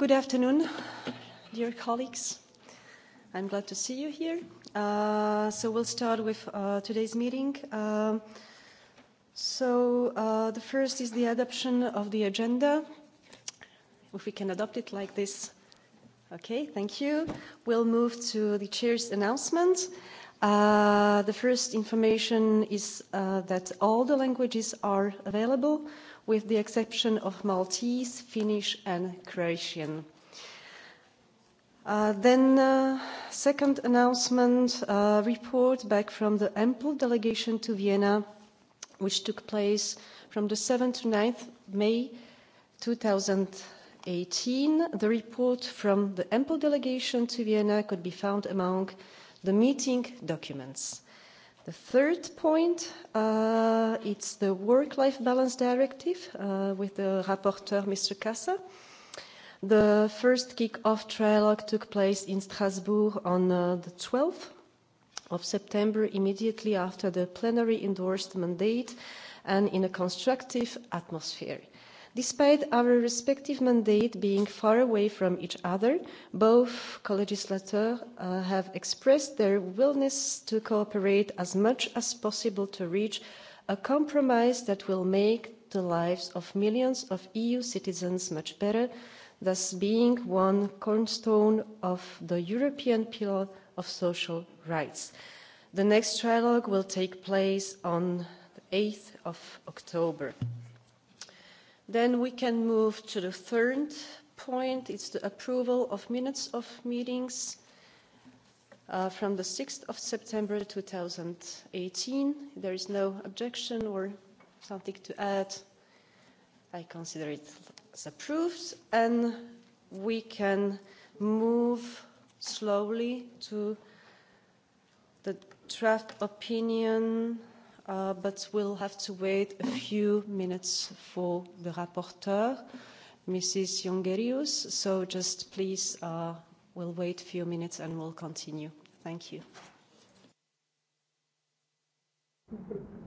Good afternoon, dear colleagues. I'm glad to see you here. Uh, so we'll start with uh, today's meeting. Uh, so uh, the first is the adoption of the agenda. If we can adopt it like this, okay, thank you. We'll move to the chair's announcement. Uh, the first information is uh, that all the languages are available with the exception of Maltese, Finnish and Croatian. Uh, then uh, second announcement uh, report back from the ample delegation to Vienna which took place from the 7th to 9th May 2018. The report from the ample delegation to Vienna could be found among the meeting documents. The third point, uh, it's the Work-Life Balance Directive uh, with the rapporteur, Mr. Kassa. The first kick-off trialogue took place in Strasbourg on uh, the 12th of September, immediately after the plenary endorsed mandate and in a constructive atmosphere. Despite our respective mandate being far away from each other, both co-legislators uh, have expressed their willingness to cooperate as much as possible to reach a compromise that will make the lives of millions of EU citizens much better, thus being one cornerstone of the European pillar of social rights. The next trilogue will take place on the 8th of October. Then we can move to the third point. It's the approval of minutes of meetings uh, from the 6th of September 2018. There is no objection or something to add. I consider it as approved. And we can move slowly to the draft opinion Uh, but we'll have to wait a few minutes for the rapporteur, Mrs. Jongerius. So just please, uh, we'll wait a few minutes and we'll continue. Thank you. Thank you.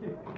Thank you.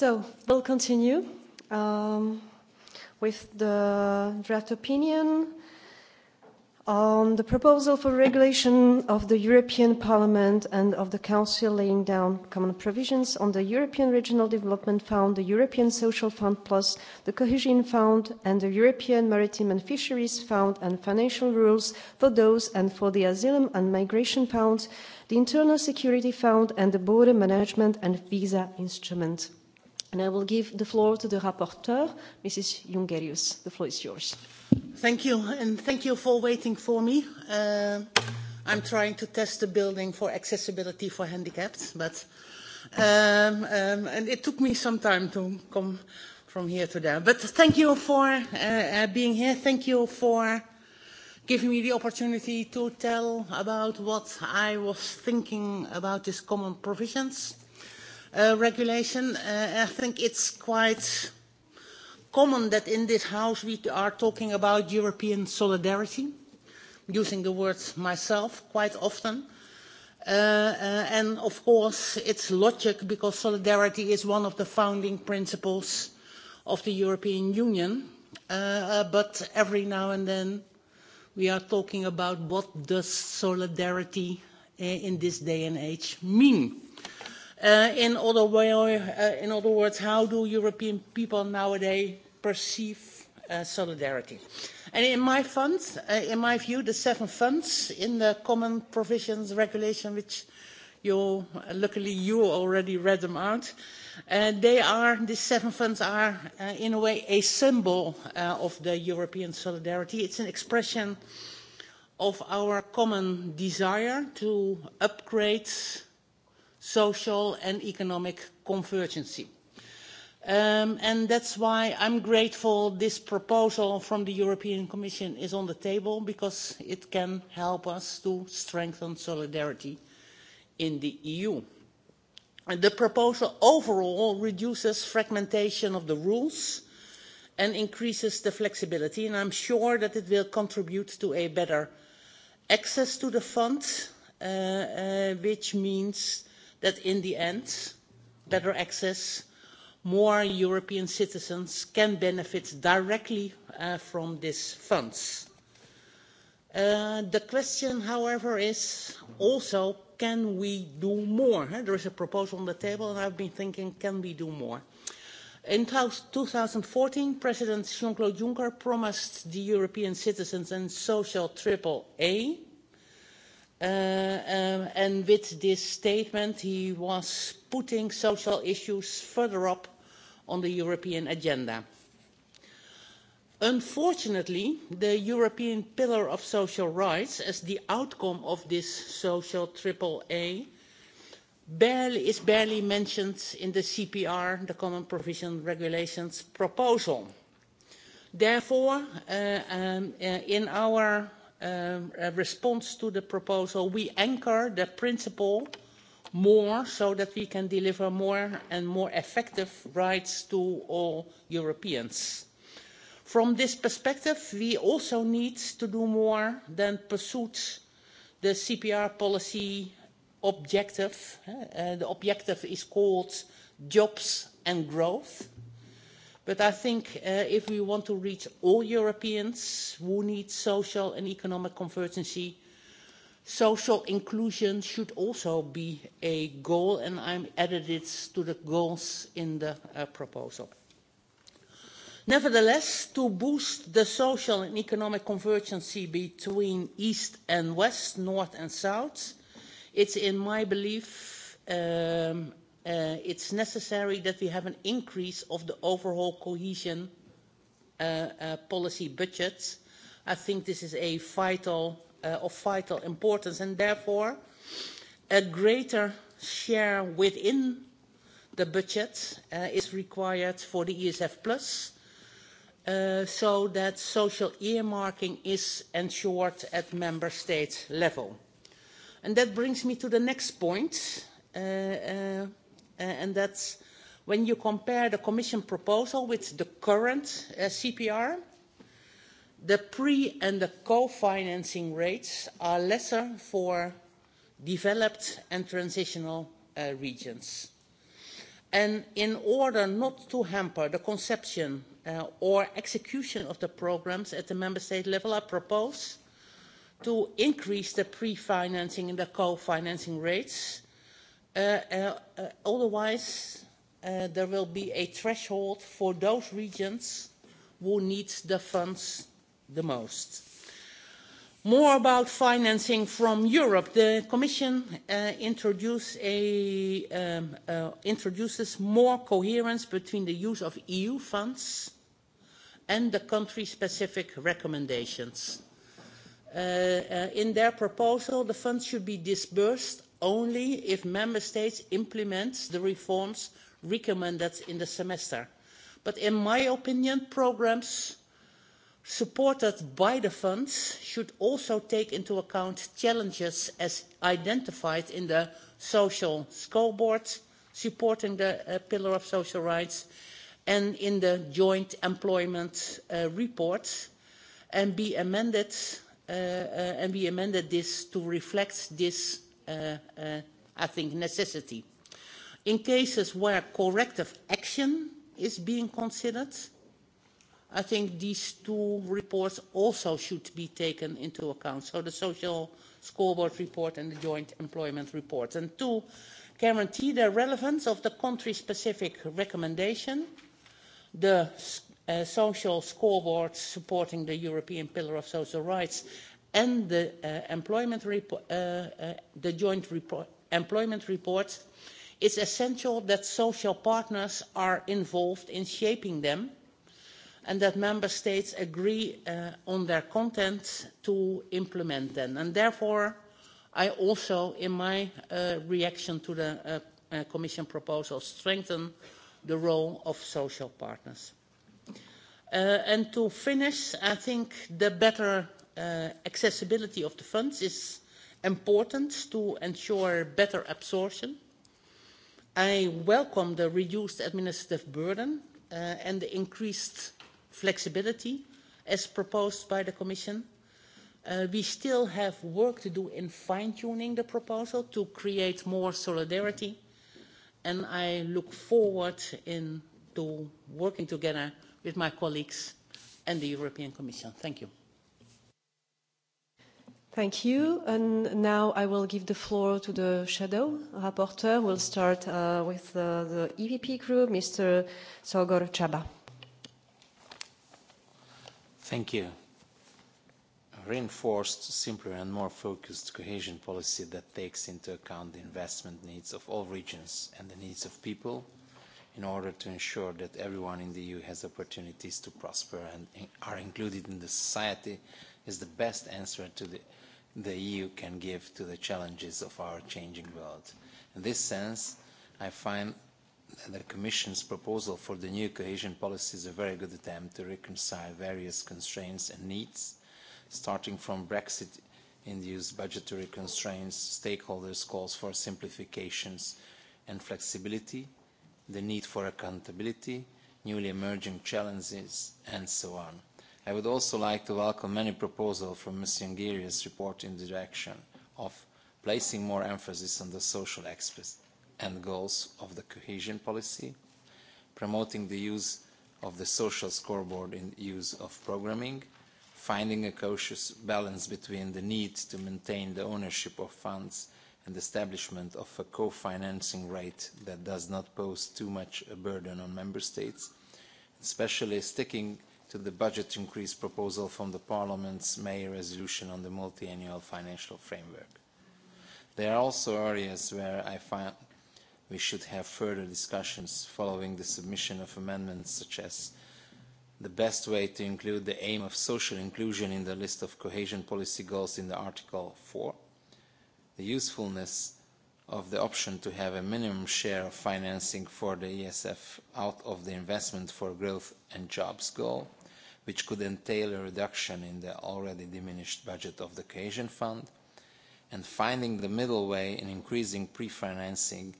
So, we'll continue um, with the draft opinion on the proposal for regulation of the European Parliament and of the Council laying down common provisions on the European Regional Development Fund, the European Social Fund Plus, the Cohesion Fund and the European Maritime and Fisheries Fund and financial rules for those and for the Asylum and Migration Fund, the Internal Security Fund and the Border Management and Visa Instrument. And I will give the floor to the rapporteur, Mrs. Jungerius. The floor is yours. Thank you, and thank you for waiting for me. Uh, I'm trying to test the building for accessibility for handicapped, but um, um, and it took me some time to come from here to there. But thank you for uh, uh, being here. Thank you for giving me the opportunity to tell about what I was thinking about these common provisions uh, regulation, uh, I think it's quite common that in this House we are talking about European solidarity, using the words myself quite often. Uh, uh, and of course, it's logic because solidarity is one of the founding principles of the European Union. Uh, uh, but every now and then we are talking about what does solidarity uh, in this day and age mean. Uh, in, other way, uh, in other words, how do European people nowadays perceive uh, solidarity? And in my funds uh, in my view, the seven funds in the common provisions regulation, which you, uh, luckily you already read them out, uh, they are, the seven funds are uh, in a way a symbol uh, of the European solidarity. It's an expression of our common desire to upgrade social and economic convergence. Um, and that's why I'm grateful this proposal from the European Commission is on the table because it can help us to strengthen solidarity in the EU. And the proposal overall reduces fragmentation of the rules and increases the flexibility, and I'm sure that it will contribute to a better access to the fund, uh, uh, which means that in the end, better access, more European citizens can benefit directly uh, from these funds. Uh, the question, however, is also can we do more? Huh? There is a proposal on the table, and I've been thinking, can we do more? In 2014, President Jean-Claude Juncker promised the European citizens a social triple A, Uh, um, and with this statement, he was putting social issues further up on the European agenda. Unfortunately, the European Pillar of Social Rights, as the outcome of this social triple A, barely, is barely mentioned in the CPR, the Common Provision Regulations proposal. Therefore, uh, um, uh, in our um, response to the proposal, we anchor the principle more so that we can deliver more and more effective rights to all Europeans. From this perspective, we also need to do more than pursue the CPR policy objective. Uh, the objective is called jobs and growth. But I think uh, if we want to reach all Europeans who need social and economic convergency, social inclusion should also be a goal, and I added it to the goals in the uh, proposal. Nevertheless, to boost the social and economic convergence between East and West, North and South, it's in my belief um, uh, it's necessary that we have an increase of the overall cohesion uh, uh, policy budgets. I think this is a vital, uh, of vital importance and therefore a greater share within the budget uh, is required for the ESF Plus uh, so that social earmarking is ensured at member state level. And that brings me to the next point. Uh, uh, uh, and that's when you compare the Commission proposal with the current uh, CPR, the pre and the co-financing rates are lesser for developed and transitional uh, regions. And in order not to hamper the conception uh, or execution of the programs at the member state level, I propose to increase the pre-financing and the co-financing rates Uh, uh, uh, otherwise, uh, there will be a threshold for those regions who need the funds the most. More about financing from Europe. The Commission uh, introduce a, um, uh, introduces more coherence between the use of EU funds and the country-specific recommendations. Uh, uh, in their proposal, the funds should be disbursed only if member states implement the reforms recommended in the semester. But in my opinion, programmes supported by the funds should also take into account challenges as identified in the social scoreboard supporting the uh, pillar of social rights and in the joint employment uh, report and be amended uh, uh, and be amended this to reflect this uh, uh, I think, necessity. In cases where corrective action is being considered, I think these two reports also should be taken into account, so the social scoreboard report and the joint employment report, and to guarantee the relevance of the country-specific recommendation, the uh, social scoreboard supporting the European Pillar of Social Rights and the, uh, employment report uh, uh, the joint report, employment reports, it's essential that social partners are involved in shaping them and that member states agree uh, on their content to implement them. And therefore, I also, in my uh, reaction to the uh, uh, Commission proposal, strengthen the role of social partners. Uh, and to finish, I think the better uh, accessibility of the funds is important to ensure better absorption. I welcome the reduced administrative burden uh, and the increased flexibility as proposed by the Commission. Uh, we still have work to do in fine-tuning the proposal to create more solidarity, and I look forward in to working together with my colleagues and the European Commission. Thank you. Thank you. And now I will give the floor to the shadow rapporteur. We'll start uh, with uh, the EVP group, Mr. Sogor Chaba. Thank you. A reinforced, simpler and more focused cohesion policy that takes into account the investment needs of all regions and the needs of people in order to ensure that everyone in the EU has opportunities to prosper and are included in the society is the best answer to the, the EU can give to the challenges of our changing world. In this sense, I find that the Commission's proposal for the new cohesion policy is a very good attempt to reconcile various constraints and needs, starting from Brexit induced budgetary constraints, stakeholders' calls for simplifications and flexibility, the need for accountability, newly emerging challenges, and so on. I would also like to welcome many proposals from Ms. Yangiri's report in the direction of placing more emphasis on the social aspects and goals of the cohesion policy, promoting the use of the social scoreboard in use of programming, finding a cautious balance between the need to maintain the ownership of funds and the establishment of a co-financing rate that does not pose too much a burden on member states, especially sticking to the budget increase proposal from the Parliament's May resolution on the multiannual financial framework. There are also areas where I find we should have further discussions following the submission of amendments such as the best way to include the aim of social inclusion in the list of cohesion policy goals in the Article 4, the usefulness of the option to have a minimum share of financing for the ESF out of the investment for growth and jobs goal, which could entail a reduction in the already diminished budget of the Cohesion Fund, and finding the middle way in increasing pre-financing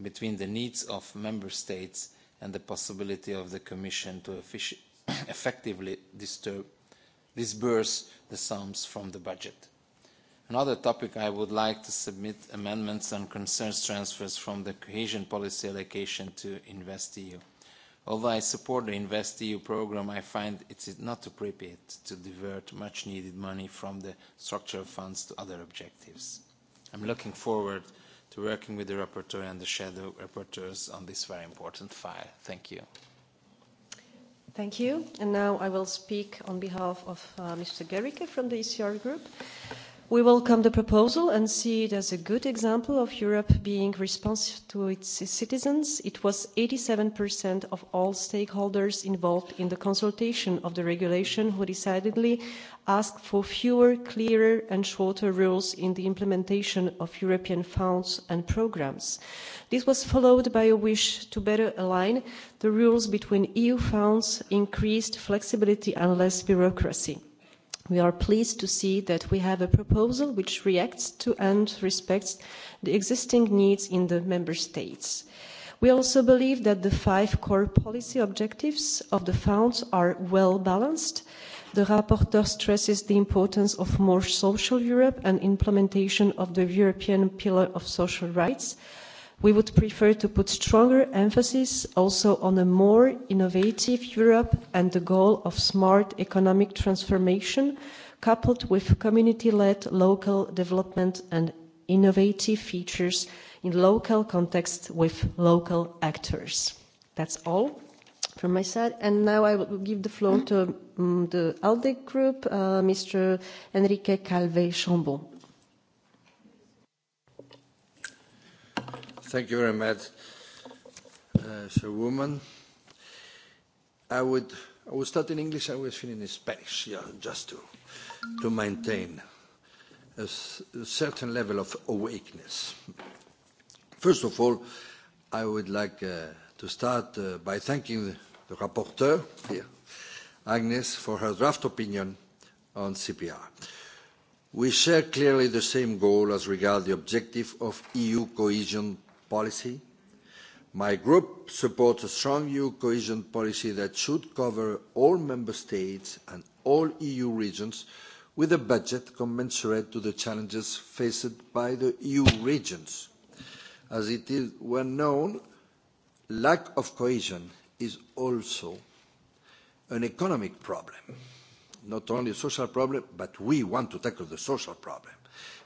between the needs of Member States and the possibility of the Commission to effectively disturb, disburse the sums from the budget. Another topic I would like to submit amendments on concerns transfers from the cohesion policy allocation to InvestEU. Although I support the InvestEU program, I find it is not appropriate to divert much needed money from the structural funds to other objectives. I'm looking forward to working with the rapporteur and the shadow rapporteurs on this very important file. Thank you. Thank you. And now I will speak on behalf of uh, Mr. Gericke from the ECR Group. We welcome the proposal and see it as a good example of Europe being responsive to its citizens. It was 87% of all stakeholders involved in the consultation of the regulation who decidedly asked for fewer, clearer and shorter rules in the implementation of European funds and programmes. This was followed by a wish to better align the rules between EU funds, increased flexibility and less bureaucracy. We are pleased to see that we have a proposal which reacts to and respects the existing needs in the member states. We also believe that the five core policy objectives of the funds are well balanced. The rapporteur stresses the importance of more social Europe and implementation of the European Pillar of Social Rights We would prefer to put stronger emphasis also on a more innovative Europe and the goal of smart economic transformation coupled with community-led local development and innovative features in local context with local actors. That's all from my side. And now I will give the floor to um, the ALDE group, uh, Mr. Enrique Calve chambon Thank you very much, uh, Woman. I would, I would start in English, I will finish in Spanish, yeah, just to, to maintain a, a certain level of awakeness. First of all, I would like uh, to start uh, by thanking the, the rapporteur here, Agnes, for her draft opinion on CPR. We share clearly the same goal as regards the objective of EU cohesion policy. My group supports a strong EU cohesion policy that should cover all member states and all EU regions with a budget commensurate to the challenges faced by the EU regions. As it is well known, lack of cohesion is also an economic problem, not only a social problem, but we want to tackle the social problem.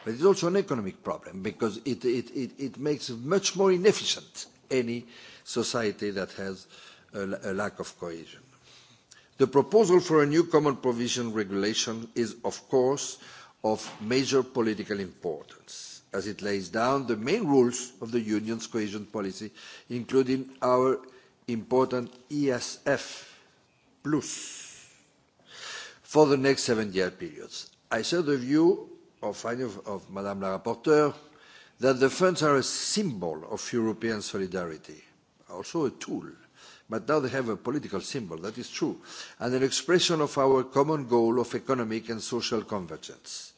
But it's also an economic problem because it, it, it, it makes much more inefficient any society that has a, a lack of cohesion. The proposal for a new common provision regulation is, of course, of major political importance, as it lays down the main rules of the Union's cohesion policy, including our important ESF plus for the next seven-year periods. I share the view or finding of, of Madame la rapporteur, that the funds are a symbol of European solidarity, also a tool. But now they have a political symbol, that is true, and an expression of our common goal of economic and social convergence.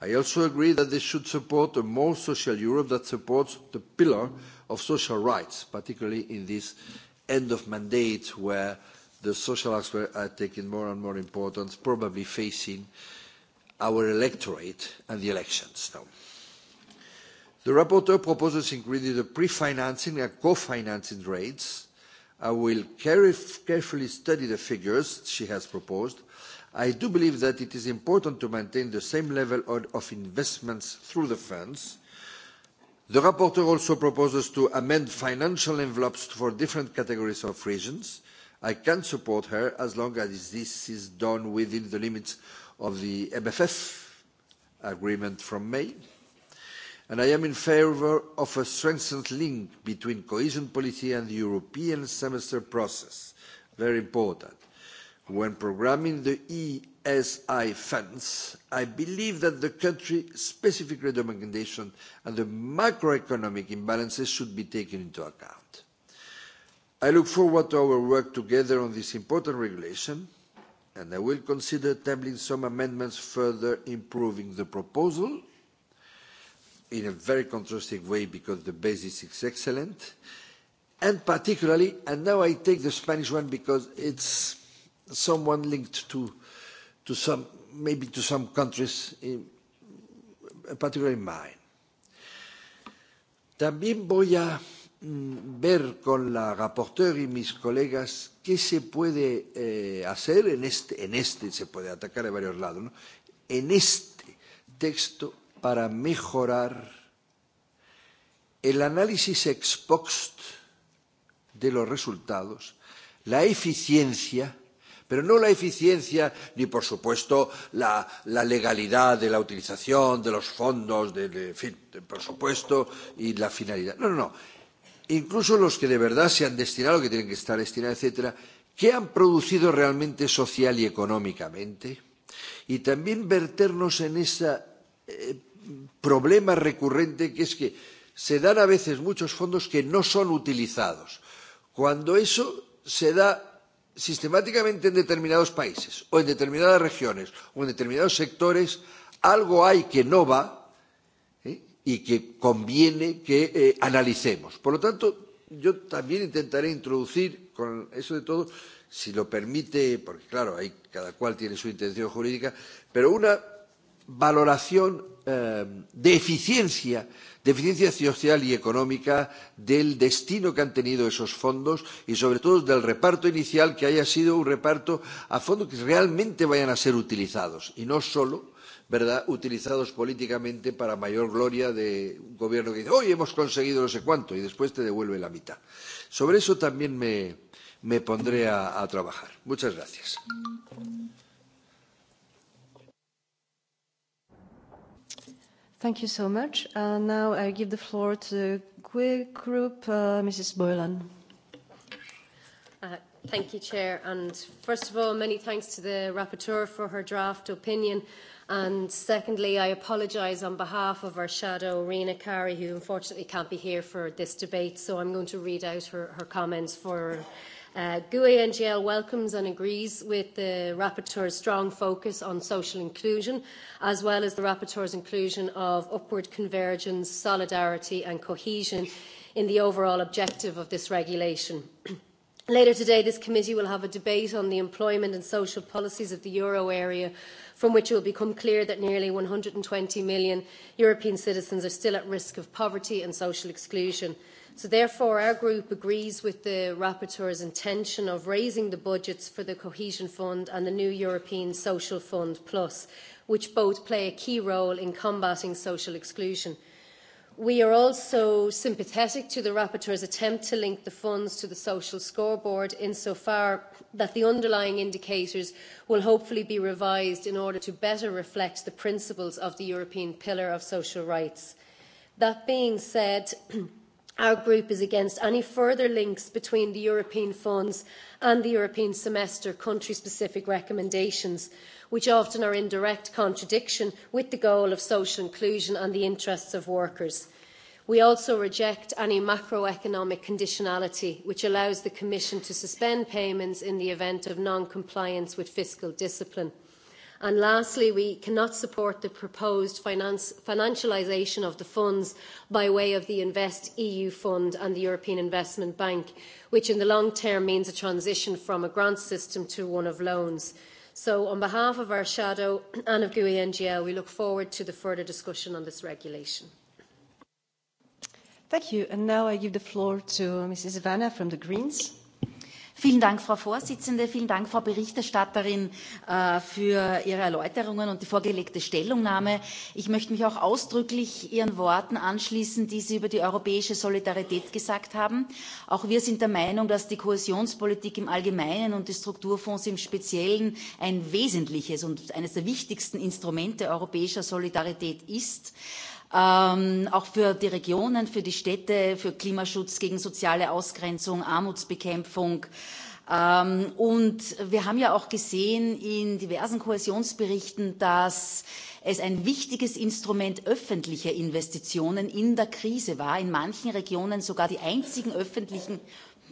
I also agree that they should support a more social Europe that supports the pillar of social rights, particularly in this end of mandate where the social aspects are taking more and more importance, probably facing uh, our electorate and the elections now. The rapporteur proposes increasing the pre-financing and co-financing rates. I will carefully study the figures she has proposed. I do believe that it is important to maintain the same level of investments through the funds. The rapporteur also proposes to amend financial envelopes for different categories of regions. I can support her as long as this is done within the limits of the MFF agreement from May, and I am in favour of a strengthened link between cohesion policy and the European semester process, very important. When programming the ESI funds, I believe that the country-specific recommendations and the macroeconomic imbalances should be taken into account. I look forward to our work together on this important regulation and I will consider tabling some amendments further improving the proposal in a very contrasting way because the basis is excellent. And particularly, and now I take the Spanish one because it's someone linked to, to some, maybe to some countries, in, particularly mine. También voy a Mm, ver con la rapporteur y mis colegas qué se puede eh, hacer en este, en este, se puede atacar de varios lados, ¿no? en este texto para mejorar el análisis ex post de los resultados, la eficiencia, pero no la eficiencia ni, por supuesto, la, la legalidad de la utilización de los fondos, de, de, de, por supuesto, y la finalidad. No, no, no incluso los que de verdad se han destinado, que tienen que estar destinados, etcétera, ¿qué han producido realmente social y económicamente? Y también verternos en ese eh, problema recurrente que es que se dan a veces muchos fondos que no son utilizados. Cuando eso se da sistemáticamente en determinados países o en determinadas regiones o en determinados sectores, algo hay que no va y que conviene que eh, analicemos. Por lo tanto, yo también intentaré introducir con eso de todo, si lo permite, porque claro, ahí cada cual tiene su intención jurídica, pero una valoración eh, de eficiencia, de eficiencia social y económica del destino que han tenido esos fondos y sobre todo del reparto inicial que haya sido un reparto a fondos que realmente vayan a ser utilizados y no solo ¿verdad?, utilizados políticamente para mayor gloria de un gobierno que dice, hoy hemos conseguido no sé cuánto, y después te devuelve la mitad. Sobre eso también me, me pondré a, a trabajar. Muchas gracias. Thank you so much. Uh, now I give the floor to the group, uh, Mrs. Boylan. Uh, thank you, Chair. And first of all, many thanks to the rapporteur for her draft opinion. And secondly, I apologise on behalf of our shadow, Rena Carey, who unfortunately can't be here for this debate, so I'm going to read out her, her comments for Uh, GUE NGL welcomes and agrees with the Rapporteur's strong focus on social inclusion, as well as the Rapporteur's inclusion of upward convergence, solidarity and cohesion in the overall objective of this regulation. Later today, this committee will have a debate on the employment and social policies of the euro area from which it will become clear that nearly one hundred and twenty million European citizens are still at risk of poverty and social exclusion. So therefore, our group agrees with the rapporteur's intention of raising the budgets for the Cohesion Fund and the new European Social Fund Plus, which both play a key role in combating social exclusion. We are also sympathetic to the Rapporteur's attempt to link the funds to the social scoreboard insofar that the underlying indicators will hopefully be revised in order to better reflect the principles of the European Pillar of Social Rights. That being said, Our group is against any further links between the European funds and the European semester country-specific recommendations, which often are in direct contradiction with the goal of social inclusion and the interests of workers. We also reject any macroeconomic conditionality, which allows the Commission to suspend payments in the event of non-compliance with fiscal discipline. And lastly, we cannot support the proposed finance, financialisation of the funds by way of the Invest EU Fund and the European Investment Bank, which in the long term means a transition from a grant system to one of loans. So on behalf of our shadow and of GUI NGL, we look forward to the further discussion on this regulation. Thank you. And now I give the floor to Mrs. Ivana from the Greens. Vielen Dank, Frau Vorsitzende, vielen Dank, Frau Berichterstatterin, äh, für Ihre Erläuterungen und die vorgelegte Stellungnahme. Ich möchte mich auch ausdrücklich Ihren Worten anschließen, die Sie über die europäische Solidarität gesagt haben. Auch wir sind der Meinung, dass die Kohäsionspolitik im Allgemeinen und die Strukturfonds im Speziellen ein wesentliches und eines der wichtigsten Instrumente europäischer Solidarität ist ähm, auch für die Regionen, für die Städte, für Klimaschutz gegen soziale Ausgrenzung, Armutsbekämpfung. Ähm, und wir haben ja auch gesehen in diversen Kohäsionsberichten, dass es ein wichtiges Instrument öffentlicher Investitionen in der Krise war, in manchen Regionen sogar die einzigen öffentlichen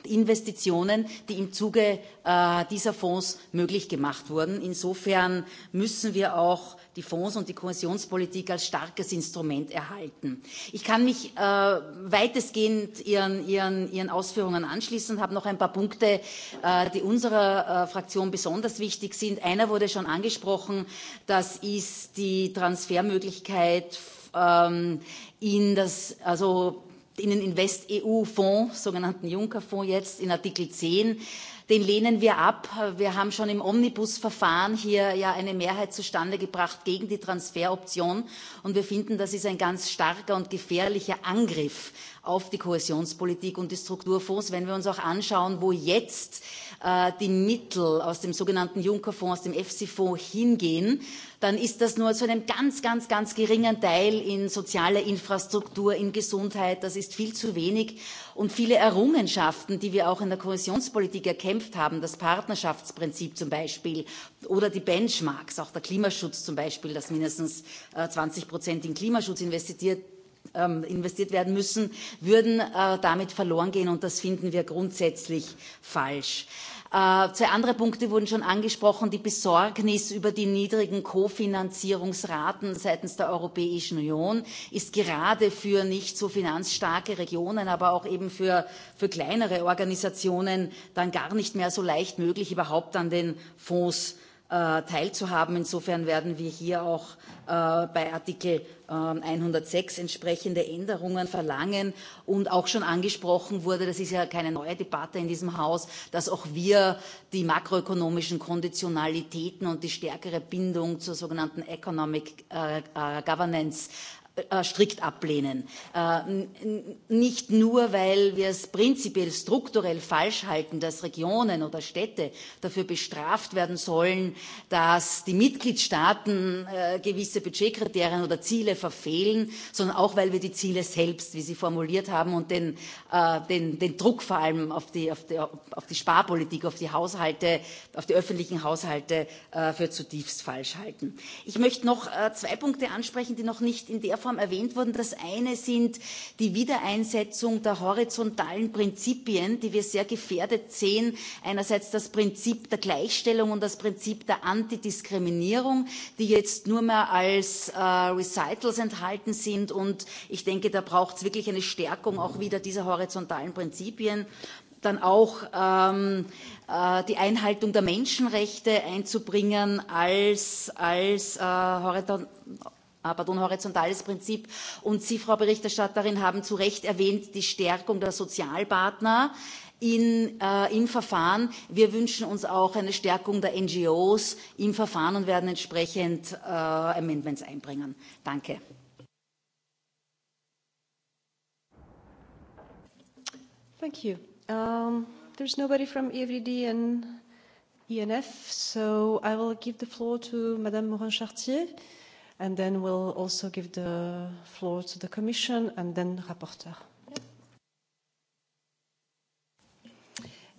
Investitionen, die im Zuge äh, dieser Fonds möglich gemacht wurden. Insofern müssen wir auch die Fonds und die Kohäsionspolitik als starkes Instrument erhalten. Ich kann mich äh, weitestgehend Ihren, Ihren, Ihren Ausführungen anschließen und habe noch ein paar Punkte, äh, die unserer äh, Fraktion besonders wichtig sind. Einer wurde schon angesprochen, das ist die Transfermöglichkeit ähm, in das, also in den Invest-EU-Fonds, sogenannten Juncker-Fonds jetzt in Artikel 10, den lehnen wir ab. Wir haben schon im Omnibus-Verfahren hier ja eine Mehrheit zustande gebracht gegen die Transferoption. Und wir finden, das ist ein ganz starker und gefährlicher Angriff auf die Kohäsionspolitik und die Strukturfonds, wenn wir uns auch anschauen, wo jetzt Äh, die Mittel aus dem sogenannten Juncker-Fonds, aus dem EFSI-Fonds hingehen, dann ist das nur zu einem ganz, ganz, ganz geringen Teil in sozialer Infrastruktur, in Gesundheit. Das ist viel zu wenig. Und viele Errungenschaften, die wir auch in der Kohäsionspolitik erkämpft haben, das Partnerschaftsprinzip zum Beispiel oder die Benchmarks, auch der Klimaschutz zum Beispiel, dass mindestens 20 äh, Prozent in Klimaschutz investiert ähm, investiert werden müssen, würden äh, damit verloren gehen und das finden wir grundsätzlich falsch. Äh, zwei andere Punkte wurden schon angesprochen, die Besorgnis über die niedrigen Kofinanzierungsraten seitens der Europäischen Union ist gerade für nicht so finanzstarke Regionen, aber auch eben für, für kleinere Organisationen dann gar nicht mehr so leicht möglich, überhaupt an den Fonds äh, teilzuhaben. Insofern werden wir hier auch äh, bei Artikel äh, 106 entsprechende Änderungen verlangen. Und auch schon angesprochen wurde, das ist ja keine neue Debatte in diesem Haus, dass auch wir die makroökonomischen Konditionalitäten und die stärkere Bindung zur sogenannten Economic äh, äh, Governance Äh, strikt ablehnen. Äh, nicht nur, weil wir es prinzipiell strukturell falsch halten, dass Regionen oder Städte dafür bestraft werden sollen, dass die Mitgliedstaaten äh, gewisse Budgetkriterien oder Ziele verfehlen, sondern auch, weil wir die Ziele selbst, wie Sie formuliert haben, und den, den, den Druck vor allem auf die, auf, die, auf die Sparpolitik, auf die Haushalte, auf die öffentlichen Haushalte für zutiefst falsch halten. Ich möchte noch zwei Punkte ansprechen, die noch nicht in der Reform erwähnt wurden. Das eine sind die Wiedereinsetzung der horizontalen Prinzipien, die wir sehr gefährdet sehen. Einerseits das Prinzip der Gleichstellung und das Prinzip der Antidiskriminierung, die jetzt nur mehr als äh, Recitals enthalten sind. Und ich denke, da braucht es wirklich eine Stärkung auch wieder dieser horizontalen Prinzipien dann auch ähm, äh, die Einhaltung der Menschenrechte einzubringen als, als äh, Aber pardon, horizontales Prinzip. Und Sie, Frau Berichterstatterin, haben zu Recht erwähnt die Stärkung der Sozialpartner in, äh, im Verfahren. Wir wünschen uns auch eine Stärkung der NGOs im Verfahren und werden entsprechend äh, Amendments einbringen. Danke. Thank you. Um, there's nobody from EVD and ENF, so I will give the floor to Madame Morin-Chartier and then we'll also give the floor to the Commission and then rapporteur.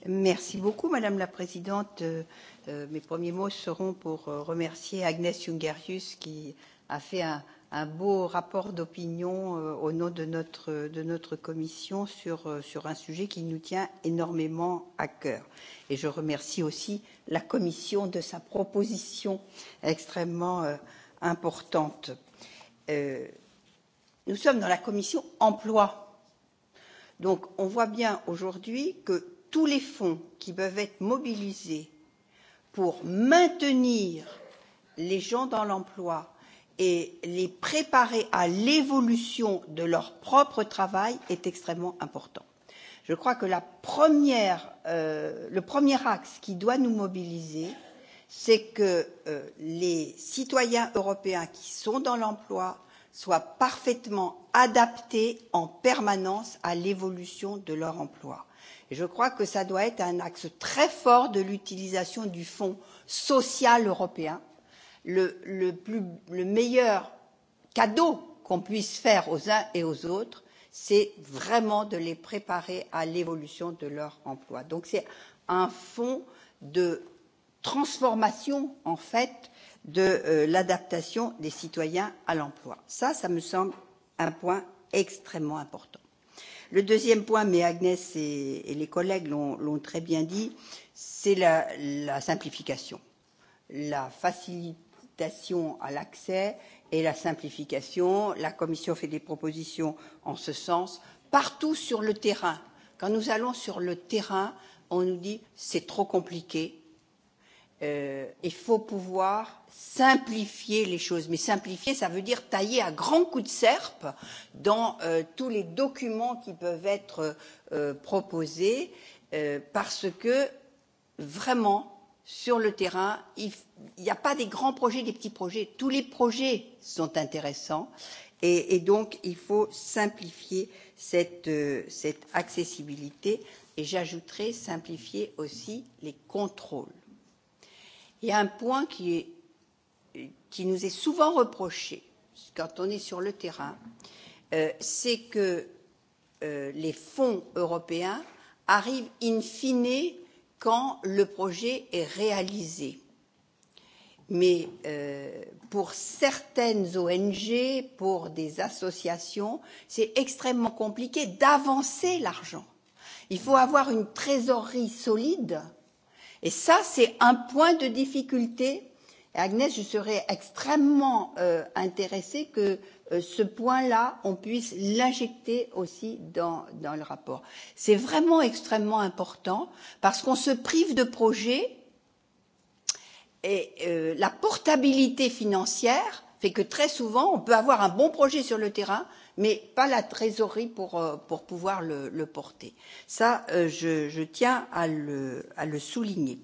Merci beaucoup, Madame la Présidente. Euh, euh mes premiers mots seront pour euh, remercier Agnès Jungerius qui a fait un, un beau rapport d'opinion euh, au nom de notre, de notre commission sur, euh, sur un sujet qui nous tient énormément à cœur. Et je remercie aussi la commission de sa proposition extrêmement euh, importante. Euh, nous sommes dans la commission emploi. Donc on voit bien aujourd'hui que tous les fonds qui peuvent être mobilisés pour maintenir les gens dans l'emploi et les préparer à l'évolution de leur propre travail est extrêmement important. Je crois que la première, euh, le premier axe qui doit nous mobiliser, c'est que euh, les citoyens européens qui sont dans l'emploi soient parfaitement adaptés en permanence à l'évolution de leur emploi. Et je crois que ça doit être un axe très fort de l'utilisation du Fonds social européen. Le, le, plus, le meilleur cadeau qu'on puisse faire aux uns et aux autres, c'est vraiment de les préparer à l'évolution de leur emploi. Donc c'est un fonds de transformation, en fait, de euh, l'adaptation des citoyens à l'emploi. Ça, ça me semble un point extrêmement important. Le deuxième point, mais Agnès et, et les collègues l'ont très bien dit, c'est la, la simplification, la facilitation à l'accès et la simplification. La Commission fait des propositions en ce sens partout sur le terrain. Quand nous allons sur le terrain, on nous dit c'est trop compliqué, euh, il faut pouvoir simplifier les choses. Mais simplifier, ça veut dire tailler à grands coups de serpe dans euh, tous les documents qui peuvent être euh, proposés, euh, parce que vraiment, sur le terrain, il n'y a pas des grands projets, des petits projets. Tous les projets sont intéressants et, et donc il faut simplifier cette, euh, cette accessibilité et j'ajouterai simplifier aussi les contrôles Il y a un point qui, est, qui nous est souvent reproché quand on est sur le terrain, euh, c'est que euh, les fonds européens arrivent in fine quand le projet est réalisé. Mais euh, pour certaines ONG, pour des associations, c'est extrêmement compliqué d'avancer l'argent. Il faut avoir une trésorerie solide Et ça, c'est un point de difficulté. Et Agnès, je serais extrêmement euh, intéressée que euh, ce point-là, on puisse l'injecter aussi dans, dans le rapport. C'est vraiment extrêmement important parce qu'on se prive de projets et euh, la portabilité financière fait que très souvent, on peut avoir un bon projet sur le terrain, mais pas la trésorerie pour, euh, pour pouvoir le, le porter. Ça, euh, je, je tiens à le, à le souligner.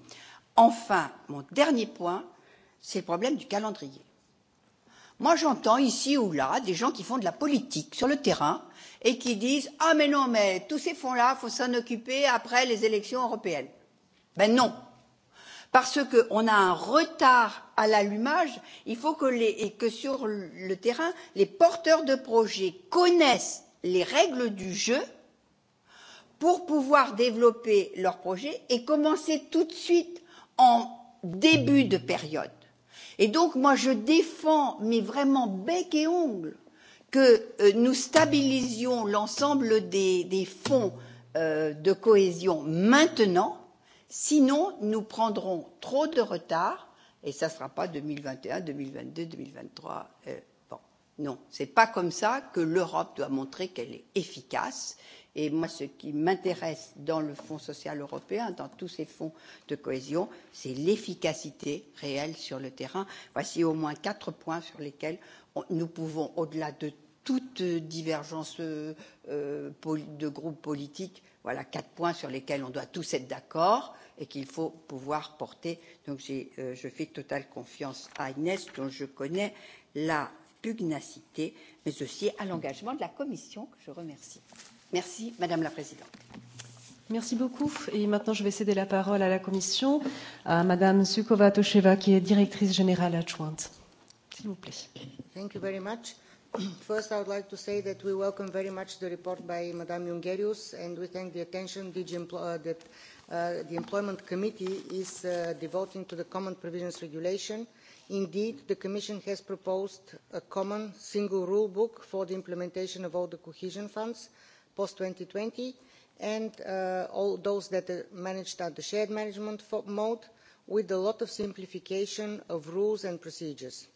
Enfin, mon dernier point, c'est le problème du calendrier. Moi, j'entends ici ou là des gens qui font de la politique sur le terrain et qui disent Ah, mais non, mais tous ces fonds-là, il faut s'en occuper après les élections européennes. Ben non, parce qu'on a un retard à l'allumage, il faut que, les, et que sur le terrain, les porteurs de projets connaissent les règles du jeu pour pouvoir développer leur projet et commencer tout de suite en début de période. Et donc, moi, je défends, mais vraiment bec et ongle, que euh, nous stabilisions l'ensemble des, des fonds euh, de cohésion maintenant Sinon, nous prendrons trop de retard et ça ne sera pas 2021, 2022, 2023. Euh, bon, non, ce n'est pas comme ça que l'Europe doit montrer qu'elle est efficace. Et moi, ce qui m'intéresse dans le Fonds social européen, dans tous ces fonds de cohésion, c'est l'efficacité réelle sur le terrain. Voici au moins quatre points sur lesquels on, nous pouvons, au-delà de toute divergence euh, euh de groupes politiques, voilà quatre points sur lesquels on doit tous être d'accord et qu'il faut pouvoir porter. Donc euh, je fais totale confiance à Inès, dont je connais la pugnacité, mais aussi à l'engagement de la Commission, que je remercie. Merci, Madame la Présidente. Merci beaucoup. Et maintenant, je vais céder la parole à la Commission, à Madame Sukova Tosheva, qui est directrice générale adjointe. S'il vous plaît. Thank you very much. First, I would like to say that we welcome very much the report by Madame Jungerius, and we thank the attention DG uh, that uh, the Employment Committee is uh, devoting to the Common Provisions Regulation. Indeed, the Commission has proposed a common single rule book for the implementation of all the cohesion funds post-2020 and uh, all those that uh, are managed at the shared management mode with a lot of simplification of rules and procedures.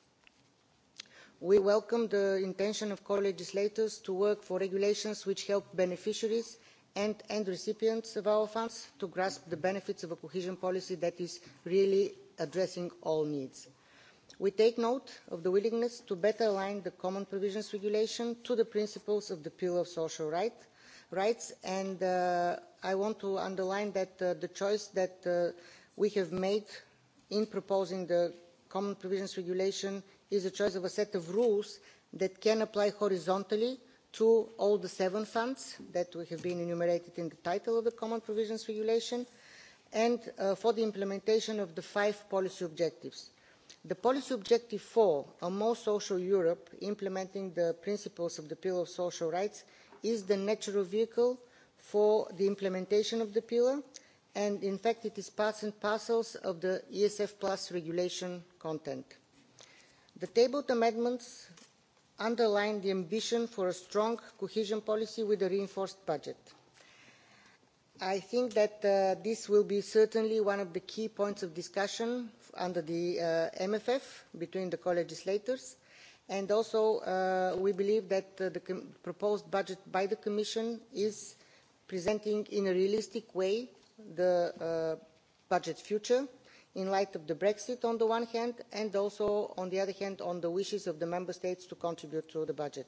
We welcome the intention of co-legislators to work for regulations which help beneficiaries and end recipients of our funds to grasp the benefits of a cohesion policy that is really addressing all needs. We take note of the willingness to better align the Common Provisions Regulation to the principles of the Pillar of Social right, Rights, and uh, I want to underline that uh, the choice that uh, we have made in proposing the Common Provisions Regulation is the choice of a set of rules that can apply horizontally to all the seven funds that we have been enumerated in the title of the Common Provisions Regulation and uh, for the implementation of the five policy objectives. The policy objective four, a more social Europe, implementing the principles of the Pillar of Social Rights, is the natural vehicle for the implementation of the pillar and in fact it is parts and parcels of the ESF Plus regulation content. The tabled amendments underline the ambition for a strong cohesion policy with a reinforced budget. I think that uh, this will be certainly one of the key points of discussion under the uh, MFF between the co-legislators. And also, uh, we believe that uh, the proposed budget by the Commission is presenting in a realistic way the uh, budget future in light of the Brexit on the one hand and also on the other hand on the wishes of the member states to contribute to the budget.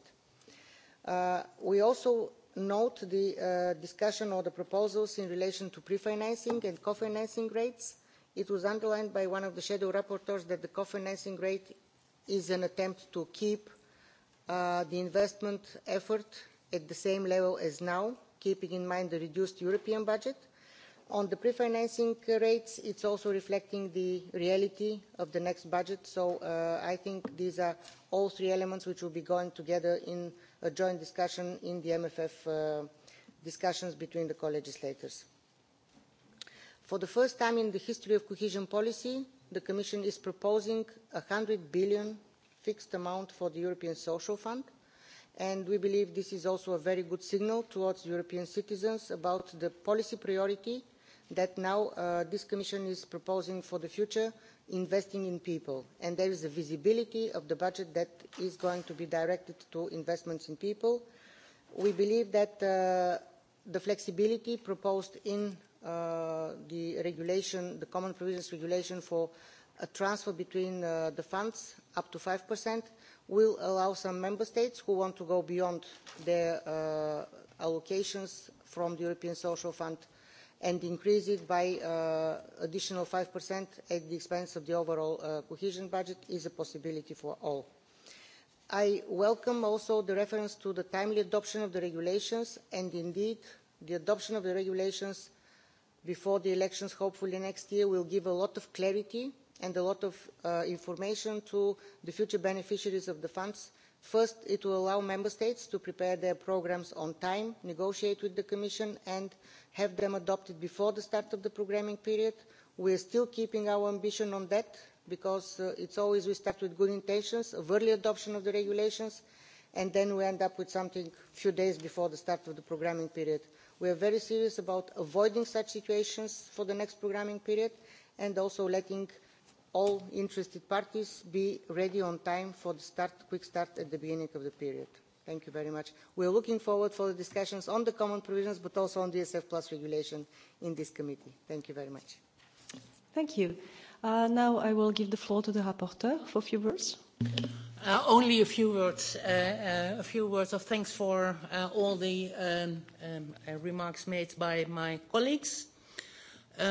Uh, we also note the uh, discussion or the proposals in relation to pre-financing and co-financing rates. It was underlined by one of the shadow rapporteurs that the co-financing rate is an attempt to keep uh, the investment effort at the same level as now, keeping in mind the reduced European budget On the pre-financing rates, it's also reflecting the reality of the next budget. So uh, I think these are all three elements which will be going together in a joint discussion in the MFF uh, discussions between the co-legislators. For the first time in the history of cohesion policy, the Commission is proposing a 100 billion fixed amount for the European Social Fund and we believe this is also a very good signal towards European citizens about the policy priority that now uh, this Commission is proposing for the future, investing in people. And there is a visibility of the budget that is going to be directed to investments in people. We believe that uh, the flexibility proposed in uh, the regulation, the Common Provisions Regulation for a transfer between uh, the funds up to 5% will allow some member states who want to go beyond their uh, allocations from the European Social Fund uh, and increase it by uh, additional 5% at the expense of the overall uh, cohesion budget is a possibility for all. I welcome also the reference to the timely adoption of the regulations and indeed the adoption of the regulations before the elections hopefully next year will give a lot of clarity and a lot of uh, information to the future beneficiaries of the funds First, it will allow Member States to prepare their programmes on time, negotiate with the Commission and have them adopted before the start of the programming period. We are still keeping our ambition on that because uh, it's always we start with good intentions, of early adoption of the regulations, and then we end up with something a few days before the start of the programming period. We are very serious about avoiding such situations for the next programming period and also letting all interested parties be ready on time for the start, quick start at the beginning of the period. Thank you very much. We are looking forward for the discussions on the common provisions, but also on the SF Plus regulation in this committee. Thank you very much. Thank you. Uh, now I will give the floor to the rapporteur for a few words. Uh, only a few words. Uh, uh, a few words of thanks for uh, all the um, um, uh, remarks made by my colleagues. Uh, uh,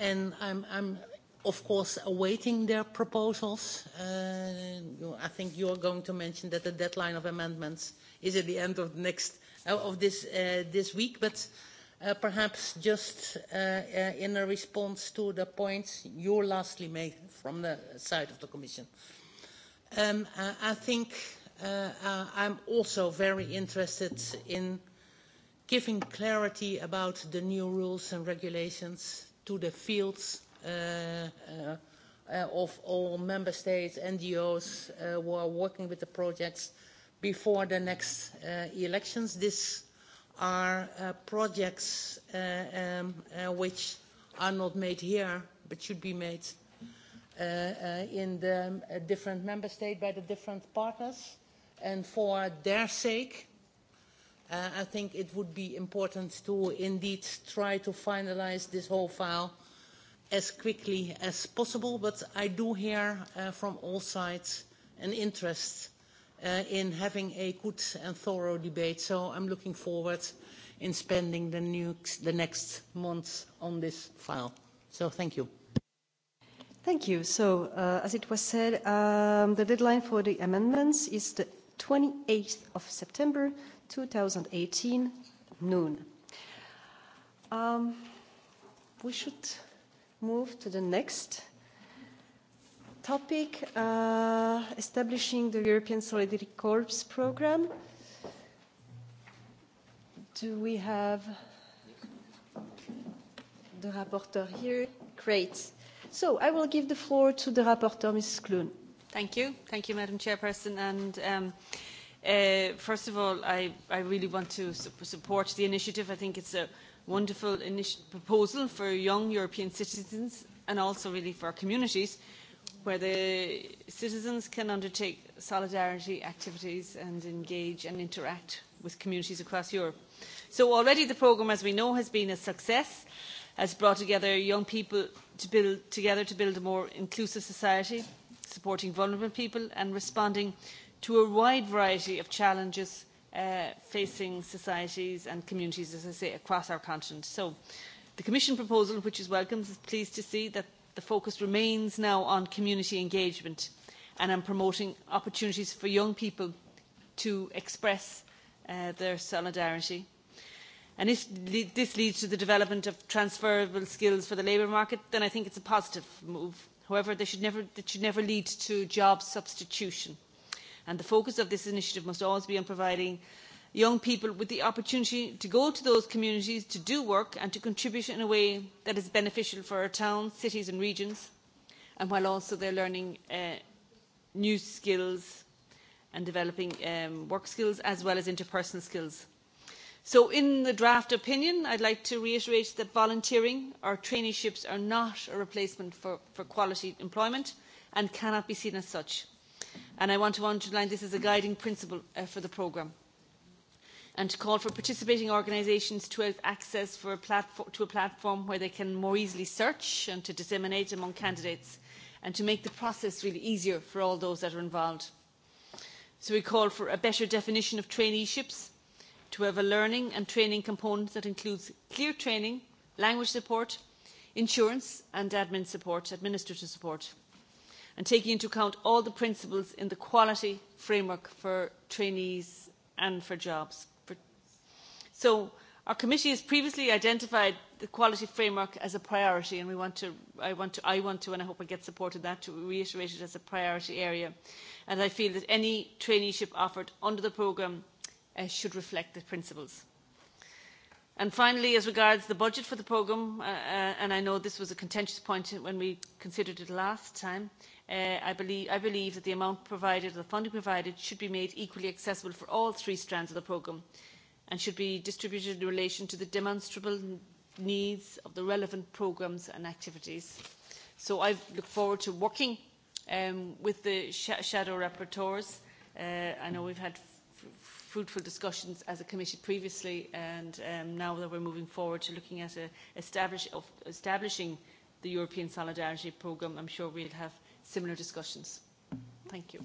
and I'm, I'm of course, awaiting their proposals. Uh, I think you are going to mention that the deadline of amendments is at the end of, the next, uh, of this, uh, this week, but uh, perhaps just uh, uh, in a response to the points you lastly made from the side of the Commission. Um, I, uh, I think uh, uh, I'm also very interested in giving clarity about the new rules and regulations to the fields uh, uh, uh, of all member states, NGOs uh, who are working with the projects before the next uh, elections. These are uh, projects uh, um, uh, which are not made here but should be made uh, uh, in the um, uh, different member states by the different partners. And for their sake, uh, I think it would be important to indeed try to finalize this whole file as quickly as possible, but I do hear uh, from all sides an interest uh, in having a good and thorough debate, so I'm looking forward in spending the, new the next months on this file. So thank you. Thank you. So uh, as it was said, um, the deadline for the amendments is the 28th of September 2018, noon. Um, we should move to the next topic, uh, establishing the European Solidarity Corps program. Do we have the rapporteur here? Great. So I will give the floor to the rapporteur, Mrs. Kloon. Thank you. Thank you, Madam Chairperson. And um, uh, first of all, I, I really want to su support the initiative. I think it's a wonderful proposal for young European citizens and also really for communities where the citizens can undertake solidarity activities and engage and interact with communities across Europe. So already the programme, as we know, has been a success, has brought together young people to build, together to build a more inclusive society, supporting vulnerable people and responding to a wide variety of challenges uh, facing societies and communities, as I say, across our continent. So the Commission proposal, which is welcome, is pleased to see that the focus remains now on community engagement and on promoting opportunities for young people to express uh, their solidarity. And if this leads to the development of transferable skills for the labour market, then I think it's a positive move. However, they should never, it should never lead to job substitution. And the focus of this initiative must always be on providing young people with the opportunity to go to those communities to do work and to contribute in a way that is beneficial for our towns, cities and regions, and while also they're learning uh, new skills and developing um, work skills as well as interpersonal skills. So in the draft opinion, I'd like to reiterate that volunteering or traineeships are not a replacement for, for quality employment and cannot be seen as such and I want to underline this as a guiding principle uh, for the programme and to call for participating organisations to have access for a platform, to a platform where they can more easily search and to disseminate among candidates and to make the process really easier for all those that are involved. So we call for a better definition of traineeships, to have a learning and training component that includes clear training, language support, insurance and admin support, administrative support and taking into account all the principles in the quality framework for trainees and for jobs. For so our committee has previously identified the quality framework as a priority and we want to, I, want to, I want to and I hope I get support of that to reiterate it as a priority area and I feel that any traineeship offered under the programme uh, should reflect the principles. And finally, as regards the budget for the programme, uh, uh, and I know this was a contentious point when we considered it last time, Uh, I, believe, I believe that the amount provided, the funding provided, should be made equally accessible for all three strands of the programme and should be distributed in relation to the demonstrable needs of the relevant programmes and activities. So I look forward to working um, with the sh shadow rapporteurs. Uh, I know we've had fruitful discussions as a committee previously and um, now that we're moving forward to looking at a establish, of establishing the European Solidarity Programme, I'm sure we'll have similar discussions. Thank you.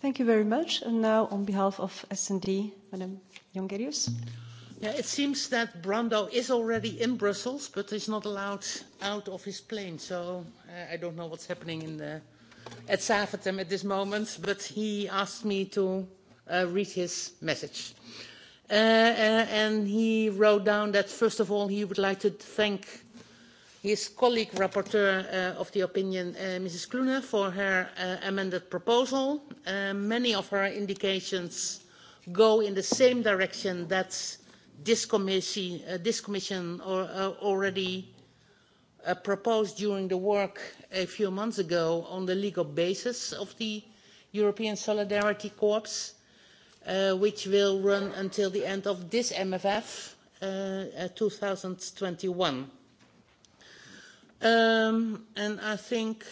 Thank you very much. And now on behalf of S&D, Madam Jongerius. Yeah, it seems that Brando is already in Brussels, but is not allowed out of his plane. So uh, I don't know what's happening in the, at Safetem at this moment, but he asked me to uh, read his message. Uh, uh, and he wrote down that, first of all, he would like to thank his colleague rapporteur uh, of the opinion, uh, Mrs. Klune, for her uh, amended proposal. Uh, many of her indications go in the same direction that this, commission, uh, this commission or, uh, already uh, proposed during the work a few months ago on the legal basis of the European Solidarity Corps, uh, which will run until the end of this MFF, uh, uh, 2021. Um, and I think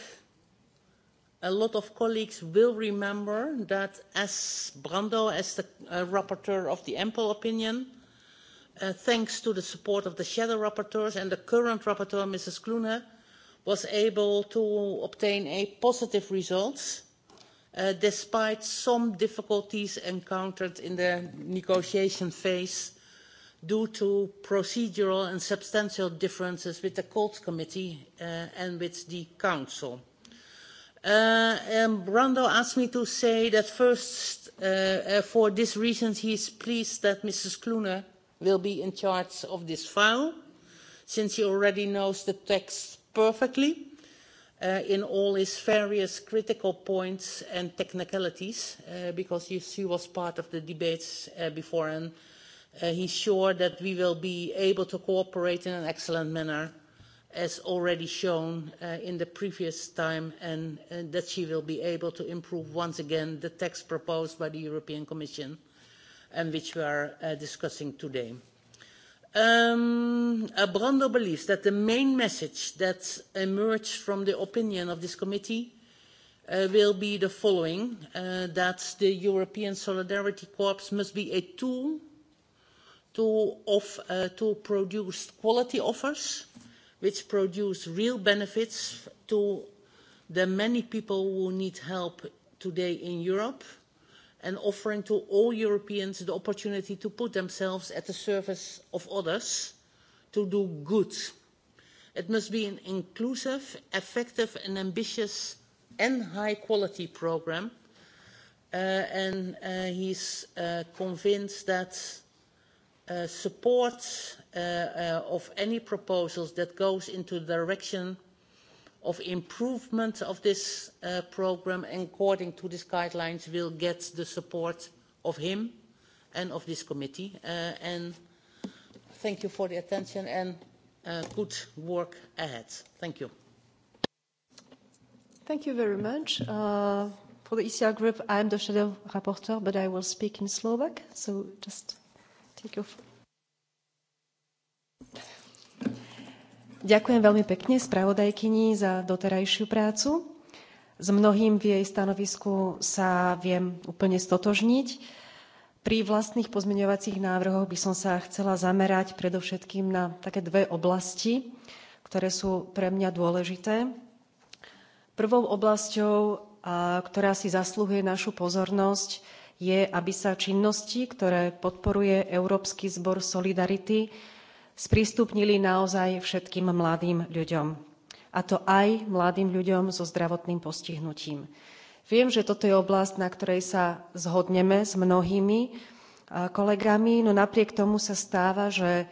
a lot of colleagues will remember that as Brando, as the uh, rapporteur of the ample opinion, uh, thanks to the support of the shadow rapporteurs and the current rapporteur, Mrs. Klune, was able to obtain a positive result uh, despite some difficulties encountered in the negotiation phase due to procedural and substantial differences with the Courts Committee uh, and with the Council. Uh, um, Brando asked me to say that first, uh, uh, for this reason, he is pleased that Mrs. Kluner will be in charge of this file, since he already knows the text perfectly uh, in all his various critical points and technicalities, uh, because she was part of the debates uh, before and Uh, he's sure that we will be able to cooperate in an excellent manner, as already shown uh, in the previous time, and, and that she will be able to improve once again the text proposed by the European Commission and which we are uh, discussing today. Um, Brando believes that the main message that emerged from the opinion of this committee uh, will be the following, uh, that the European Solidarity Corps must be a tool to, off, uh, to produce quality offers which produce real benefits to the many people who need help today in Europe and offering to all Europeans the opportunity to put themselves at the service of others to do good. It must be an inclusive, effective and ambitious and high quality programme uh, and uh, he's uh, convinced that uh, support uh, uh, of any proposals that goes into the direction of improvement of this uh, program and according to these guidelines will get the support of him and of this committee. Uh, and thank you for the attention and uh, good work ahead. Thank you. Thank you very much. Uh, for the ECR group, I'm the shadow rapporteur, but I will speak in Slovak, so just Thank you. Ďakujem veľmi pekne spravodajkyni za doterajšiu prácu. S mnohým v jej stanovisku sa viem úplne stotožniť. Pri vlastných pozmeňovacích návrhoch by som sa chcela zamerať predovšetkým na také dve oblasti, ktoré sú pre mňa dôležité. Prvou oblasťou, ktorá si zasluhuje našu pozornosť, je, aby sa činnosti, ktoré podporuje Európsky zbor Solidarity, sprístupnili naozaj všetkým mladým ľuďom. A to aj mladým ľuďom so zdravotným postihnutím. Viem, že toto je oblasť, na ktorej sa zhodneme s mnohými kolegami, no napriek tomu sa stáva, že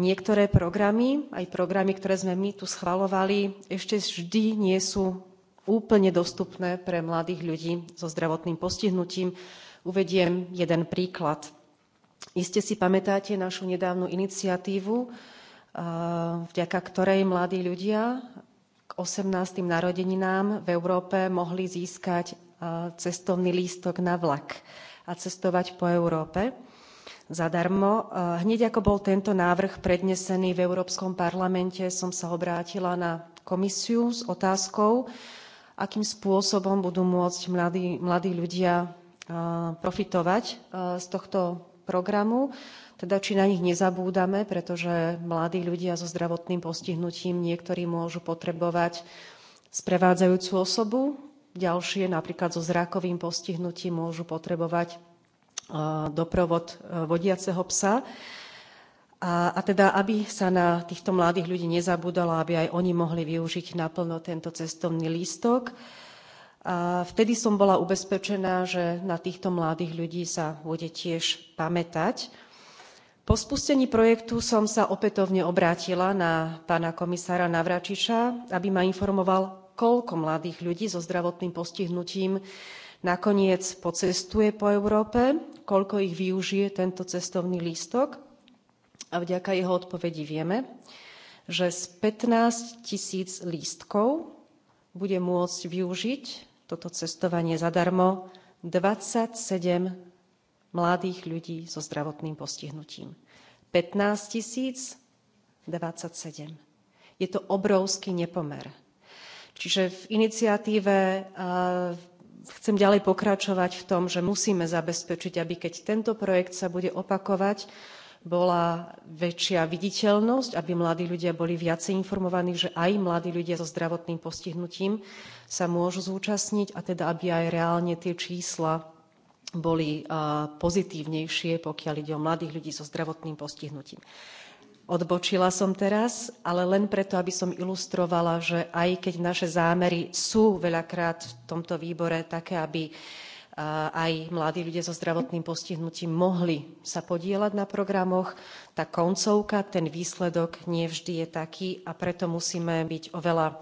niektoré programy, aj programy, ktoré sme my tu schvalovali, ešte vždy nie sú úplne dostupné pre mladých ľudí so zdravotným postihnutím Uvediem jeden príklad. Iste si pamätáte našu nedávnu iniciatívu, eh, vďaka ktorej mladí ľudia k 18. narodeninám v Európe mohli získať eh, cestovný lístok na vlak a cestovať po Európe zadarmo. Eh, hneď ako bol tento návrh prednesený v Európskom parlamente, som sa obrátila na komisiu s otázkou, akým spôsobom budú môcť mladí, mladí ľudia profitovať z tohto programu. Teda či na nich nezabúdame, pretože mladí ľudia so zdravotným postihnutím niektorí môžu potrebovať sprevádzajúcu osobu, ďalšie napríklad so zrakovým postihnutím môžu potrebovať doprovod vodiaceho psa. A, a teda, aby sa na týchto mladých ľudí nezabúdalo, aby aj oni mohli využiť naplno tento cestovný lístok. Uh, A vtedy som bola ubezpečená, že na týchto mladých ľudí sa bude tiež pamätať. Po spustení projektu som sa opätovne obrátila na pána komisára Navračiča, aby ma informoval, koľko mladých ľudí so zdravotným postihnutím nakoniec pocestuje po Európe, koľko ich využije tento cestovný lístok. A vďaka jeho odpovedi vieme, že z 15 tisíc lístkov bude môcť využiť toto cestovanie zadarmo 27 mladých ľudí so zdravotným postihnutím. 15 tisíc 27. Je to obrovský nepomer. Čiže v iniciatíve chcem ďalej pokračovať v tom, že musíme zabezpečiť, aby keď tento projekt sa bude opakovať, bola väčšia viditeľnosť, aby mladí ľudia boli viacej informovaní, že aj mladí ľudia so zdravotným postihnutím sa môžu zúčastniť a teda aby aj reálne tie čísla boli pozitívnejšie, pokiaľ ide o mladých ľudí so zdravotným postihnutím. Odbočila som teraz, ale len preto, aby som ilustrovala, že aj keď naše zámery sú veľakrát v tomto výbore také, aby Eh, aj mladí ľudia so zdravotným postihnutím mohli sa podielať na programoch. Tá koncovka, ten výsledok nie vždy je taký a preto musíme byť oveľa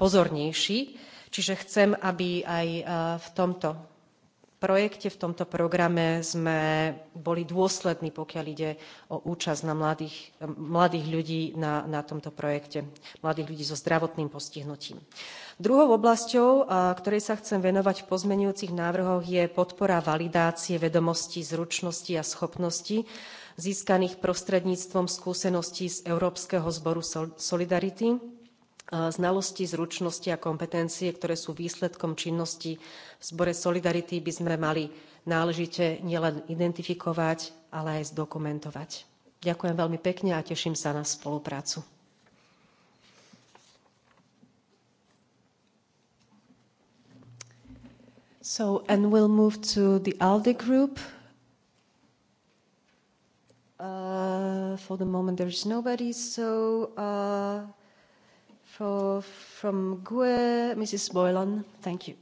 pozornejší. Čiže chcem, aby aj eh, v tomto projekte, v tomto programe sme boli dôslední, pokiaľ ide o účasť na mladých, mladých ľudí na, na tomto projekte, mladých ľudí so zdravotným postihnutím. Druhou oblasťou, ktorej sa chcem venovať v pozmenujúcich návrhoch, je podpora validácie vedomostí, zručností a schopností získaných prostredníctvom skúseností z Európskeho zboru Solidarity Znalosti, zručnosti a kompetencie, ktoré sú výsledkom činnosti v zbore Solidarity, by sme mali náležite nielen identifikovať, ale aj zdokumentovať. Ďakujem veľmi pekne a teším sa na spoluprácu. So, and we'll move to the ALDE group. Uh, for the moment, there is nobody, so uh, For, from GUE, Mrs. Boylan, thank you.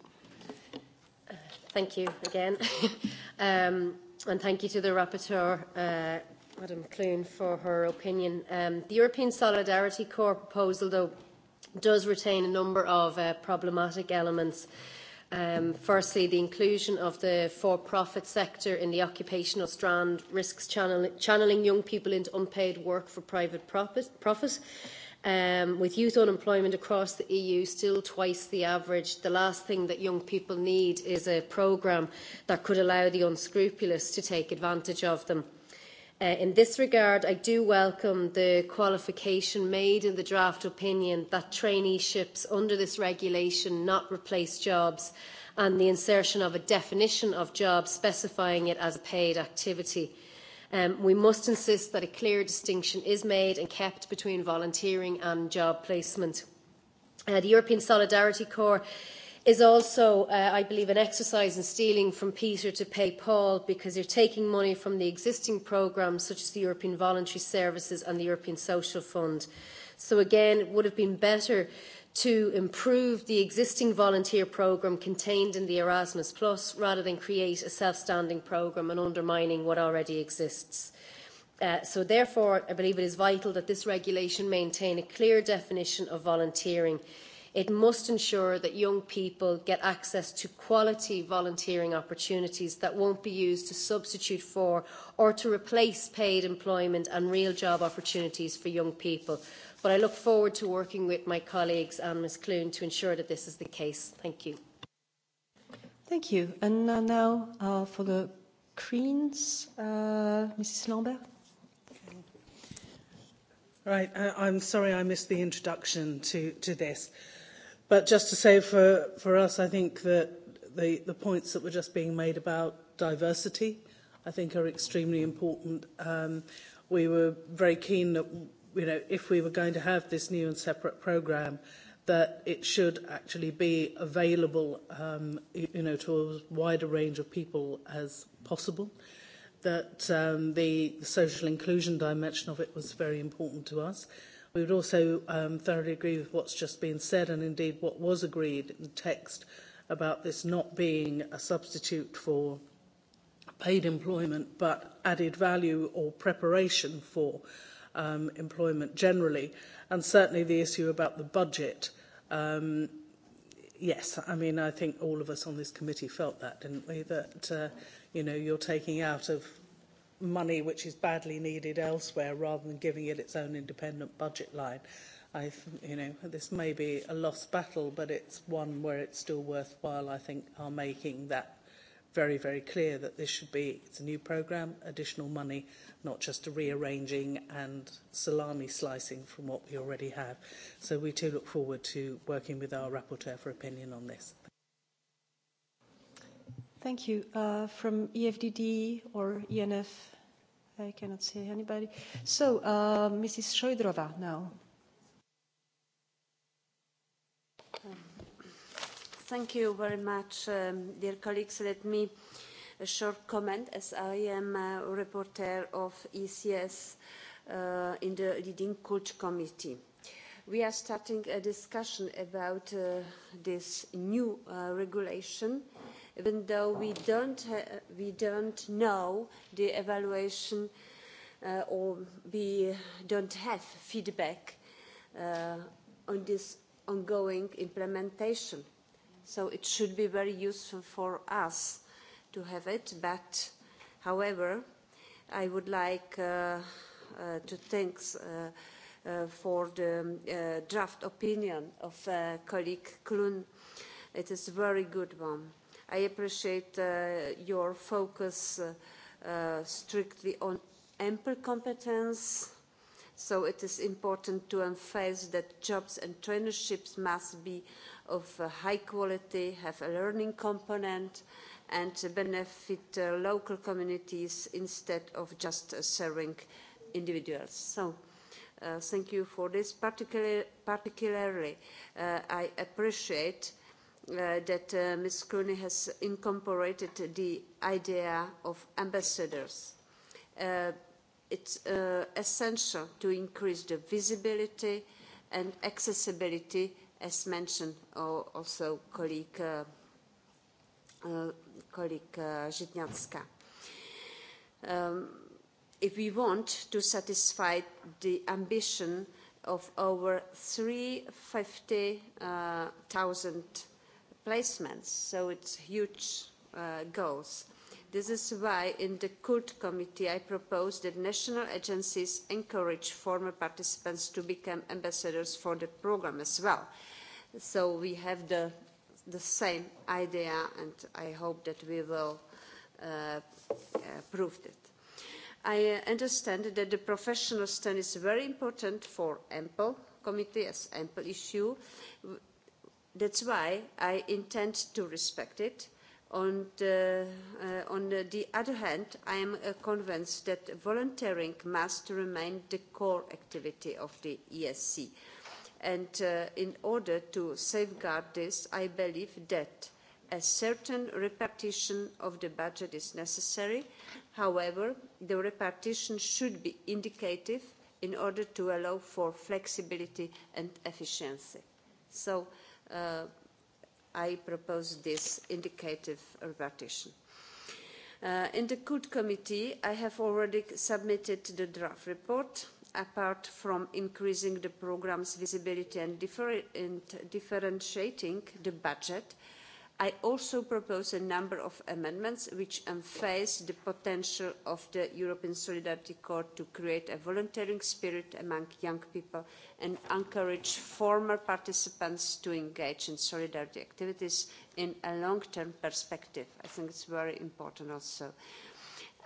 thank you again. um, and thank you to the rapporteur, uh, Madam Clune, for her opinion. Um, the European Solidarity Corps proposal, though, does retain a number of uh, problematic elements. Um, firstly, the inclusion of the for-profit sector in the occupational strand risks channel channeling young people into unpaid work for private profit. profit um, with youth unemployment across the EU still twice the average, the last thing that young people need is a programme that could allow the unscrupulous to take advantage of them. Uh, in this regard, I do welcome the qualification made in the draft opinion that traineeships under this regulation not replace jobs and the insertion of a definition of jobs specifying it as a paid activity. Um, we must insist that a clear distinction is made and kept between volunteering and job placement. Uh, the European Solidarity Corps is also, uh, I believe, an exercise in stealing from Peter to pay Paul because you're taking money from the existing programmes such as the European Voluntary Services and the European Social Fund. So again, it would have been better to improve the existing volunteer programme contained in the Erasmus Plus rather than create a self-standing programme and undermining what already exists. Uh, so therefore, I believe it is vital that this regulation maintain a clear definition of volunteering. It must ensure that young people get access to quality volunteering opportunities that won't be used to substitute for or to replace paid employment and real job opportunities for young people But I look forward to working with my colleagues and Ms Clune to ensure that this is the case. Thank you. Thank you. And uh, now uh, for the Greens, uh, Mrs Lambert. Right, I uh, I'm sorry I missed the introduction to, to this. But just to say for, for us, I think that the, the points that were just being made about diversity, I think are extremely important. Um, we were very keen that you know, if we were going to have this new and separate programme, that it should actually be available, um, you know, to a wider range of people as possible. That um, the, the social inclusion dimension of it was very important to us. We would also um, thoroughly agree with what's just been said and indeed what was agreed in the text about this not being a substitute for paid employment but added value or preparation for uh, um, employment generally. And certainly the issue about the budget, um, yes, I mean, I think all of us on this committee felt that, didn't we? That, uh, you know, you're taking out of money which is badly needed elsewhere rather than giving it its own independent budget line. I, you know, this may be a lost battle, but it's one where it's still worthwhile, I think, are making that very, very clear that this should be it's a new programme, additional money, not just a rearranging and salami slicing from what we already have. So we too look forward to working with our rapporteur for opinion on this. Thank you. Uh, from EFDD or ENF, I cannot see anybody. So, uh, Mrs. Shoidrova now. Um thank you very much, um, dear colleagues. Let me a short comment as I am a reporter of ECS uh, in the leading coach committee. We are starting a discussion about uh, this new uh, regulation, even though we don't, uh, we don't know the evaluation uh, or we don't have feedback uh, on this ongoing implementation So it should be very useful for us to have it, but however, I would like uh, uh, to thank uh, uh, for the um, uh, draft opinion of uh, colleague Klun. It is a very good one. I appreciate uh, your focus uh, uh, strictly on ample competence, so it is important to emphasize that jobs and traineeships must be uh, of uh, high quality, have a learning component, and benefit uh, local communities instead of just uh, serving individuals. So, uh, thank you for this. Particular, particularly, uh, I appreciate uh, that uh, Ms. Cooney has incorporated the idea of ambassadors. Uh, it's uh, essential to increase the visibility and accessibility as mentioned also colleague, uh, uh, colleague uh, Um, if we want to satisfy the ambition of over 350,000 uh, placements, so it's huge uh, goals, This is why in the CULT committee I proposed that national agencies encourage former participants to become ambassadors for the programme as well. So we have the, the same idea and I hope that we will uh, prove it. I understand that the professional stand is very important for ample committee as ample issue. That's why I intend to respect it On the, uh, on the other hand, I am uh, convinced that volunteering must remain the core activity of the ESC. And uh, in order to safeguard this, I believe that a certain repartition of the budget is necessary. However, the repartition should be indicative in order to allow for flexibility and efficiency. So uh, I propose this indicative repartition. Uh, in the CUT committee, I have already submitted the draft report. Apart from increasing the programme's visibility and, differ and differentiating the budget, I also propose a number of amendments which emphasise the potential of the European Solidarity Corps to create a volunteering spirit among young people and encourage former participants to engage in solidarity activities in a long-term perspective. I think it's very important also.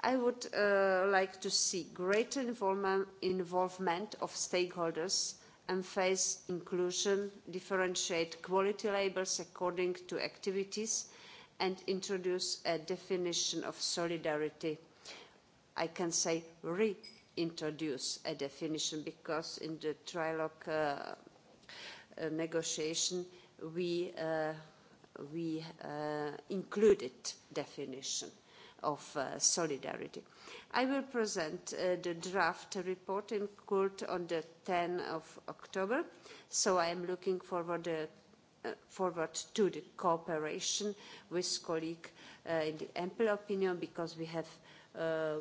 I would uh, like to see greater involvement of stakeholders and face inclusion, differentiate quality labels according to activities, and introduce a definition of solidarity. I can say reintroduce a definition because in the trilogue uh, uh negotiation we, uh, we uh, included definition of uh, solidarity. I will present uh, the draft report in court on the 10 of October, so I am looking forward, uh, uh, forward to the cooperation with colleague uh, in the ample opinion because we have uh,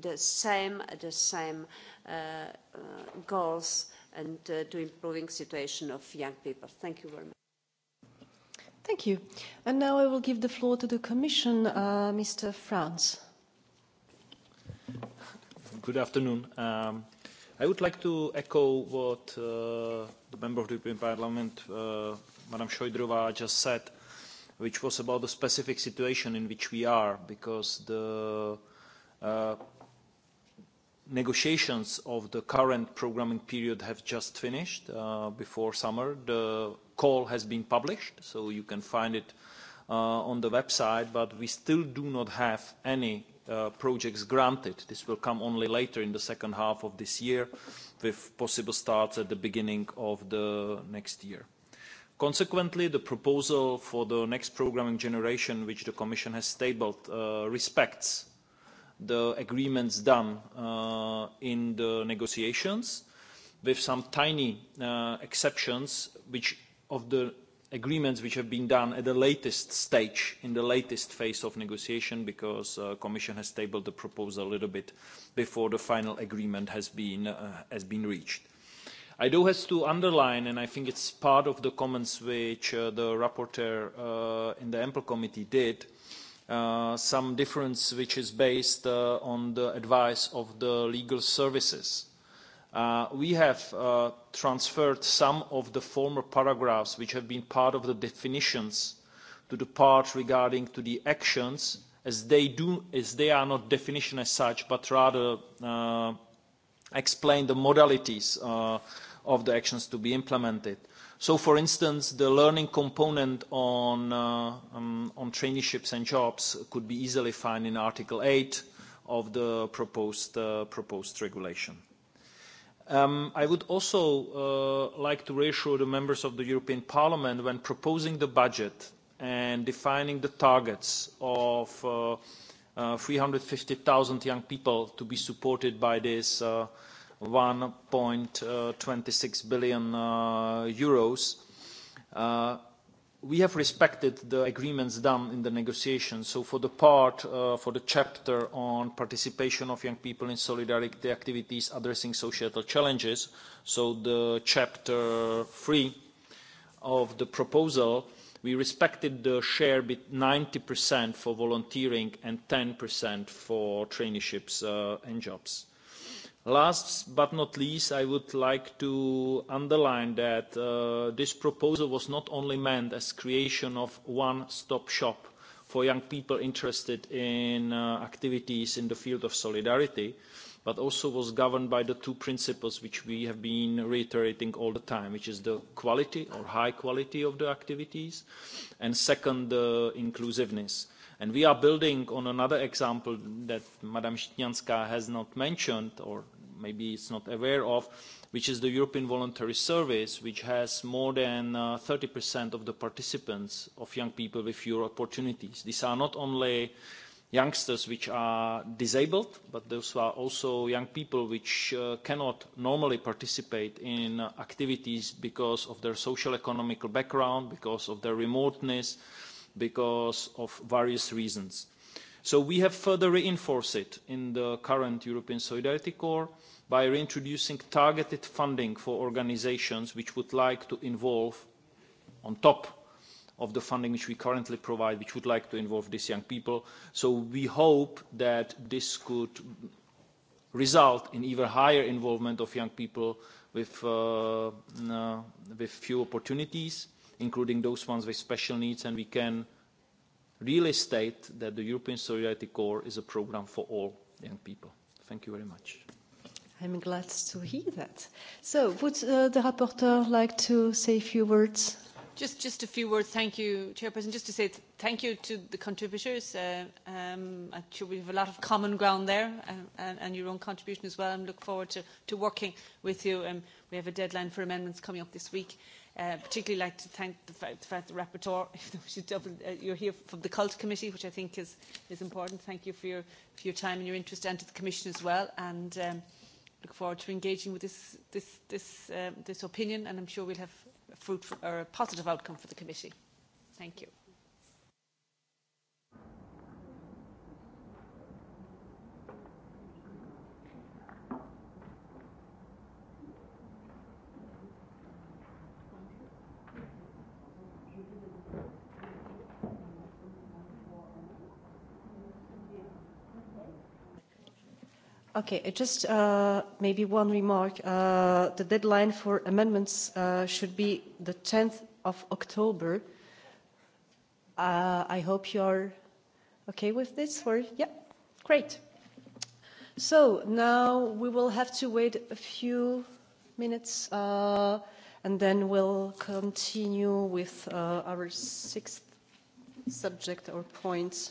the same, the same uh, uh, goals and uh, to improving situation of young people. Thank you very much. Thank you. And now I will give the floor to the Commission, uh, Mr. Franz. Good afternoon. Um, I would like to echo what uh, the Member of the European Parliament, uh, Madam Shoydrova, just said, which was about the specific situation in which we are, because the uh, negotiations of the current programming period have just finished uh, before summer. The call has been published, so you can find it uh, on the website, but we still do not have any uh, projects granted. This will come only later in the second half of this year, with possible starts at the beginning of the next year. Consequently, the proposal for the next programming generation, which the Commission has tabled, uh, respects the agreements done uh, in the negotiations, with some tiny uh, exceptions which of the agreements which have been done at the latest stage, in the latest phase of negotiation, because the uh, Commission has tabled the proposal a little bit before the final agreement has been, uh, has been reached. I do have to underline, and I think it's part of the comments which uh, the rapporteur uh, in the ample committee did, uh, some difference which is based uh, on the advice of the legal services Uh, we have uh, transferred some of the former paragraphs which have been part of the definitions to the part regarding to the actions as they, do, as they are not definition as such but rather uh, explain the modalities of the actions to be implemented. So for instance, the learning component on, um, traineeships and jobs could be easily found in Article 8 of the proposed regulation. Um, I would also uh, like to reassure the members of the European Parliament when proposing the budget and defining the targets of uh, uh, 350,000 young people to be supported by this uh, 1.26 uh, billion uh, euros. Uh, we have respected the agreements done in the negotiations. So for the part, uh, for the chapter on participation of young people in solidarity activities addressing societal challenges, so the chapter three of the proposal, we respected the share bit 90% for volunteering and 10% for traineeships uh, and jobs. Last but not least, I would like to underline that uh, this proposal was not only meant as creation of one-stop shop for young people interested in uh, activities in the field of solidarity, but also was governed by the two principles which we have been reiterating all the time, which is the quality or high quality of the activities, and second, the uh, inclusiveness. And we are building on another example that Madam Shitnyanska has not mentioned, or maybe it's not aware of, which is the European Voluntary Service, which has more than uh, 30% of the participants of young people with fewer opportunities. These are not only youngsters which are disabled, but those are also young people which uh, cannot normally participate in uh, activities because of their social economical background, because of their remoteness, uh, because of various reasons. So we have further reinforced it in the current European Solidarity Corps by reintroducing targeted funding for organizations which would like to involve, on top of the funding which we currently provide, which would like to involve these young people. So we hope that this could result in even higher involvement of young people with, uh, uh, with few opportunities including those ones with special needs, and we can really state that the European Solidarity Corps is a program for all young people. Thank you very much. I'm glad to hear that. So, would uh, the rapporteur like to say a few words? Just, just a few words. Thank you, Chairperson. Just to say th thank you to the contributors. Uh, um, I'm sure we have a lot of common ground there uh, and, and your own contribution as well. I look forward to, to working with you. Um, we have a deadline for amendments coming up this week. Uh, particularly like to thank the fact, the fact the rapporteur, double, uh, you're here from the cult committee, which I think is, is important. Thank you for your, for your time and your interest, and to the commission as well. And um, look forward to engaging with this, this, this, um, this opinion, and I'm sure we'll have a, fruitful, or a positive outcome for the committee. Thank you. Okay, uh, just uh, maybe one remark. Uh, the deadline for amendments uh, should be the 10th of October. Uh, I hope you are okay with this. For yeah, great. So now we will have to wait a few minutes, uh, and then we'll continue with uh, our sixth subject or point.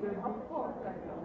Of course I do.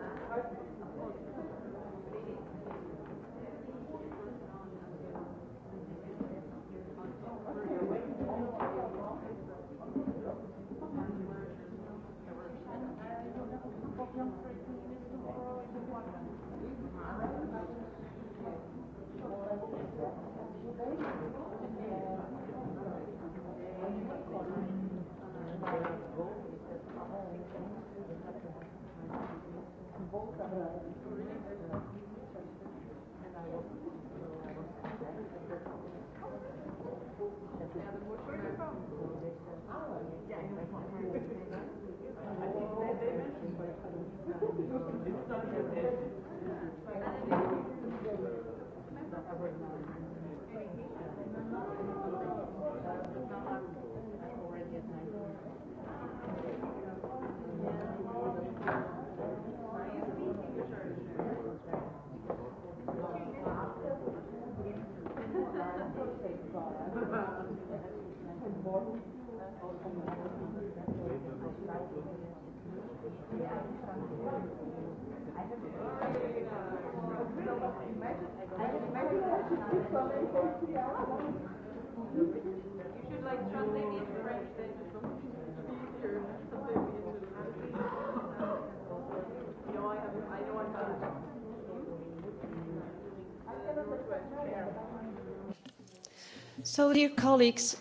So, dear colleagues,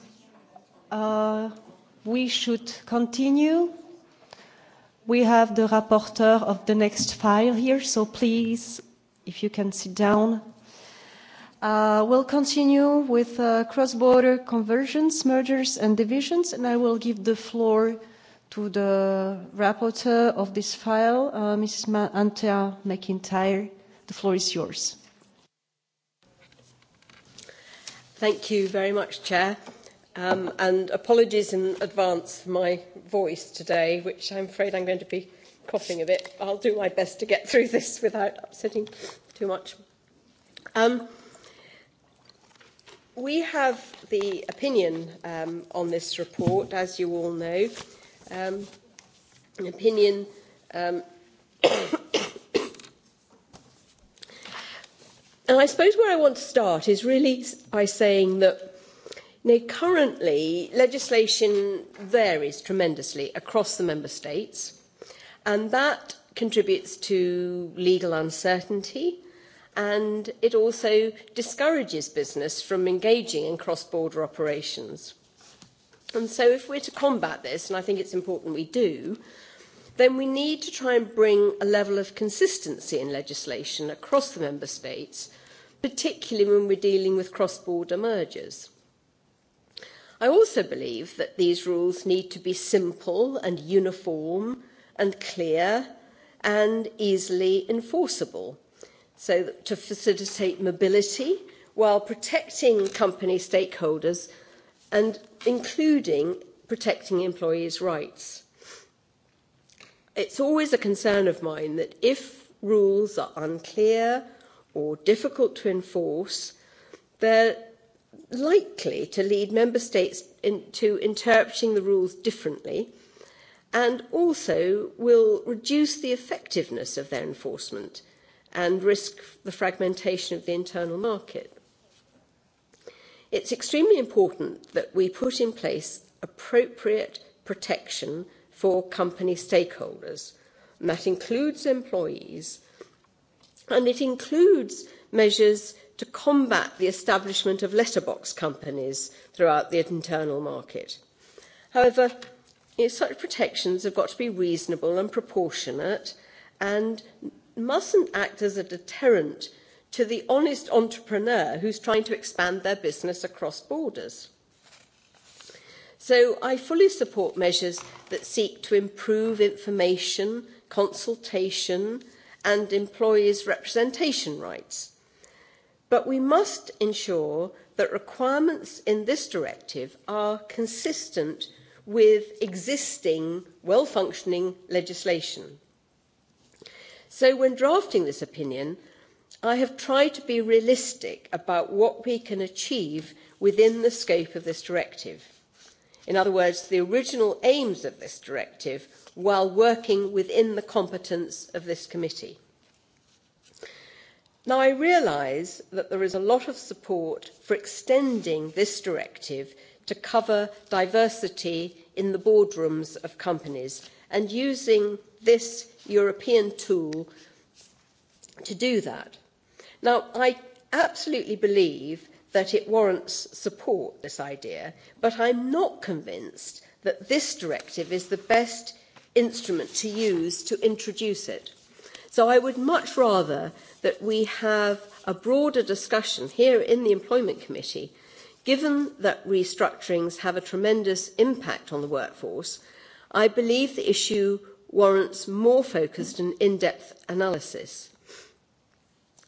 uh, we should continue. We have the rapporteur of the next file here, so please, if you can sit down. Uh, we'll continue with uh, cross-border conversions, mergers and divisions, and I will give the floor to the rapporteur of this file, uh, Mrs. Ma Antea McIntyre. The floor is yours. Thank you very much, Chair. Um, and apologies in advance for my voice today, which I'm afraid I'm going to be coughing a bit. I'll do my best to get through this without upsetting too much. Um, we have the opinion um, on this report, as you all know, um, an opinion um, And I suppose where I want to start is really by saying that you know, currently legislation varies tremendously across the member states, and that contributes to legal uncertainty, and it also discourages business from engaging in cross-border operations. And so if we're to combat this, and I think it's important we do, then we need to try and bring a level of consistency in legislation across the member states, particularly when we're dealing with cross-border mergers. I also believe that these rules need to be simple and uniform and clear and easily enforceable so that to facilitate mobility while protecting company stakeholders and including protecting employees' rights. It's always a concern of mine that if rules are unclear or difficult to enforce, they're likely to lead member states into interpreting the rules differently and also will reduce the effectiveness of their enforcement and risk the fragmentation of the internal market. It's extremely important that we put in place appropriate protection for company stakeholders. And that includes employees and it includes measures to combat the establishment of letterbox companies throughout the internal market. However, you know, such protections have got to be reasonable and proportionate and mustn't act as a deterrent to the honest entrepreneur who's trying to expand their business across borders. So I fully support measures that seek to improve information, consultation and employees' representation rights. But we must ensure that requirements in this directive are consistent with existing well-functioning legislation. So when drafting this opinion, I have tried to be realistic about what we can achieve within the scope of this directive in other words, the original aims of this directive while working within the competence of this committee. Now, I realise that there is a lot of support for extending this directive to cover diversity in the boardrooms of companies and using this European tool to do that. Now, I absolutely believe that it warrants support, this idea, but I'm not convinced that this directive is the best instrument to use to introduce it. So I would much rather that we have a broader discussion here in the Employment Committee, given that restructurings have a tremendous impact on the workforce, I believe the issue warrants more focused and in-depth analysis.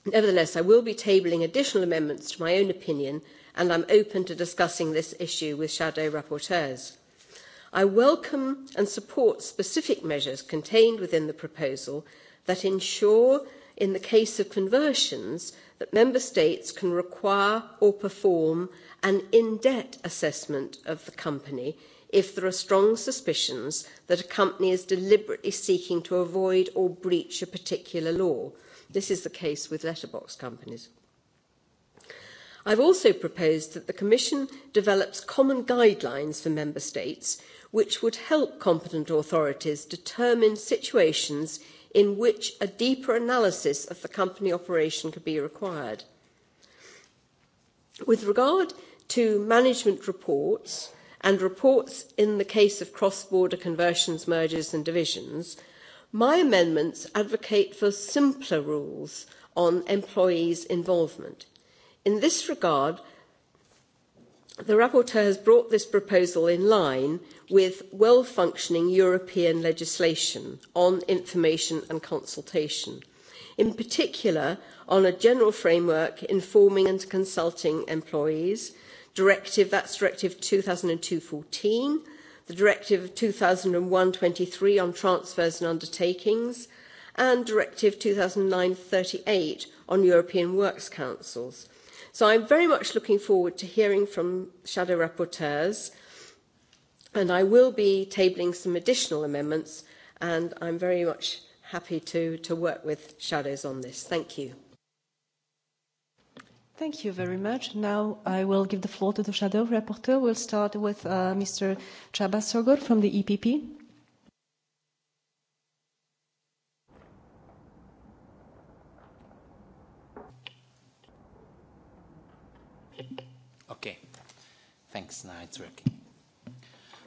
Nevertheless, I will be tabling additional amendments to my own opinion, and I am open to discussing this issue with shadow rapporteurs. I welcome and support specific measures contained within the proposal that ensure, in the case of conversions, that member states can require or perform an in-debt assessment of the company if there are strong suspicions that a company is deliberately seeking to avoid or breach a particular law This is the case with letterbox companies. I've also proposed that the Commission develops common guidelines for Member States which would help competent authorities determine situations in which a deeper analysis of the company operation could be required. With regard to management reports and reports in the case of cross-border conversions, mergers and divisions, My amendments advocate for simpler rules on employees' involvement. In this regard, the rapporteur has brought this proposal in line with well-functioning European legislation on information and consultation, in particular on a general framework informing and consulting employees, directive, that's directive 2002-14, the Directive 2001-23 on transfers and undertakings, and Directive 2009-38 on European Works Councils. So I'm very much looking forward to hearing from shadow rapporteurs, and I will be tabling some additional amendments, and I'm very much happy to, to work with shadows on this. Thank you. Thank you very much. Now I will give the floor to the shadow rapporteur. We'll start with uh, Mr. Chabasogor from the EPP. Okay. Thanks. Now it's working.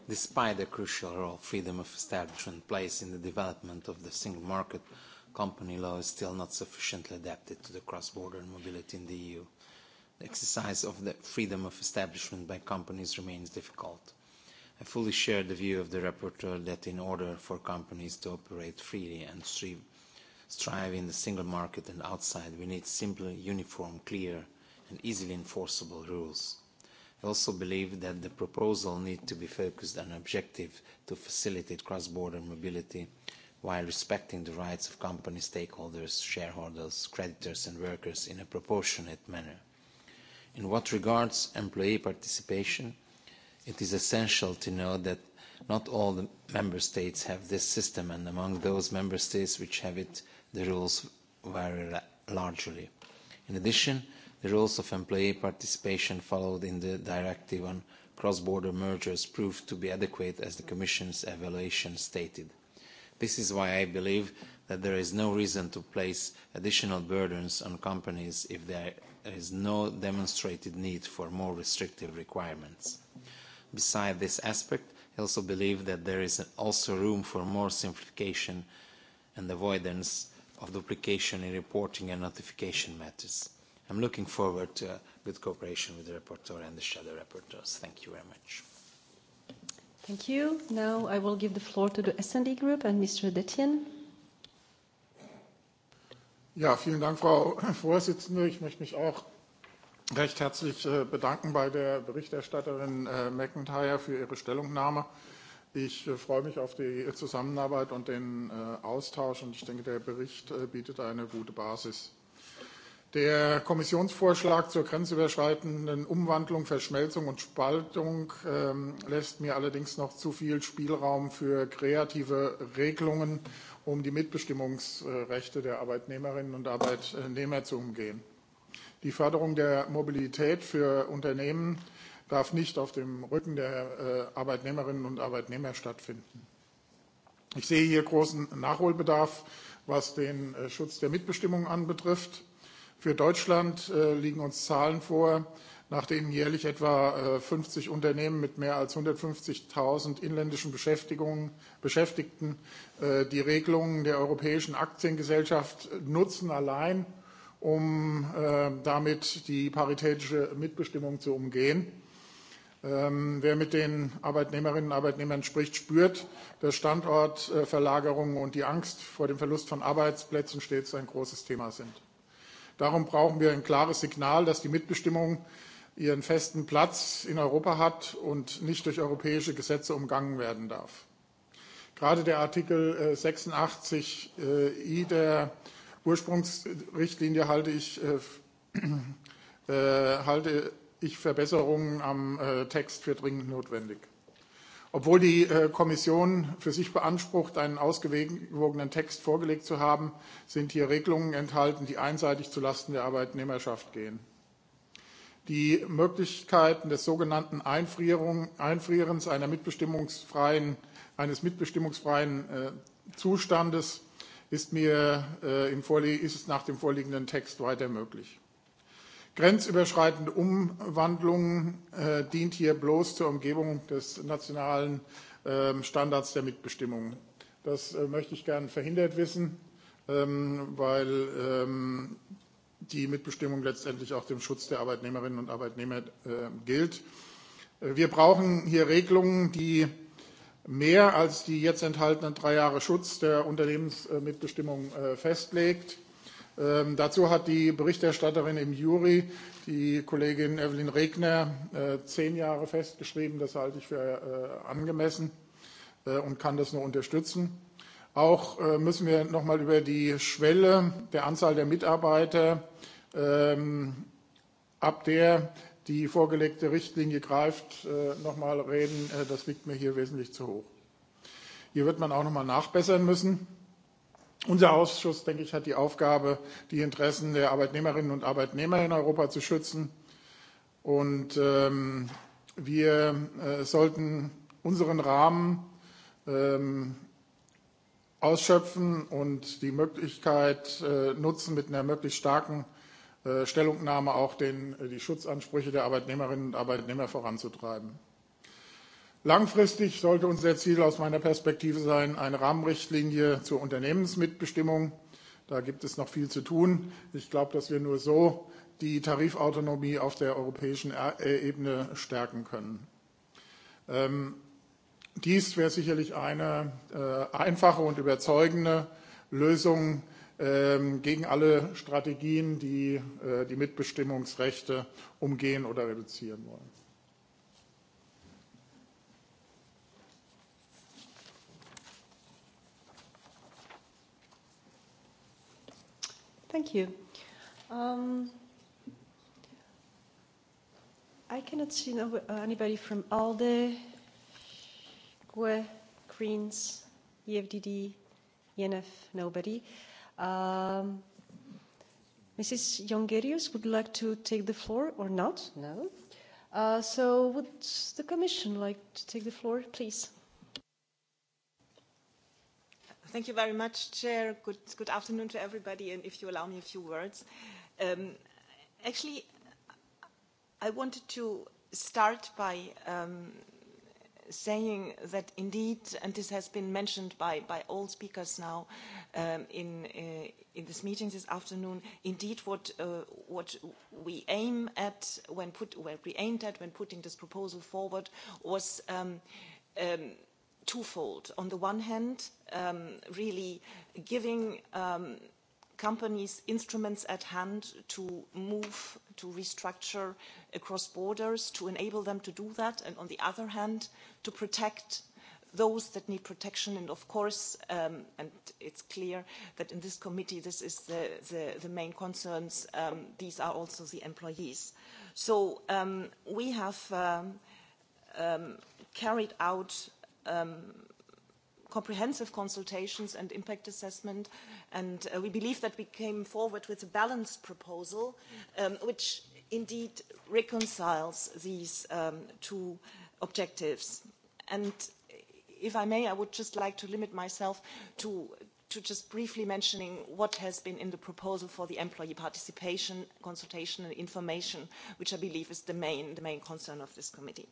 Despite the crucial role freedom of establishment plays in the development of the single market, company law is still not sufficiently adapted to the cross-border mobility in the EU. The exercise of the freedom of establishment by companies remains difficult. I fully share the view of the rapporteur that in order for companies to operate freely and strive, in the single market and outside, we need simple, uniform, clear and easily enforceable rules. I also believe that the proposal needs to be focused on objective to facilitate cross-border mobility while respecting the rights of company stakeholders, shareholders, creditors and workers in a proportionate manner. In what regards employee participation, it is essential to note that not all the member states have this system and among those member states which have it, the rules vary largely. In addition, the rules of employee participation followed in the directive on cross-border mergers proved to be adequate as the Commission's evaluation stated. This is why I believe that there is no reason to place additional burdens on companies if there is no demonstrated need for more restrictive requirements. Besides this aspect, I also believe that there is also room for more simplification and avoidance of duplication in reporting and notification matters. I'm looking forward to uh, good cooperation with the rapporteur and the shadow rapporteurs. Thank you very much. Thank you. Now I will give the floor to the S&D Group and Mr. Detjen. Ja, vielen Dank, Frau Vorsitzende. Ich möchte mich auch recht herzlich äh, bedanken bei der Berichterstatterin äh, McIntyre für ihre Stellungnahme. Ich äh, freue mich auf die Zusammenarbeit und den Austausch und ich denke, der Bericht bietet eine gute Basis. Der Kommissionsvorschlag zur grenzüberschreitenden Umwandlung, Verschmelzung und Spaltung ähm, lässt mir allerdings noch zu viel Spielraum für kreative Regelungen, um die Mitbestimmungsrechte der Arbeitnehmerinnen und Arbeitnehmer zu umgehen. Die Förderung der Mobilität für Unternehmen darf nicht auf dem Rücken der äh, Arbeitnehmerinnen und Arbeitnehmer stattfinden. Ich sehe hier großen Nachholbedarf, was den äh, Schutz der Mitbestimmung anbetrifft. Für Deutschland äh, liegen uns Zahlen vor, nach denen jährlich etwa äh, 50 Unternehmen mit mehr als 150.000 inländischen Beschäftigten äh, die Regelungen der Europäischen Aktiengesellschaft nutzen allein, um äh, damit die paritätische Mitbestimmung zu umgehen. Ähm, wer mit den Arbeitnehmerinnen und Arbeitnehmern spricht, spürt, dass Standortverlagerungen und die Angst vor dem Verlust von Arbeitsplätzen stets ein großes Thema sind. Darum brauchen wir ein klares Signal, dass die Mitbestimmung ihren festen Platz in Europa hat und nicht durch europäische Gesetze umgangen werden darf. Gerade der Artikel 86i äh, äh, der Ursprungsrichtlinie halte ich, äh, halte ich Verbesserungen am Text für dringend notwendig. Obwohl die äh, Kommission für sich beansprucht, einen ausgewogenen Text vorgelegt zu haben, sind hier Regelungen enthalten, die einseitig zulasten der Arbeitnehmerschaft gehen. Die Möglichkeiten des sogenannten Einfrierens einer mitbestimmungsfreien, eines mitbestimmungsfreien äh, Zustandes ist mir äh, ist nach dem vorliegenden Text weiter möglich. Grenzüberschreitende Umwandlung äh, dient hier bloß zur Umgebung des nationalen äh, Standards der Mitbestimmung. Das äh, möchte ich gern verhindert wissen, ähm, weil ähm, die Mitbestimmung letztendlich auch dem Schutz der Arbeitnehmerinnen und Arbeitnehmer äh, gilt. Äh, wir brauchen hier Regelungen, die mehr als die jetzt enthaltenen drei Jahre Schutz der Unternehmensmitbestimmung äh, festlegt Ähm, dazu hat die Berichterstatterin im Juri, die Kollegin Evelyn Regner, äh, zehn Jahre festgeschrieben. Das halte ich für äh, angemessen äh, und kann das nur unterstützen. Auch äh, müssen wir nochmal über die Schwelle der Anzahl der Mitarbeiter, ähm, ab der die vorgelegte Richtlinie greift, äh, nochmal reden. Äh, das liegt mir hier wesentlich zu hoch. Hier wird man auch nochmal nachbessern müssen. Unser Ausschuss, denke ich, hat die Aufgabe, die Interessen der Arbeitnehmerinnen und Arbeitnehmer in Europa zu schützen. Und ähm, wir äh, sollten unseren Rahmen ähm, ausschöpfen und die Möglichkeit äh, nutzen, mit einer möglichst starken äh, Stellungnahme auch den, die Schutzansprüche der Arbeitnehmerinnen und Arbeitnehmer voranzutreiben. Langfristig sollte unser Ziel aus meiner Perspektive sein, eine Rahmenrichtlinie zur Unternehmensmitbestimmung. Da gibt es noch viel zu tun. Ich glaube, dass wir nur so die Tarifautonomie auf der europäischen e- Ebene stärken können. Ähm, dies wäre sicherlich eine äh, einfache und überzeugende Lösung ähm, gegen alle Strategien, die äh, die Mitbestimmungsrechte umgehen oder reduzieren wollen. Thank you. Um, I cannot see no, uh, anybody from ALDE, GUE, Greens, EFDD, ENF, nobody. Um, Mrs. Jongerius would like to take the floor or not? No. Uh, so would the Commission like to take the floor, please? Thank you very much, Chair. Good, good afternoon to everybody, and if you allow me a few words. Um, actually, I wanted to start by um, saying that indeed, and this has been mentioned by, by all speakers now um, in, uh, in this meeting this afternoon, indeed what, uh, what we aim at when put, what we aimed at when putting this proposal forward was um, um, twofold. On the one hand, um, really giving um, companies instruments at hand to move, to restructure across borders, to enable them to do that, and on the other hand, to protect those that need protection and of course um, and it's clear that in this committee this is the, the, the main concerns um, these are also the employees so um, we have um, um, carried out um, comprehensive consultations and impact assessment and uh, we believe that we came forward with a balanced proposal um, which indeed reconciles these um, two objectives and if I may I would just like to limit myself to to just briefly mentioning what has been in the proposal for the employee participation, consultation and information, which I believe is the main, the main concern of this committee.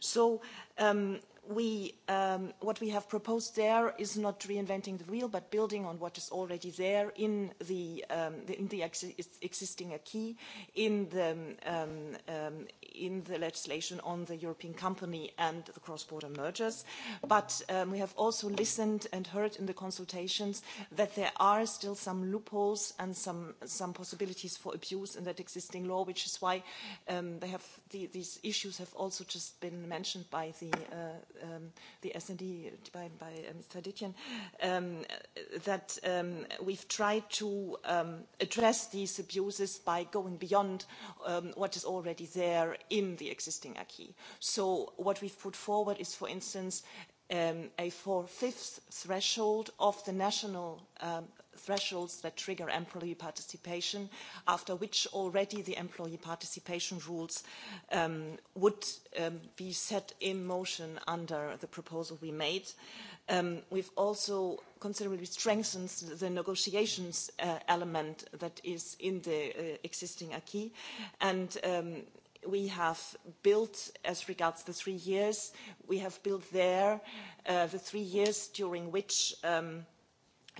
So um, we, um, what we have proposed there is not reinventing the wheel, but building on what is already there in the, um, the, in the ex existing acquis, in the, um, um, in the legislation on the European company and the cross-border mergers. But um, we have also listened and heard in the consultations that there are still some loopholes and some, some possibilities for abuse in that existing law, which is why um, they have the, these issues have also just been mentioned by the uh, um, the S&D by, by uh, Mr. Ditchen, um, that um, we've tried to um, address these abuses by going beyond um, what is already there in the existing acquis. So what we've put forward is, for instance, um, a four-fifths threshold of the national um, thresholds that trigger employee participation, after which already the employee participation rules um, would um, be set in motion under the proposal we made. Um, we've also considerably strengthened the negotiations uh, element that is in the uh, existing acquis, and um, we have built, as regards the three years, we have built there uh, the three years during which um, –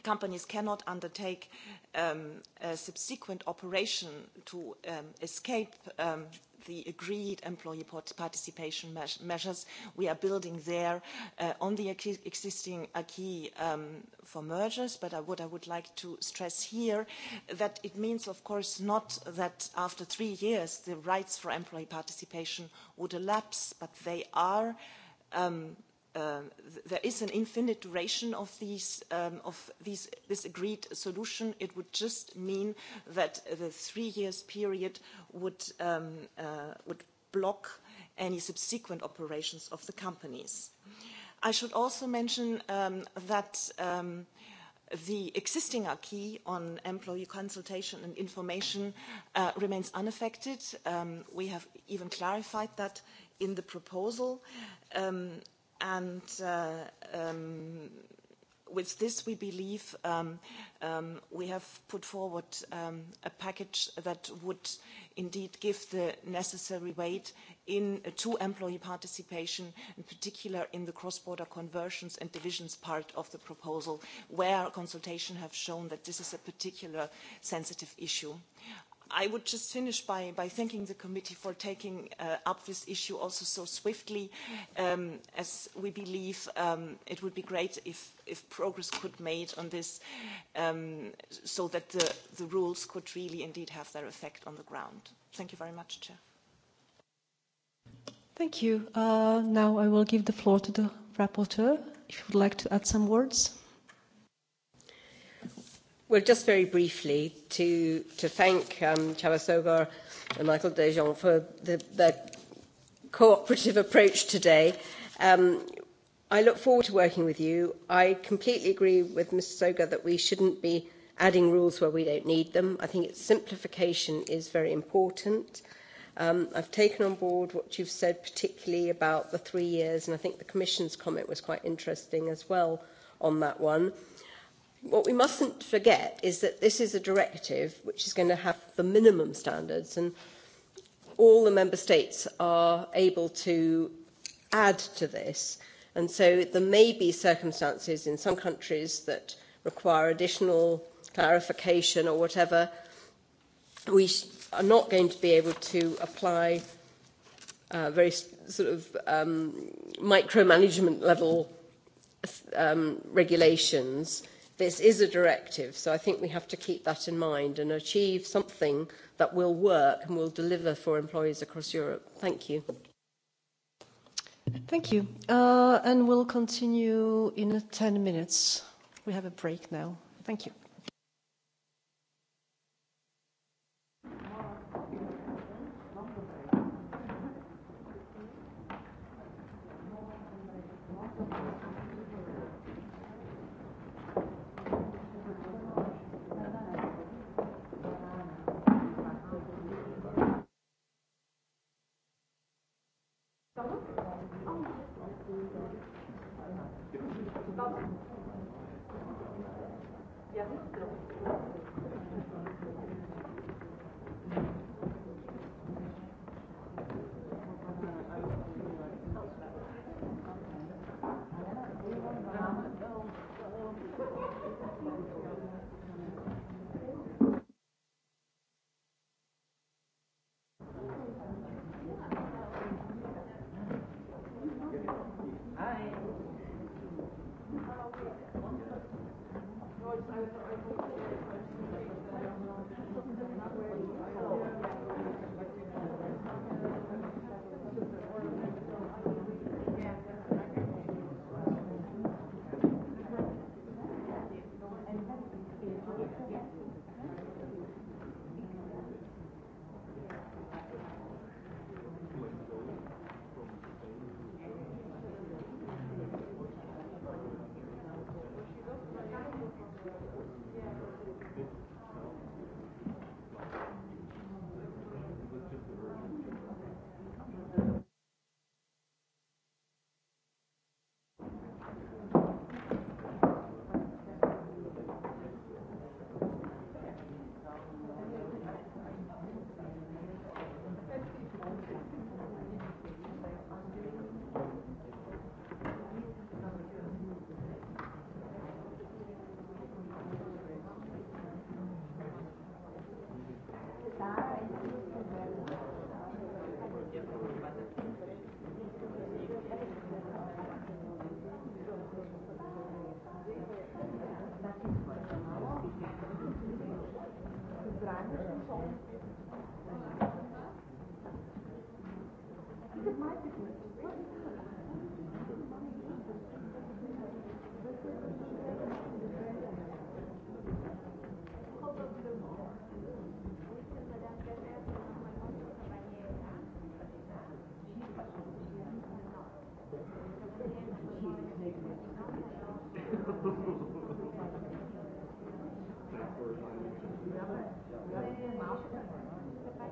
companies cannot undertake um, a subsequent operation to um, escape um, the agreed employee participation measures we are building there uh, on the existing acquis um, for mergers, but I, would I would like to stress here that it means, of course, not that after three years the rights for employee participation would elapse, but they are um, Um, there is an infinite duration of these um, of these this agreed solution it would just mean that the three years period would um, uh, would block any subsequent operations of the companies i should also mention um, that um, the existing acquis on employee consultation and information uh, remains unaffected. Um, we have even clarified that in the proposal. Um, and uh, um, with this we believe um, um, we have put forward um, a package that would indeed give the necessary weight in, uh, to employee participation, in particular in the cross-border conversions and divisions part of the proposal, where consultation have shown that this is a particular sensitive issue. I would just finish by, by thanking the committee for taking uh, up this issue also so swiftly, um, as we believe um, it would be great if, if progress could made on this um, so that the, the rules could really indeed have their effect on the ground. Thank you very much, Chair. Thank you. Uh, now I will give the floor to the rapporteur, if you would like to add some words. Well, just very briefly, to, to thank um, Sogar and Michael Dejean for the, their cooperative approach today. Um, I look forward to working with you. I completely agree with Mr. Soga that we shouldn't be adding rules where we don't need them. I think it's simplification is very important. Um, I've taken on board what you've said, particularly about the three years, and I think the Commission's comment was quite interesting as well on that one what we mustn't forget is that this is a directive which is going to have the minimum standards and all the member states are able to add to this and so there may be circumstances in some countries that require additional clarification or whatever we are not going to be able to apply uh, very sort of um, micromanagement level um, regulations This is a directive, so I think we have to keep that in mind and achieve something that will work and will deliver for employees across Europe. Thank you. Thank you. Uh, and we'll continue in 10 minutes. We have a break now. Thank you.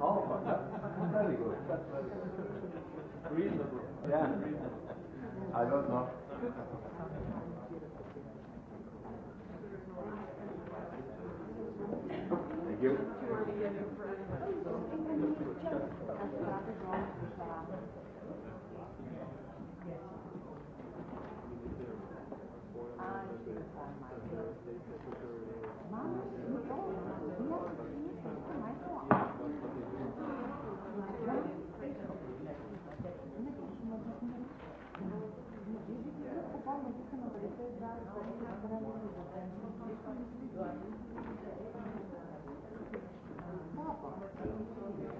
Oh, very good. very good. Reasonable. Yeah. Reasonable. I don't know. Thank you.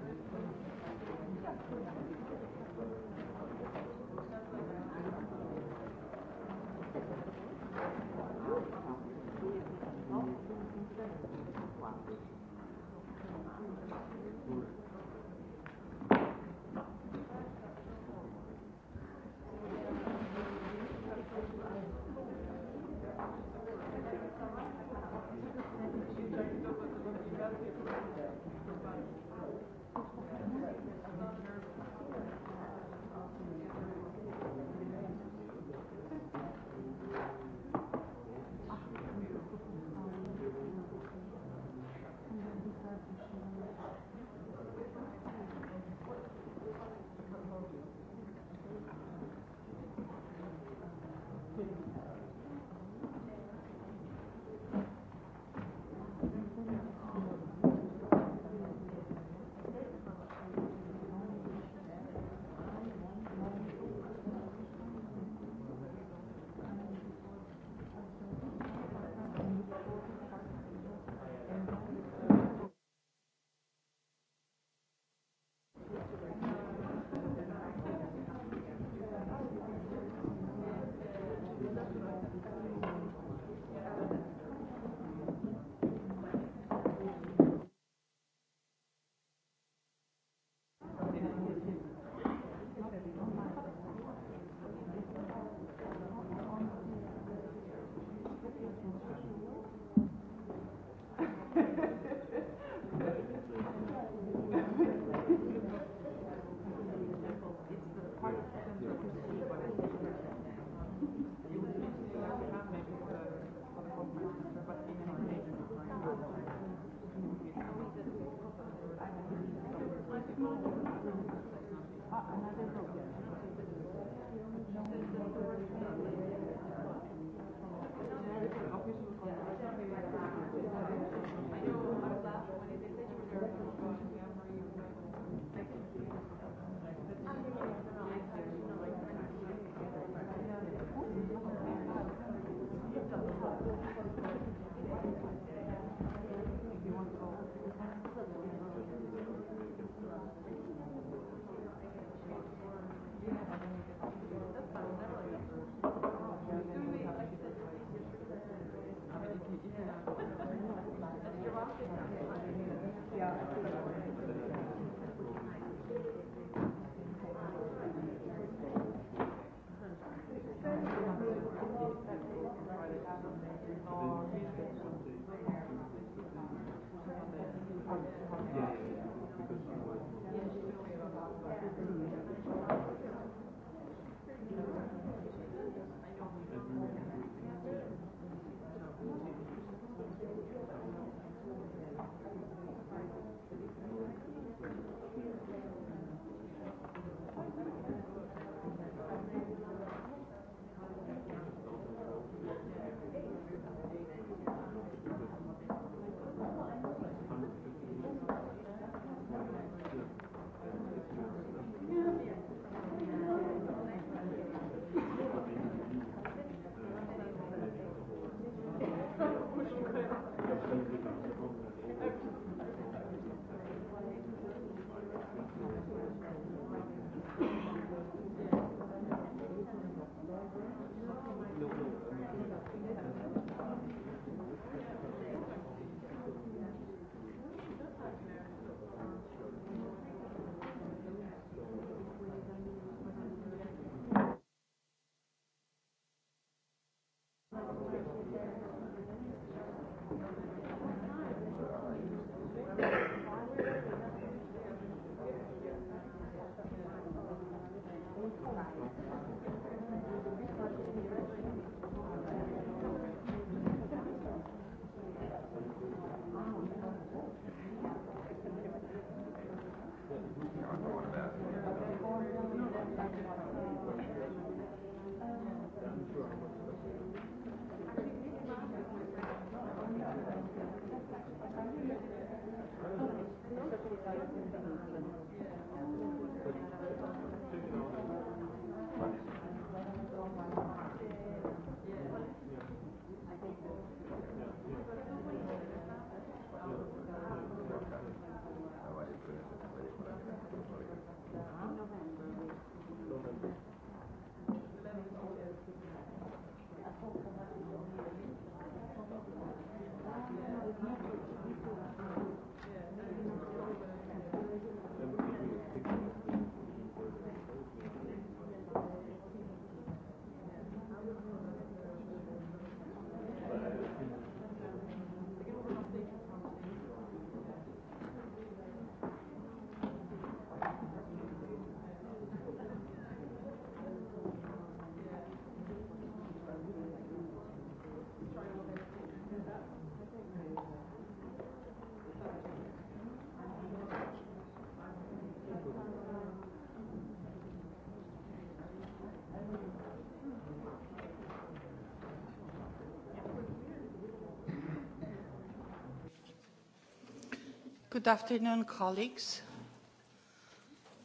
Good afternoon, colleagues.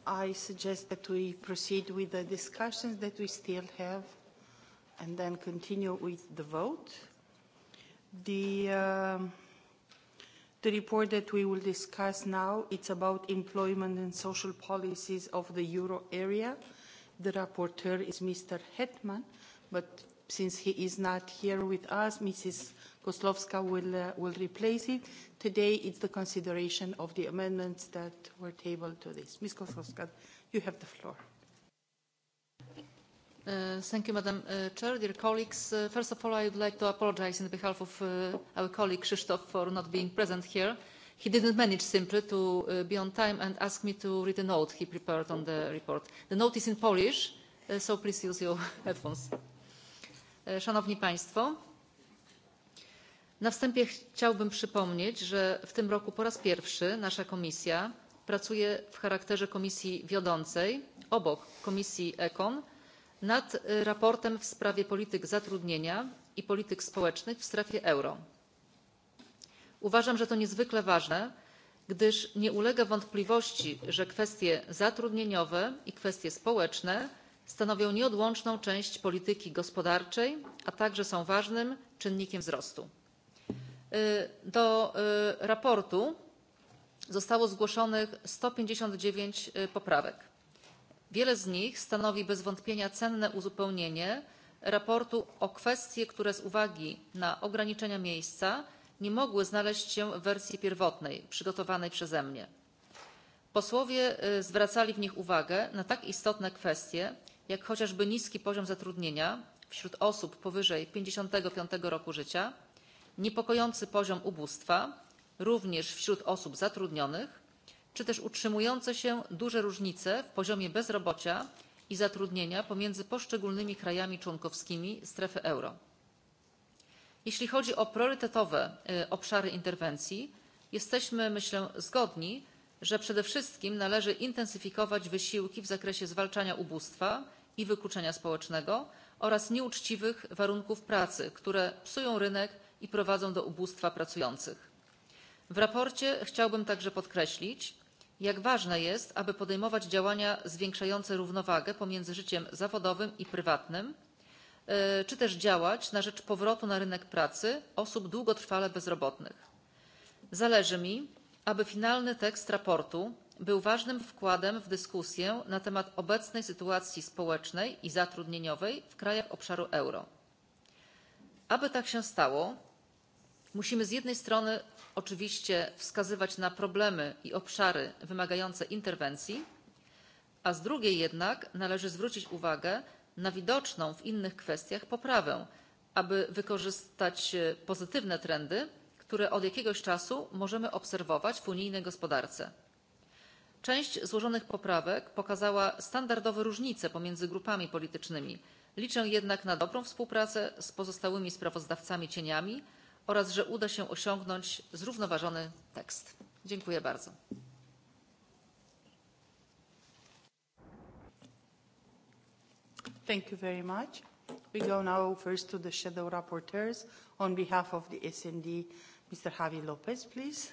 I suggest that we proceed with the discussions that we still have and then continue with the vote. The, uh, the report that we will discuss now, it's about employment and social policies of the euro area. The rapporteur is Mr. Hetman, but since he is not here with us, Mrs. Koslowska will, uh, will replace it. Today it's the consideration of the amendments that were tabled to this. Ms. Koslowska, you have the floor. Uh, thank you, Madam uh, Chair. Dear colleagues, uh, first of all, I would like to apologize on behalf of uh, our colleague Krzysztof for not being present here. He didn't manage simply to uh, be on time and ask me to read a note he prepared on the report. The note is in Polish, uh, so please use your headphones. Uh, Szanowni Państwo, Na wstępie chciałbym przypomnieć, że w tym roku po raz pierwszy nasza komisja pracuje w charakterze komisji wiodącej obok komisji econ nad raportem w sprawie polityk zatrudnienia i polityk społecznych w strefie euro. Uważam, że to niezwykle ważne, gdyż nie ulega wątpliwości, że kwestie zatrudnieniowe i kwestie społeczne stanowią nieodłączną część polityki gospodarczej, a także są ważnym czynnikiem wzrostu. Do raportu zostało zgłoszonych 159 poprawek. Wiele z nich stanowi bez wątpienia cenne uzupełnienie raportu o kwestie, które z uwagi na ograniczenia miejsca nie mogły znaleźć się w wersji pierwotnej przygotowanej przeze mnie. Posłowie zwracali w nich uwagę na tak istotne kwestie, jak chociażby niski poziom zatrudnienia wśród osób powyżej 55 roku życia, niepokojący poziom ubóstwa, również wśród osób zatrudnionych, czy też utrzymujące się duże różnice w poziomie bezrobocia i zatrudnienia pomiędzy poszczególnymi krajami członkowskimi strefy euro. Jeśli chodzi o priorytetowe obszary interwencji, jesteśmy, myślę, zgodni, że przede wszystkim należy intensyfikować wysiłki w zakresie zwalczania ubóstwa i wykluczenia społecznego oraz nieuczciwych warunków pracy, które psują rynek i prowadzą do ubóstwa pracujących. W raporcie chciałbym także podkreślić, jak ważne jest, aby podejmować działania zwiększające równowagę pomiędzy życiem zawodowym i prywatnym, e, czy też działać na rzecz powrotu na rynek pracy osób długotrwale bezrobotnych. Zależy mi, aby finalny tekst raportu był ważnym wkładem w dyskusję na temat obecnej sytuacji społecznej i zatrudnieniowej w krajach obszaru euro. Aby tak się stało, Musimy z jednej strony oczywiście wskazywać na problemy i obszary wymagające interwencji, a z drugiej jednak należy zwrócić uwagę na widoczną w innych kwestiach poprawę, aby wykorzystać e, pozytywne trendy, które od jakiegoś czasu możemy obserwować w unijnej gospodarce. Część złożonych poprawek pokazała standardowe różnice pomiędzy grupami politycznymi. Liczę jednak na dobrą współpracę z pozostałymi sprawozdawcami cieniami, oraz że uda się osiągnąć zrównoważony tekst. Dziękuję bardzo. Thank you very much. We go now first to the shadow rapporteurs on behalf of the SND, Mr. Javi Lopez, please.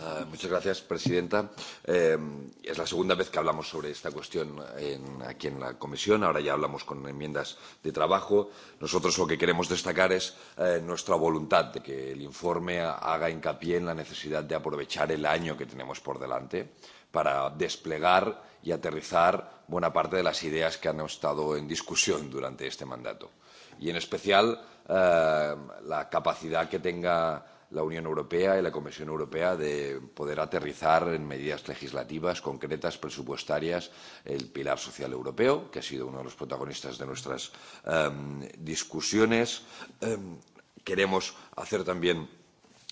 Ah, muchas gracias, presidenta. Eh, es la segunda vez que hablamos sobre esta cuestión en, aquí en la comisión. Ahora ya hablamos con enmiendas de trabajo. Nosotros lo que queremos destacar es eh, nuestra voluntad de que el informe haga hincapié en la necesidad de aprovechar el año que tenemos por delante para desplegar y aterrizar buena parte de las ideas que han estado en discusión durante este mandato. Y en especial eh, la capacidad que tenga la Unión Europea y la Comisión Europea de poder aterrizar en medidas legislativas concretas, presupuestarias, el pilar social europeo, que ha sido uno de los protagonistas de nuestras um, discusiones. Um, queremos hacer también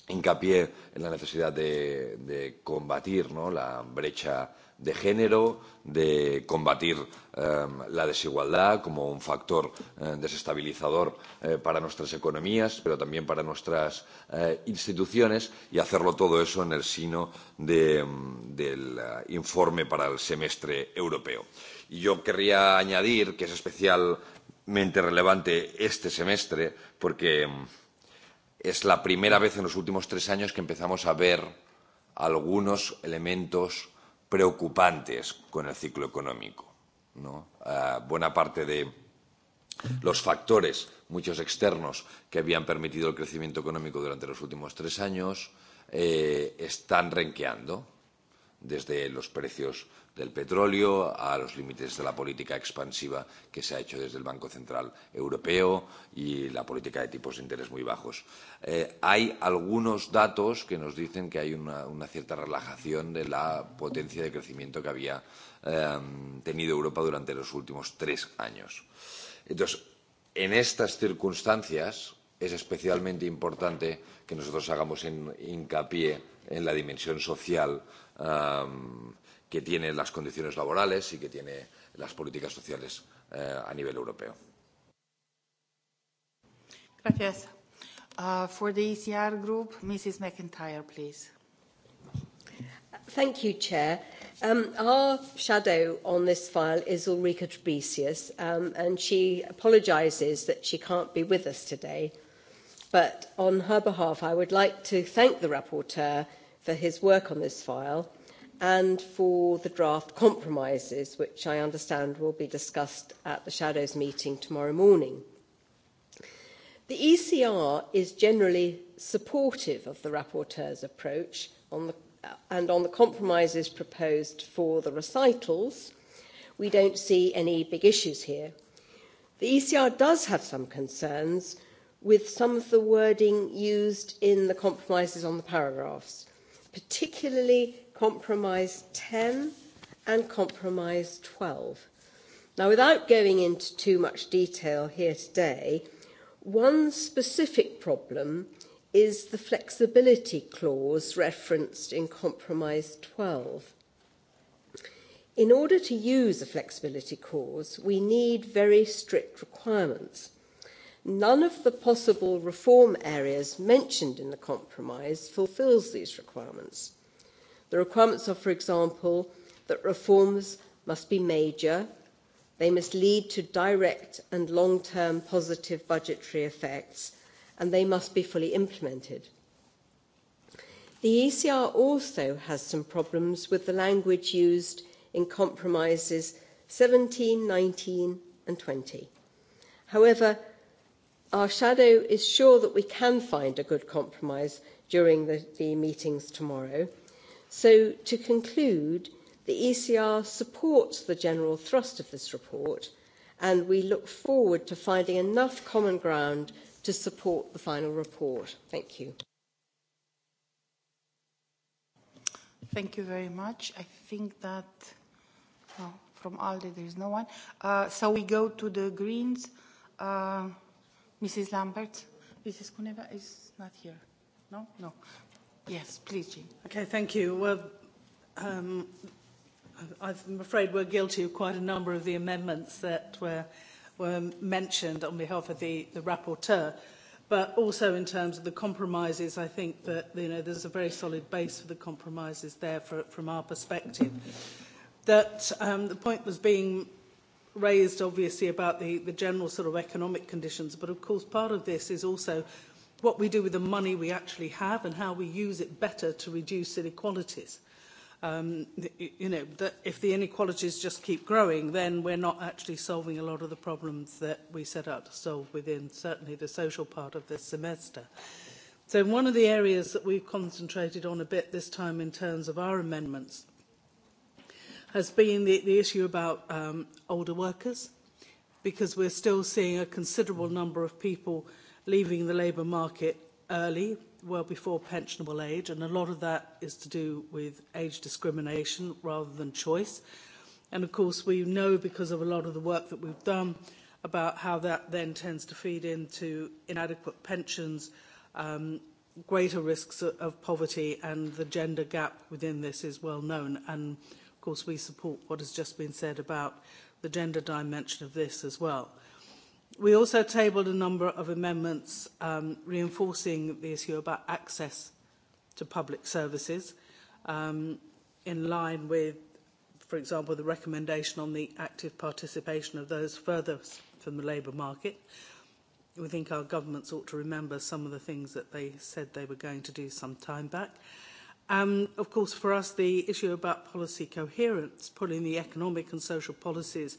hincapié en la necesidad de, de combatir ¿no? la brecha de género, de combatir eh, la desigualdad como un factor eh, desestabilizador eh, para nuestras economías, pero también para nuestras eh, instituciones, y hacerlo todo eso en el sino de, del uh, informe para el semestre europeo. Y yo querría añadir que es especialmente relevante este semestre porque es la primera vez en los últimos tres años que empezamos a ver algunos elementos preocupantes con el ciclo económico. ¿no? Uh, buena parte de los factores, muchos externos, que habían permitido el crecimiento económico durante los últimos tres años, eh, están renqueando desde los precios del petróleo a los límites de la política expansiva que se ha hecho desde el Banco Central Europeo y la política de tipos de interés muy bajos. Eh, hay algunos datos que nos dicen que hay una, una cierta relajación de la potencia de crecimiento que había eh, tenido Europa durante los últimos tres años. Entonces, en estas circunstancias es especialmente importante que nosotros hagamos en, hincapié en la dimensión social um, que tiene las condiciones laborales y que tiene las políticas sociales uh, a nivel europeo. Gracias. Uh, for the ECR group, Mrs. McIntyre, please. Thank you, Chair. Um, our shadow on this file is Ulrika Trebesius, um, and she apologises that she can't be with us today. But on her behalf, I would like to thank the rapporteur for his work on this file and for the draft compromises, which I understand will be discussed at the Shadows meeting tomorrow morning. The ECR is generally supportive of the rapporteur's approach on the, uh, and on the compromises proposed for the recitals. We don't see any big issues here. The ECR does have some concerns with some of the wording used in the compromises on the paragraphs particularly Compromise 10 and Compromise 12. Now, without going into too much detail here today, one specific problem is the flexibility clause referenced in Compromise 12. In order to use a flexibility clause, we need very strict requirements – None of the possible reform areas mentioned in the compromise fulfills these requirements. The requirements are, for example, that reforms must be major, they must lead to direct and long-term positive budgetary effects, and they must be fully implemented. The ECR also has some problems with the language used in compromises 17, 19 and 20. However, Our shadow is sure that we can find a good compromise during the, the meetings tomorrow. So to conclude, the ECR supports the general thrust of this report and we look forward to finding enough common ground to support the final report. Thank you. Thank you very much. I think that well, from ALDE there is no one. Uh, so we go to the Greens. Uh, Mrs. Lambert, Mrs. Kuneva is not here. No? No. Yes, please, Jean. Okay, thank you. Well, um, I'm afraid we're guilty of quite a number of the amendments that were, were mentioned on behalf of the, the rapporteur. But also in terms of the compromises, I think that you know, there's a very solid base for the compromises there for, from our perspective. That um, the point was being raised obviously about the, the general sort of economic conditions, but of course part of this is also what we do with the money we actually have and how we use it better to reduce inequalities. Um, you know, that if the inequalities just keep growing, then we're not actually solving a lot of the problems that we set out to solve within certainly the social part of this semester. So one of the areas that we've concentrated on a bit this time in terms of our amendments has been the, the issue about um, older workers, because we're still seeing a considerable number of people leaving the labour market early, well before pensionable age, and a lot of that is to do with age discrimination rather than choice. And of course, we know because of a lot of the work that we've done about how that then tends to feed into inadequate pensions, um, greater risks of poverty, and the gender gap within this is well known. And course, we support what has just been said about the gender dimension of this as well. We also tabled a number of amendments um, reinforcing the issue about access to public services um, in line with, for example, the recommendation on the active participation of those further from the labour market. We think our governments ought to remember some of the things that they said they were going to do some time back. Um, of course, for us, the issue about policy coherence, pulling the economic and social policies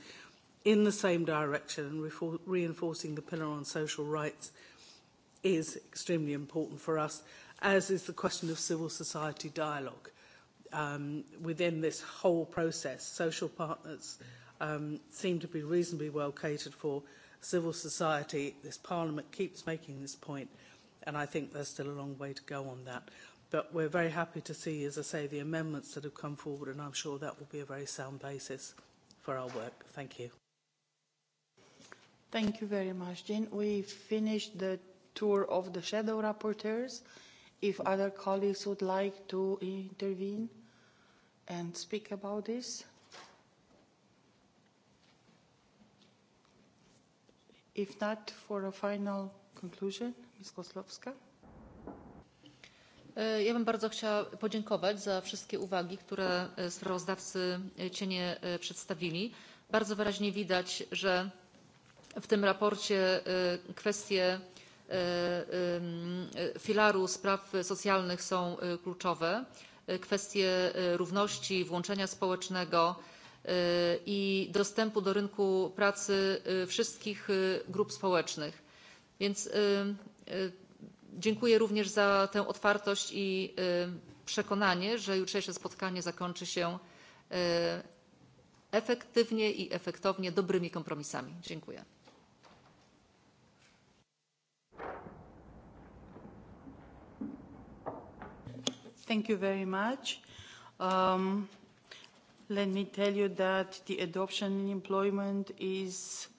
in the same direction and reinforcing the pillar on social rights is extremely important for us, as is the question of civil society dialogue um, within this whole process. Social partners um, seem to be reasonably well catered for. Civil society, this parliament keeps making this point, and I think there's still a long way to go on that. But we're very happy to see, as I say, the amendments that have come forward, and I'm sure that will be a very sound basis for our work. Thank you. Thank you very much, Jean. We finished the tour of the shadow rapporteurs. If other colleagues would like to intervene and speak about this. If not, for a final conclusion, Ms. Koslowska. E, ja bym bardzo chciała podziękować za wszystkie uwagi, które e, sprawozdawcy e, cienie przedstawili. Bardzo wyraźnie widać, że w tym raporcie kwestie filaru spraw socjalnych są kluczowe, kwestie równości, włączenia społecznego i dostępu do rynku pracy wszystkich grup społecznych. Więc Dziękuję również za tę otwartość i przekonanie, że jutrzejsze spotkanie zakończy się efektywnie i efektownie dobrymi kompromisami. Dziękuję. Thank you very much. Um, let me tell you that the adoption in employment is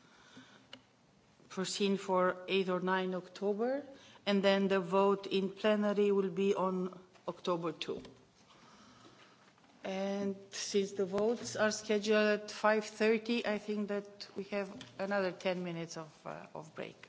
foreseen for 8 or 9 October and then the vote in plenary will be on October 2. And since the votes are scheduled at 5.30, I think that we have another 10 minutes of, uh, of break.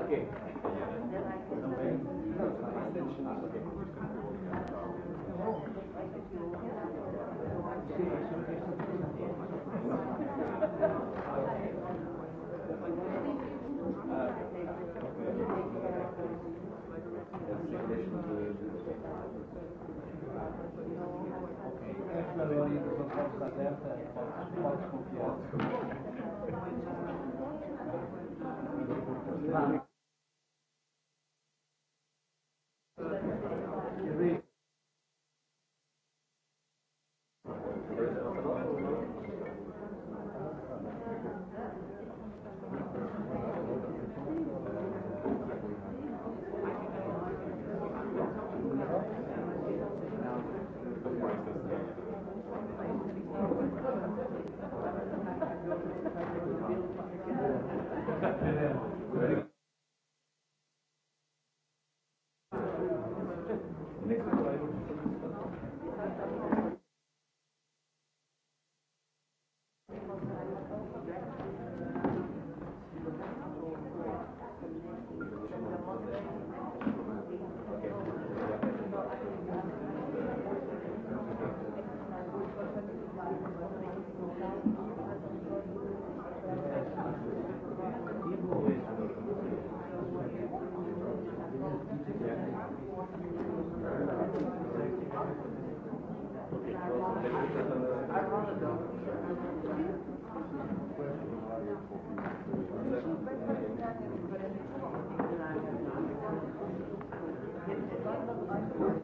Okay. Thank you.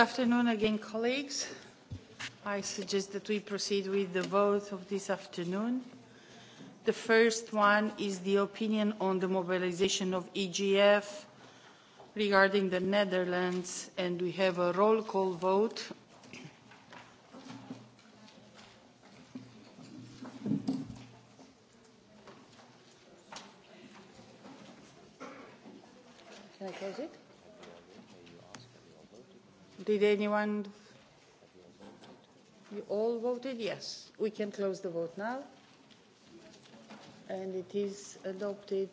afternoon again, colleagues. I suggest that we proceed with the vote of this afternoon. The first one is the opinion on the mobilization of EGF regarding the Netherlands, and we have a roll call vote Did anyone? You all voted? Yes. We can close the vote now. And it is adopted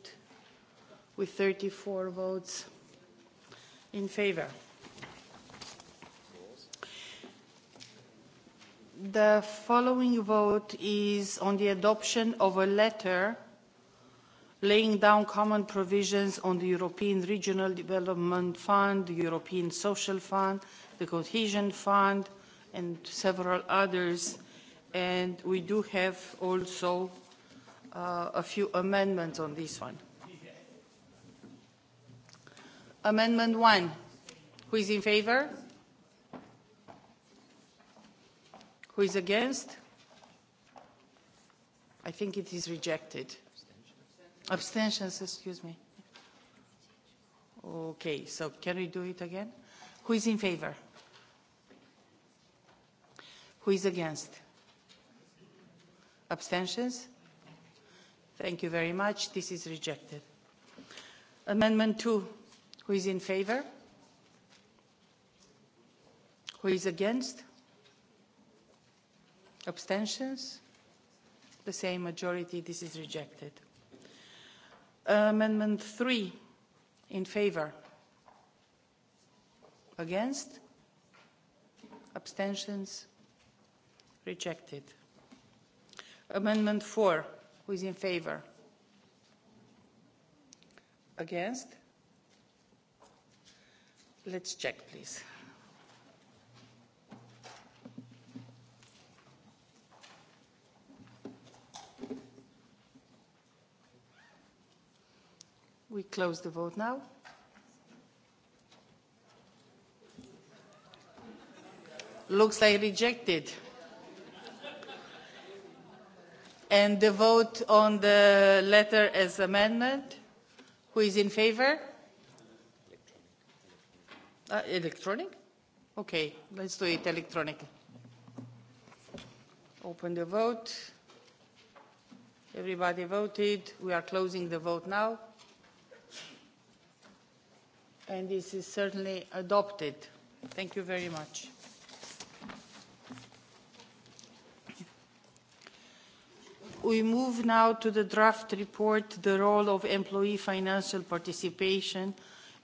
with 34 votes in favor. The following vote is on the adoption of a letter laying down common provisions on the European Regional Development Fund, the European Social Fund, the Cohesion Fund, and several others. And we do have also uh, a few amendments on this one. Amendment one. Who is in favor? Who is against? I think it is rejected. Abstentions, excuse me. Okay, so can we do it again? Who is in favor? Who is against? Abstentions? Thank you very much. This is rejected. Amendment 2. Who is in favor? Who is against? Abstentions? The same majority. This is rejected. Amendment 3. In favor? Against? Abstentions? Rejected. Amendment 4. Who is in favor? Against? Let's check, please. We close the vote now. Looks like rejected and the vote on the letter as amendment. Who is in favor? Uh, electronic? Okay, let's do it electronic. Open the vote. Everybody voted. We are closing the vote now. And this is certainly adopted. Thank you very much. we move now to the draft report, the role of employee financial participation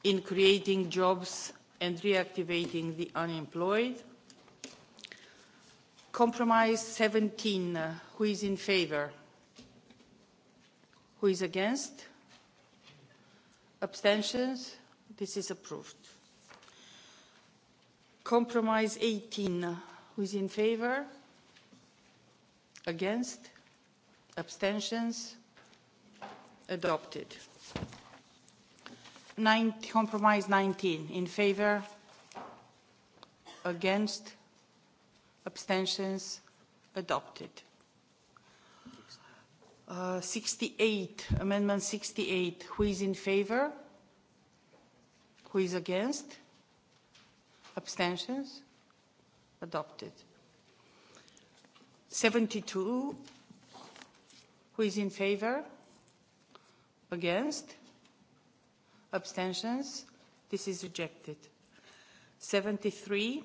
in creating jobs and reactivating the unemployed. Compromise 17, who is in favor? Who is against? Abstentions? This is approved. Compromise 18, who is in favor? Against? abstentions adopted 90, compromise 19 in favor against abstentions adopted uh, 68 amendment 68 who is in favor who is against abstentions adopted 72 Who is in favor? Against? Abstentions? This is rejected. 73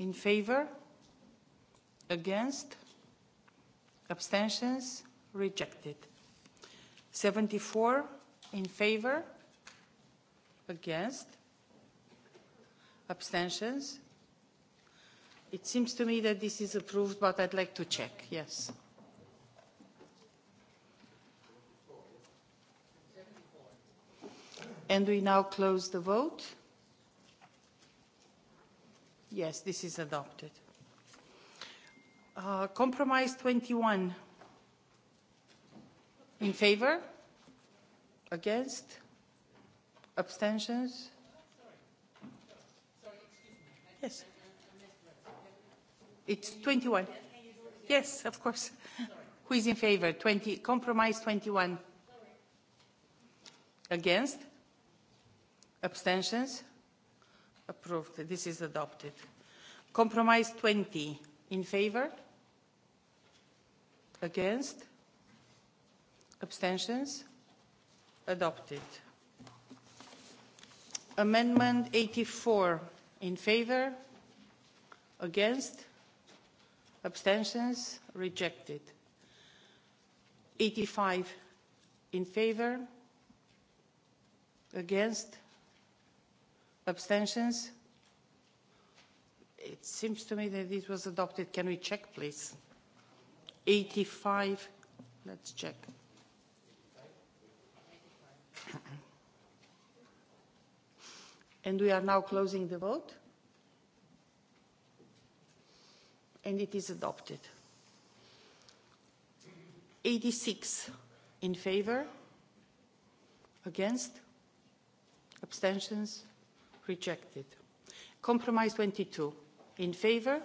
in favor? Against? Abstentions? Rejected. 74 in favor? Against? Abstentions? It seems to me that this is approved, but I'd like to check. Yes. And we now close the vote. Yes, this is adopted. Uh, compromise 21. In favor? Against? Abstentions? Yes. It's 21. Yes, of course. Who is in favor? 20, compromise 21. Against? Abstentions? Approved. This is adopted. Compromise 20. In favor? Against? Abstentions? Adopted. Amendment 84. In favor? Against? Abstentions? Rejected. 85. In favor? Against? Abstentions? It seems to me that it was adopted. Can we check, please? 85. Let's check. and we are now closing the vote. And it is adopted. 86 in favor, against, abstentions, Rejected. Compromise 22. In favor?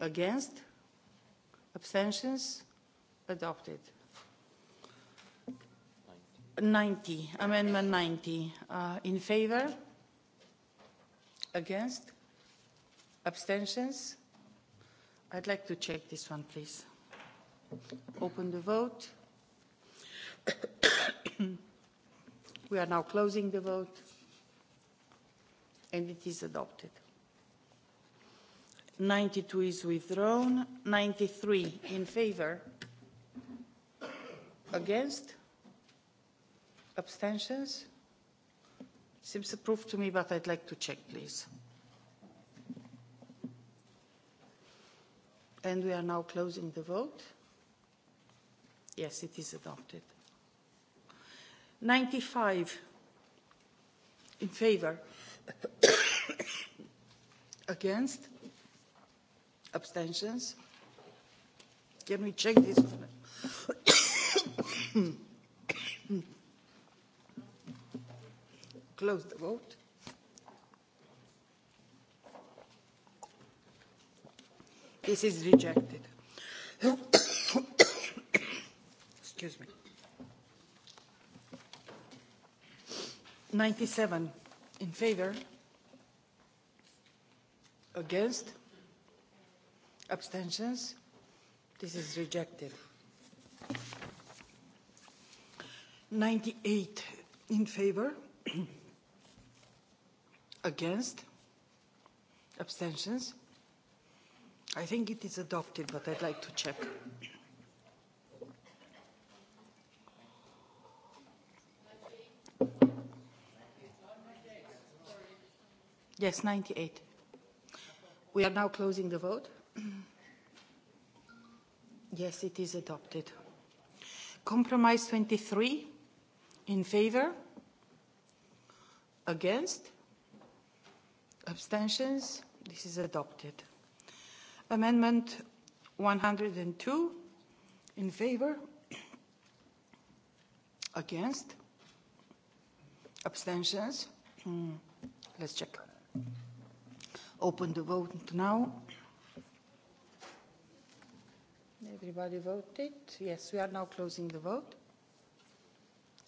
Against? Abstentions? Adopted. 90. Amendment 90. Uh, in favor? Against? Abstentions? I'd like to check this one, please. Open the vote. we are now closing the vote and it is adopted. 92 is withdrawn. 93 in favor. Against? Abstentions? Seems approved to me, but I'd like to check, please. And we are now closing the vote. Yes, it is adopted. 95 in favor. Against? Abstentions? Can we check this? Close the vote. This is rejected. Excuse me. 97 in favor against abstentions this is rejected 98 in favor against abstentions I think it is adopted but I'd like to check Yes, 98. We are now closing the vote. yes, it is adopted. Compromise 23 in favor, against, abstentions, this is adopted. Amendment 102 in favor, against, abstentions, hmm, let's check. Open the vote now. Everybody voted. Yes, we are now closing the vote.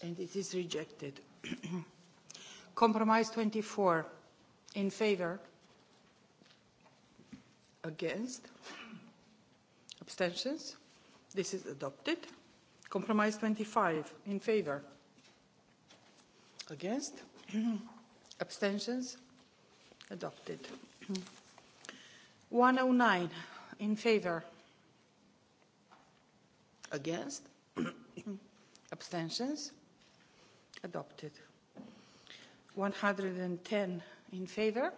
And it is rejected. Compromise 24. In favor? Against? Abstentions? This is adopted. Compromise 25. In favor? Against? Abstentions? adopted. 109 in favor against abstentions adopted 110 in favor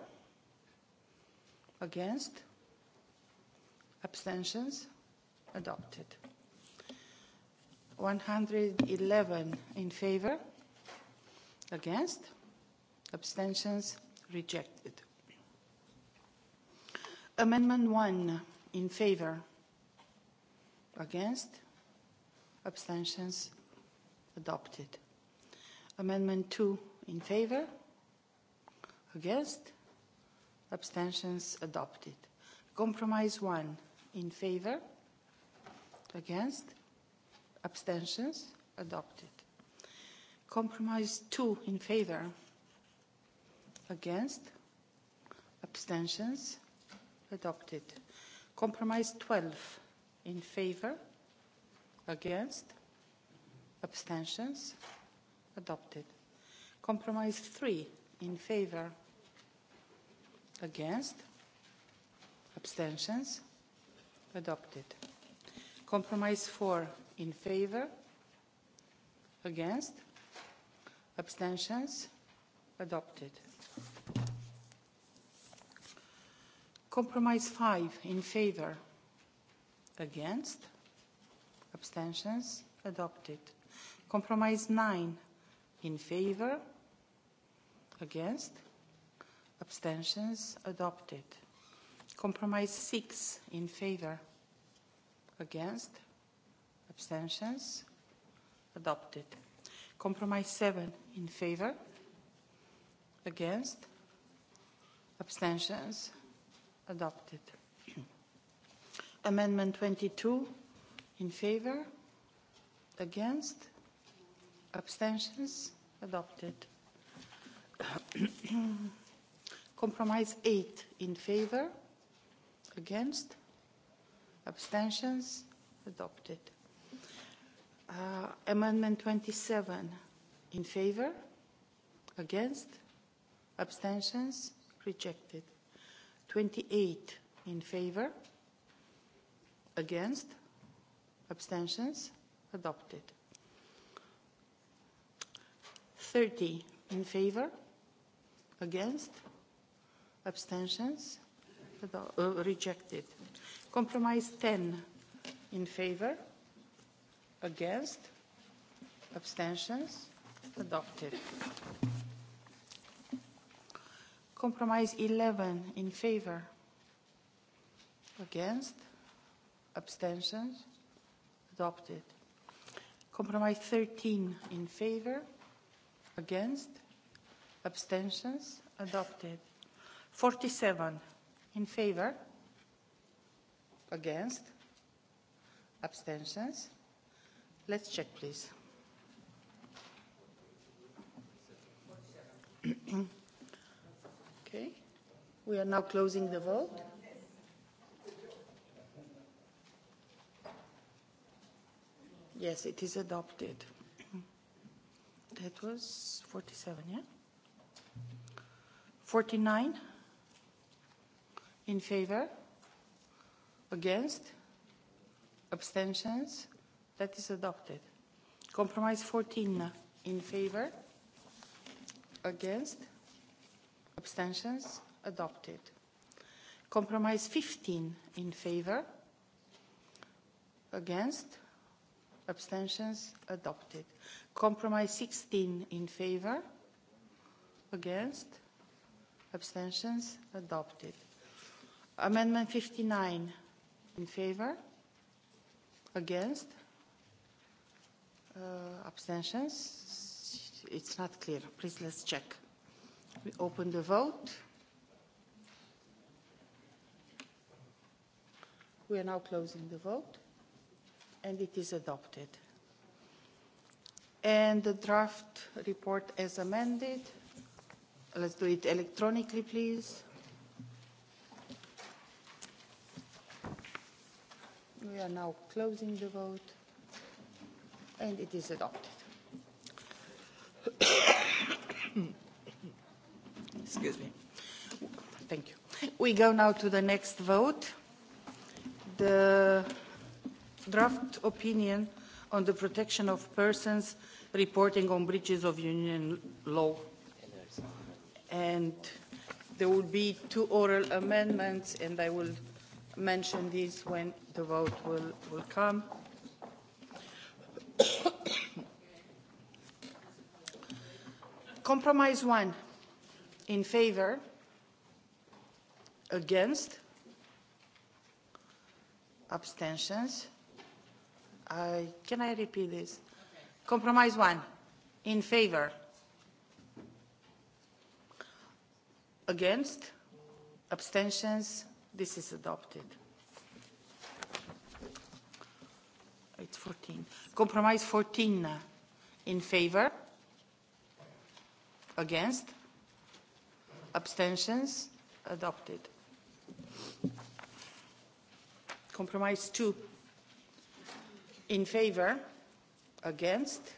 against abstentions adopted 111 in favor against abstentions rejected Amendment 1 in favor. Against? Abstentions? Adopted. Amendment 2 in favor. Against? Abstentions? Adopted. Compromise 1 in favor. Against? Abstentions? Adopted. Compromise 2 in favor. Against? Abstentions? Adopted adopted. Compromise 12 in favor, against, abstentions, adopted. Compromise 3 in favor, against, abstentions, adopted. Compromise 4 in favor, against, abstentions, adopted. Compromise 5 in favor. Against. Abstentions. Adopted. Compromise 9 in favor. Against. Abstentions. Adopted. Compromise 6 in favor. Against. Abstentions. Adopted. Compromise 7 in favor. Against. Abstentions. Adopted adopted. Amendment 22 in favor, against, abstentions, adopted. Compromise 8 in favor, against, abstentions, adopted. Uh, amendment 27 in favor, against, abstentions, rejected. 28 in favor, against, abstentions, adopted. 30 in favor, against, abstentions, uh, rejected. Compromise 10 in favor, against, abstentions, adopted. Compromise 11 in favor. Against. Abstentions. Adopted. Compromise 13 in favor. Against. Abstentions. Adopted. 47 in favor. Against. Abstentions. Let's check, please. We are now closing the vote. Yes, it is adopted. That was 47, yeah? 49 in favor, against, abstentions, that is adopted. Compromise 14 in favor, against, abstentions, adopted. Compromise 15 in favor, against, abstentions adopted. Compromise 16 in favor, against, abstentions adopted. Amendment 59 in favor, against, uh, abstentions. It's not clear. Please let's check. We open the vote. We are now closing the vote, and it is adopted. And the draft report as amended, let's do it electronically, please. We are now closing the vote, and it is adopted. Excuse me. Thank you. We go now to the next vote the draft opinion on the protection of persons reporting on breaches of union law. And there will be two oral amendments, and I will mention these when the vote will, will come. Compromise one, in favor, against, Abstentions? Uh, can I repeat this? Compromise one. In favor? Against? Abstentions? This is adopted. It's 14. Compromise 14. In favor? Against? Abstentions? Adopted. Compromise 2. In favor? Against?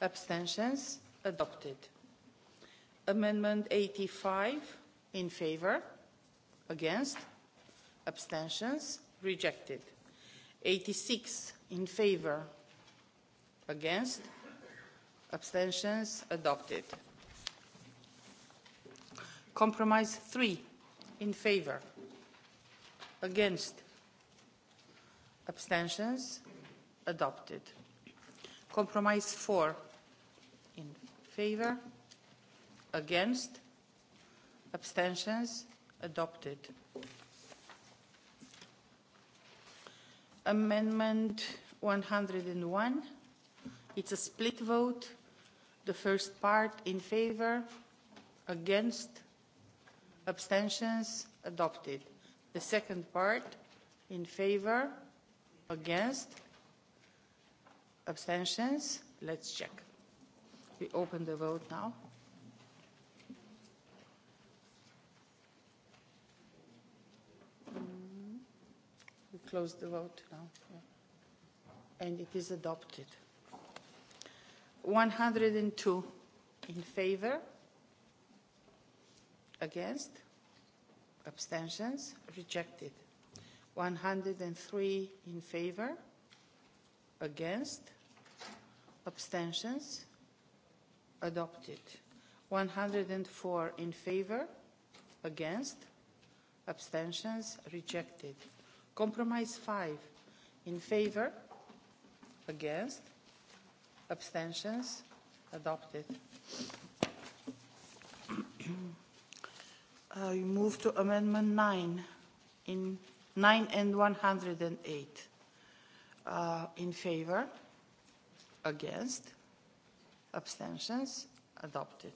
Abstentions? Adopted. Amendment 85. In favor? Against? Abstentions? Rejected. 86. In favor? Against? Abstentions? Adopted. Compromise 3. In favor? Against? abstentions adopted compromise 4 in favor against abstentions adopted amendment 101 it's a split vote the first part in favor against abstentions adopted the second part in favor Against? Abstentions? Let's check. We open the vote now. We close the vote now. Yeah. And it is adopted. 102 in favor, against, abstentions, rejected. 103 in favor, against, abstentions, adopted. 104 in favor, against, abstentions, rejected. Compromise 5 in favor, against, abstentions, adopted. I move to amendment 9 in 9 and 108. Uh, in favor? Against? Abstentions? Adopted.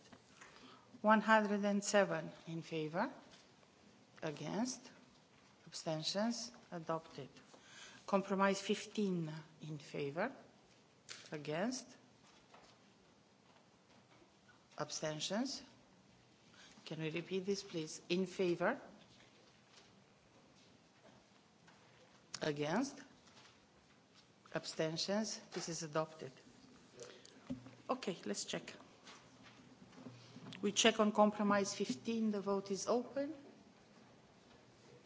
107 in favor? Against? Abstentions? Adopted. Compromise 15 in favor? Against? Abstentions? Can we repeat this, please? In favor? Against? Abstentions? This is adopted. Okay, let's check. We check on compromise 15. The vote is open.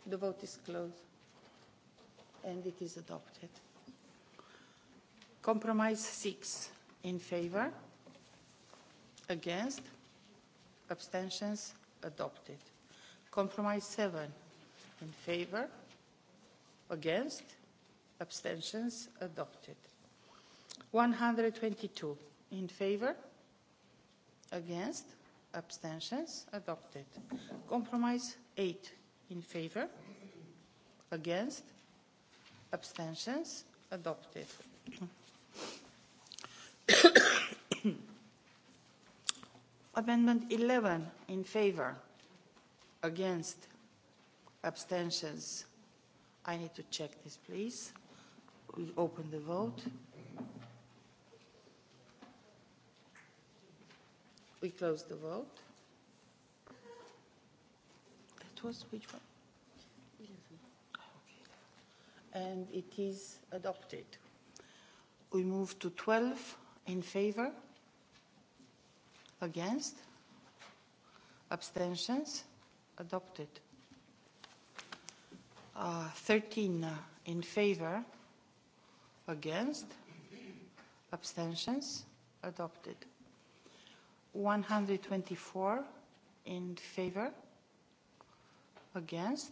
The vote is closed. And it is adopted. Compromise 6 in favor. Against? Abstentions? Adopted. Compromise 7 in favor Against? Abstentions? Adopted. 122 in favor? Against? Abstentions? Adopted. Compromise 8 in favor? Against? Abstentions? Adopted. 11 in favor? Against? Abstentions? I need to check this, please. We open the vote. We close the vote. That was which one? Okay. And it is adopted. We move to 12 in favor, against, abstentions, adopted. Uh, 13 uh, in favor, against, abstentions, adopted. 124 in favor, against,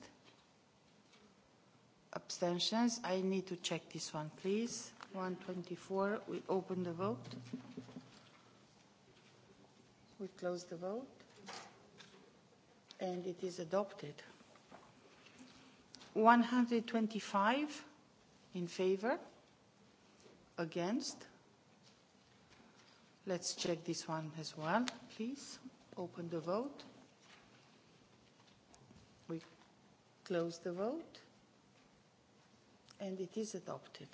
abstentions. I need to check this one, please. 124, we open the vote. We close the vote. And it is adopted. 125 in favor, against. Let's check this one as well, please. Open the vote. We close the vote. And it is adopted.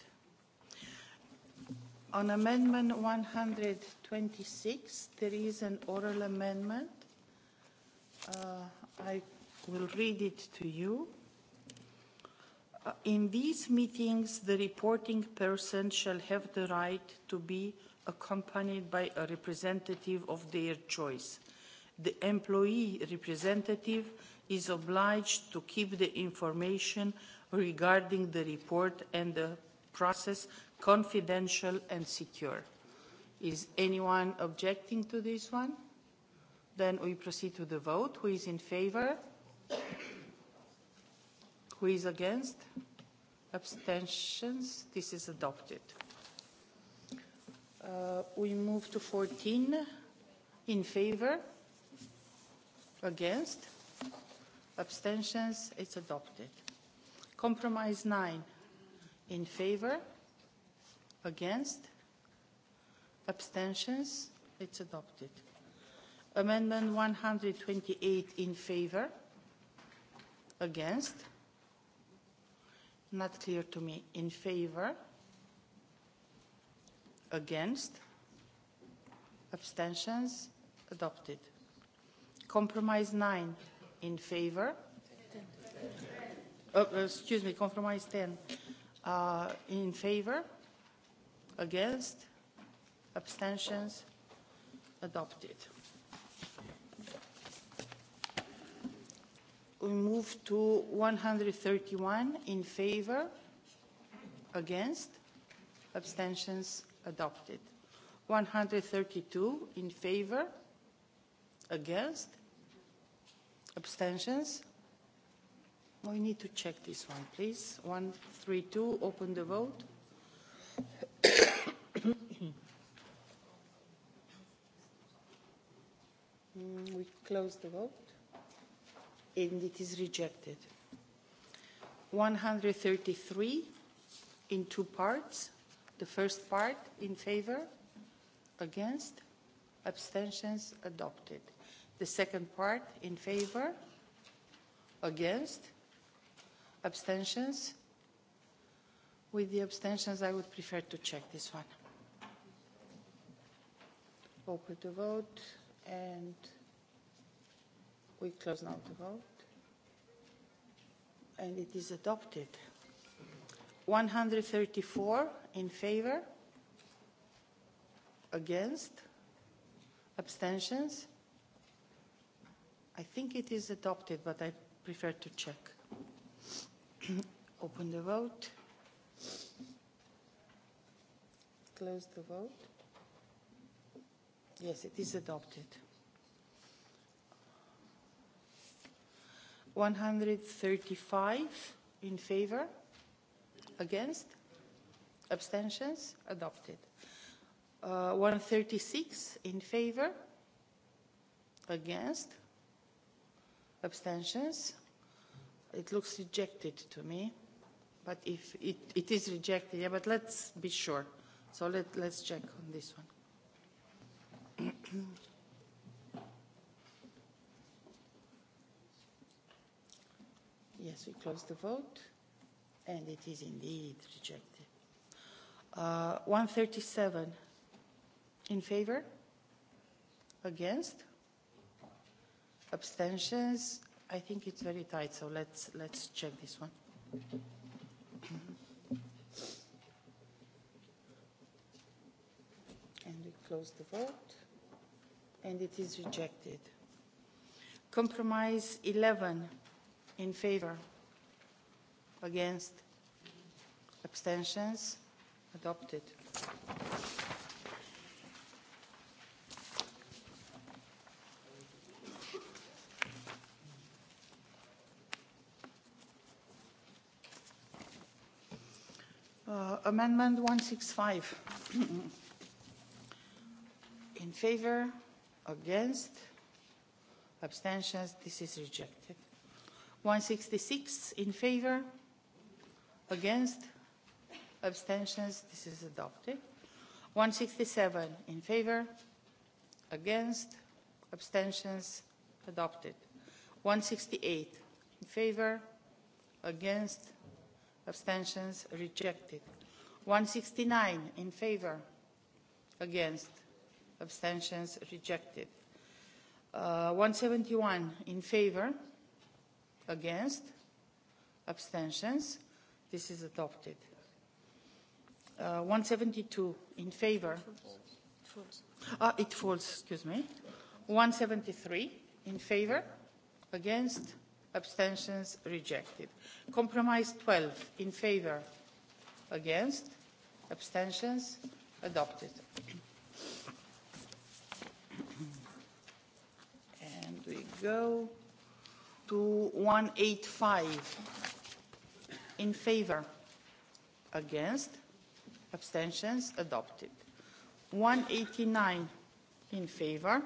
On Amendment 126, there is an oral amendment. Uh, I will read it to you. Uh, in these meetings, the reporting person shall have the right to be accompanied by a representative of their choice. The employee representative is obliged to keep the information regarding the report and the process confidential and secure. Is anyone objecting to this one? Then we proceed to the vote. Who is in favor? Who is against? Abstentions? This is adopted. Uh, we move to 14. In favor? Against? Abstentions? It's adopted. Compromise 9. In favor? Against? Abstentions? It's adopted. Amendment 128 in favor? Against? not clear to me, in favor, against, abstentions, adopted. Compromise 9, in favor, uh, uh, excuse me, compromise 10, uh, in favor, against, abstentions, adopted. We move to 131 in favor, against, abstentions adopted. 132 in favor, against, abstentions. We need to check this one, please. 132, open the vote. Mm, we close the vote and it is rejected. 133 in two parts. The first part in favor, against, abstentions adopted. The second part in favor, against, abstentions. With the abstentions, I would prefer to check this one. Open the vote and we close now the vote and it is adopted. 134 in favor, against, abstentions. I think it is adopted, but I prefer to check. Open the vote. Close the vote. Yes, it is adopted. 135 in favor, against, abstentions, adopted. Uh, 136 in favor, against, abstentions. It looks rejected to me, but if it, it is rejected, yeah, but let's be sure. So let, let's check on this one. Yes, we close the vote, and it is indeed rejected. Uh, 137 in favor, against, abstentions. I think it's very tight, so let's let's check this one. and we close the vote, and it is rejected. Compromise 11 in favor against abstentions adopted uh, amendment 165 in favor against abstentions this is rejected 166 in favor, against, abstentions, this is adopted. 167 in favor, against, abstentions, adopted. 168 in favor, against, abstentions, rejected. 169 in favor, against, abstentions, rejected. Uh, 171 in favor, Against? Abstentions? This is adopted. Uh, 172 in favor? Ah, it falls, excuse me. 173 in favor? Against? Abstentions? Rejected. Compromise 12 in favor? Against? Abstentions? Adopted. and we go to 185 in favor against abstentions adopted 189 in favor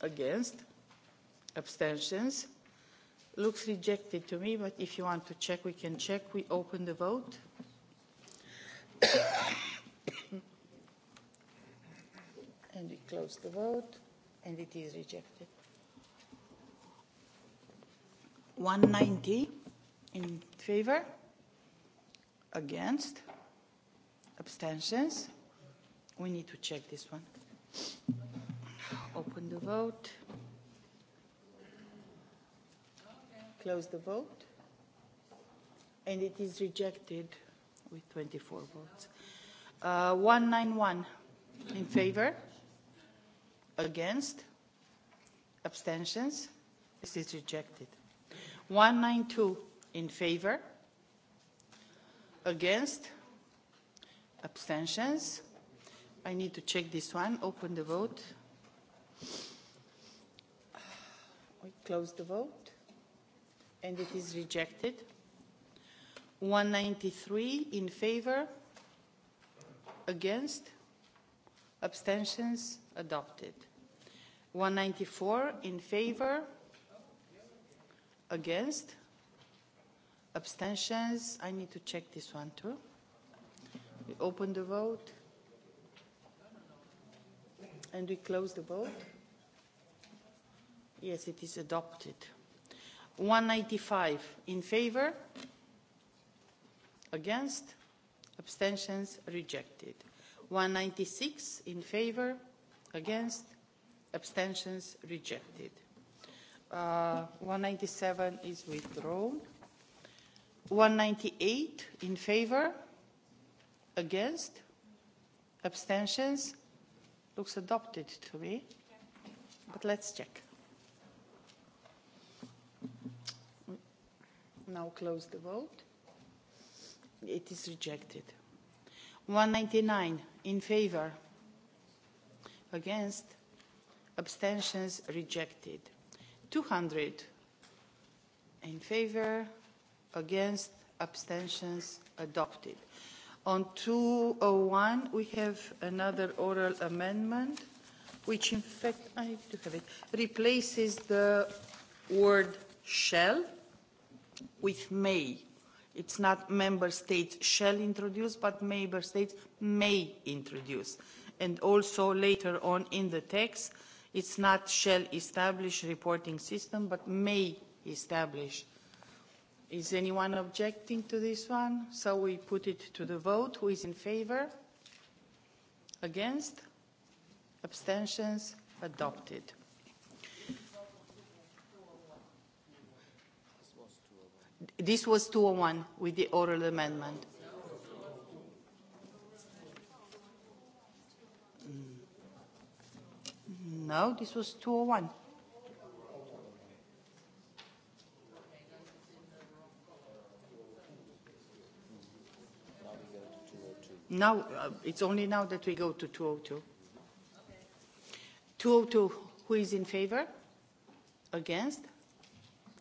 against abstentions looks rejected to me but if you want to check we can check we open the vote and we close the vote and it is rejected 190 in favor, against, abstentions. We need to check this one. Open the vote. Close the vote. And it is rejected with 24 votes. Uh, 191 in favor, against, abstentions. This is rejected. 192 in favor, against, abstentions. I need to check this one. Open the vote. We close the vote. And it is rejected. 193 in favor, against, abstentions adopted. 194 in favor, Against? Abstentions? I need to check this one too. We open the vote. And we close the vote. Yes, it is adopted. 195 in favor? Against? Abstentions? Rejected. 196 in favor? Against? Abstentions? Rejected. Uh, 197 is withdrawn. 198 in favor, against, abstentions. Looks adopted to me, but let's check. Now close the vote. It is rejected. 199 in favor, against, abstentions rejected. 200 in favor, against, abstentions, adopted. On 201, we have another oral amendment, which in fact, I do have it, replaces the word shall with may. It's not member states shall introduce, but member states may introduce. And also later on in the text, It's not shall establish reporting system, but may establish. Is anyone objecting to this one? So we put it to the vote. Who is in favor? Against? Abstentions? Adopted. This was 201 with the oral amendment. No, this was 201. Now, uh, it's only now that we go to 202. Okay. 202, who is in favor? Against?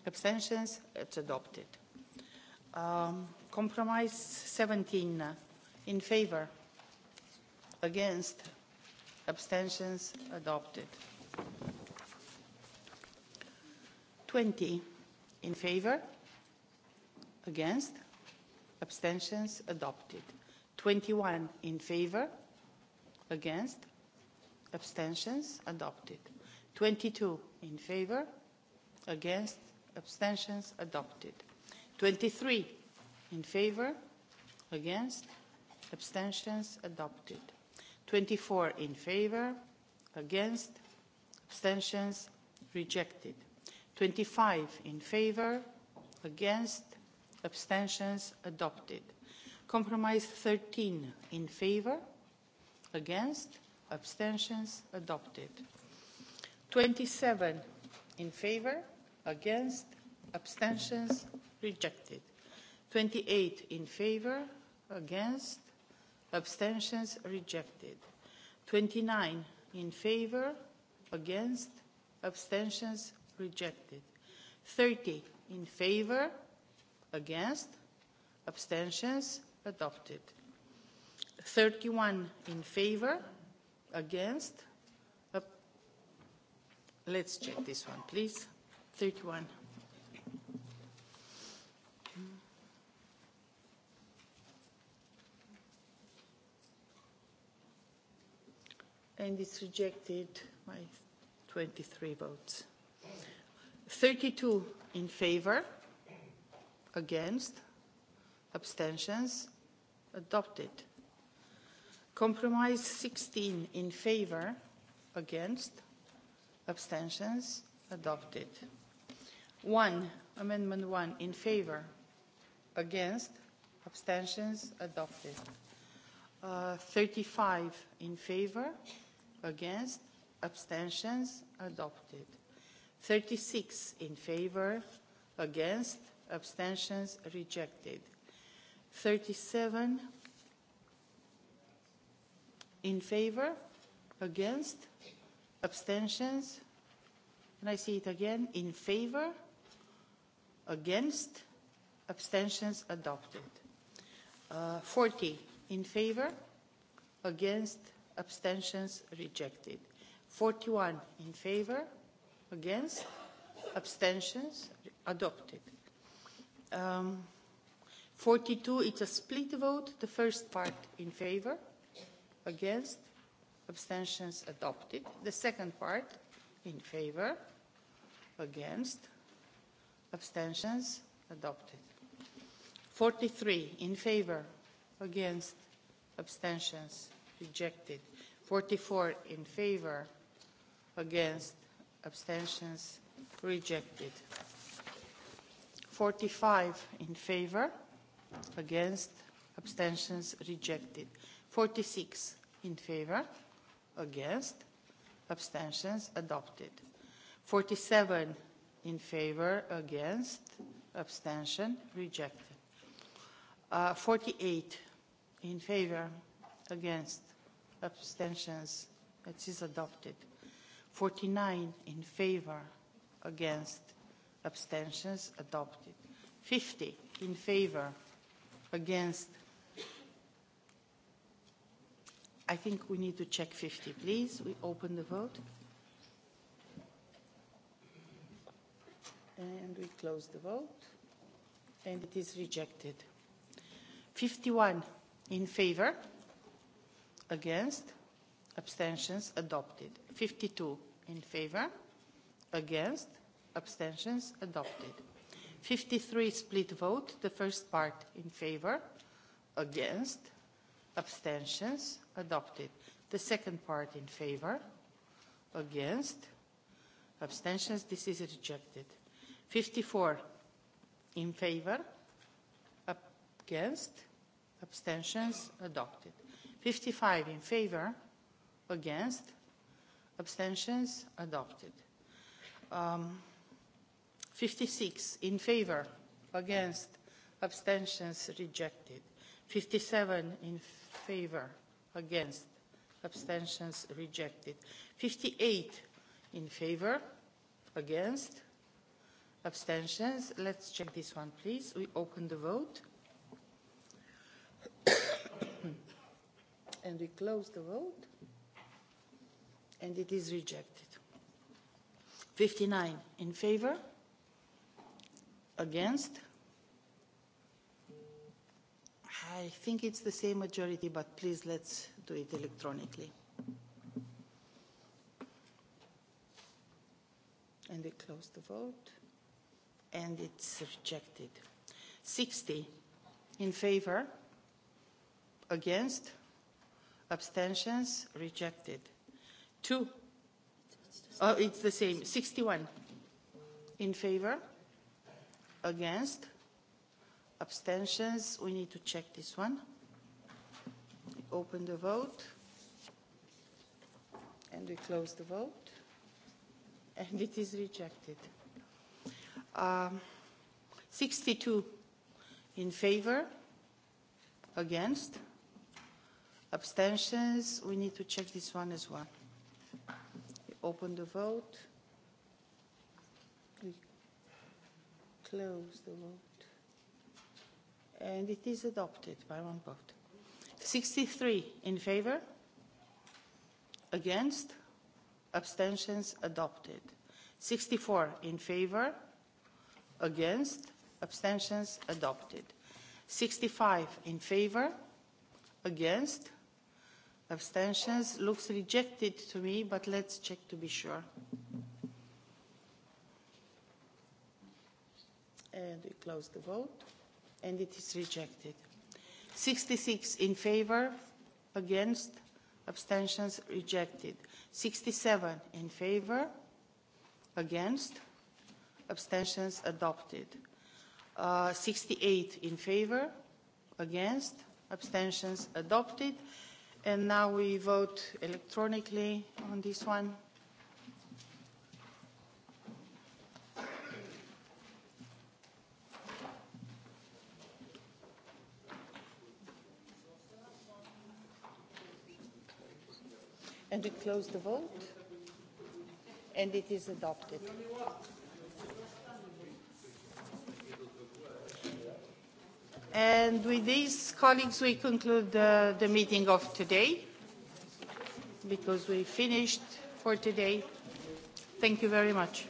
Abstentions? It's adopted. Um, compromise 17, in favor? Against? abstentions adopted. 20 in favor, against, abstentions adopted. 21 in favor, against, abstentions adopted. 22 in favor, against, abstentions adopted. 23 in favor, against, abstentions adopted. 24 in favor, against, abstentions, rejected. 25 in favor, against, abstentions, adopted. Compromise 13 in favor, against, abstentions, adopted. 27 in favor, against, abstentions, rejected. 28 in favor, against, abstentions rejected. 29 in favor, against, abstentions rejected. 30 in favor, against, abstentions adopted. 31 in favor, against, Let's check this one, please. 31. and it's rejected by 23 votes. 32 in favor, against, abstentions, adopted. Compromise 16 in favor, against, abstentions, adopted. 1, amendment 1 in favor, against, abstentions, adopted. Uh, 35 in favor, against, abstentions adopted. 36 in favor, against, abstentions rejected. 37 in favor, against, abstentions, and I see it again, in favor, against, abstentions adopted. Uh, 40 in favor, against, abstentions rejected. 41 in favor, against, abstentions adopted. Um, 42, it's a split vote. The first part in favor, against, abstentions adopted. The second part in favor, against, abstentions adopted. 43 in favor, against, abstentions rejected. 44 in favor, against, abstentions, rejected. 45 in favor, against, abstentions, rejected. 46 in favor, against, abstentions, adopted. 47 in favor, against, abstention, rejected. Uh, 48 in favor, against, abstentions, it is adopted. 49 in favor, against, abstentions, adopted. 50 in favor, against, I think we need to check 50, please. We open the vote. And we close the vote. And it is rejected. 51 in favor, against, abstentions adopted. 52 in favor, against, abstentions adopted. 53 split vote, the first part in favor, against, abstentions adopted. The second part in favor, against, abstentions, this is rejected. 54 in favor, against, abstentions adopted. 55 in favor, against, abstentions, adopted. Um, 56 in favor, against, abstentions, rejected. 57 in favor, against, abstentions, rejected. 58 in favor, against, abstentions. Let's check this one, please. We open the vote. and we close the vote and it is rejected. 59 in favor, against. I think it's the same majority, but please let's do it electronically. And we close the vote and it's rejected. 60 in favor, against abstentions rejected. Two. Oh, it's the same. 61 in favor, against, abstentions. We need to check this one. Open the vote. And we close the vote. And it is rejected. Um, 62 in favor, against, Abstentions, we need to check this one as well. We open the vote. We close the vote. And it is adopted by one vote. 63 in favor, against, abstentions adopted. 64 in favor, against, abstentions adopted. 65 in favor, against, abstentions looks rejected to me but let's check to be sure and we close the vote and it is rejected 66 in favor against abstentions rejected 67 in favor against abstentions adopted uh, 68 in favor against abstentions adopted And now we vote electronically on this one. And we close the vote. And it is adopted. And with these colleagues, we conclude the, the meeting of today because we finished for today. Thank you very much.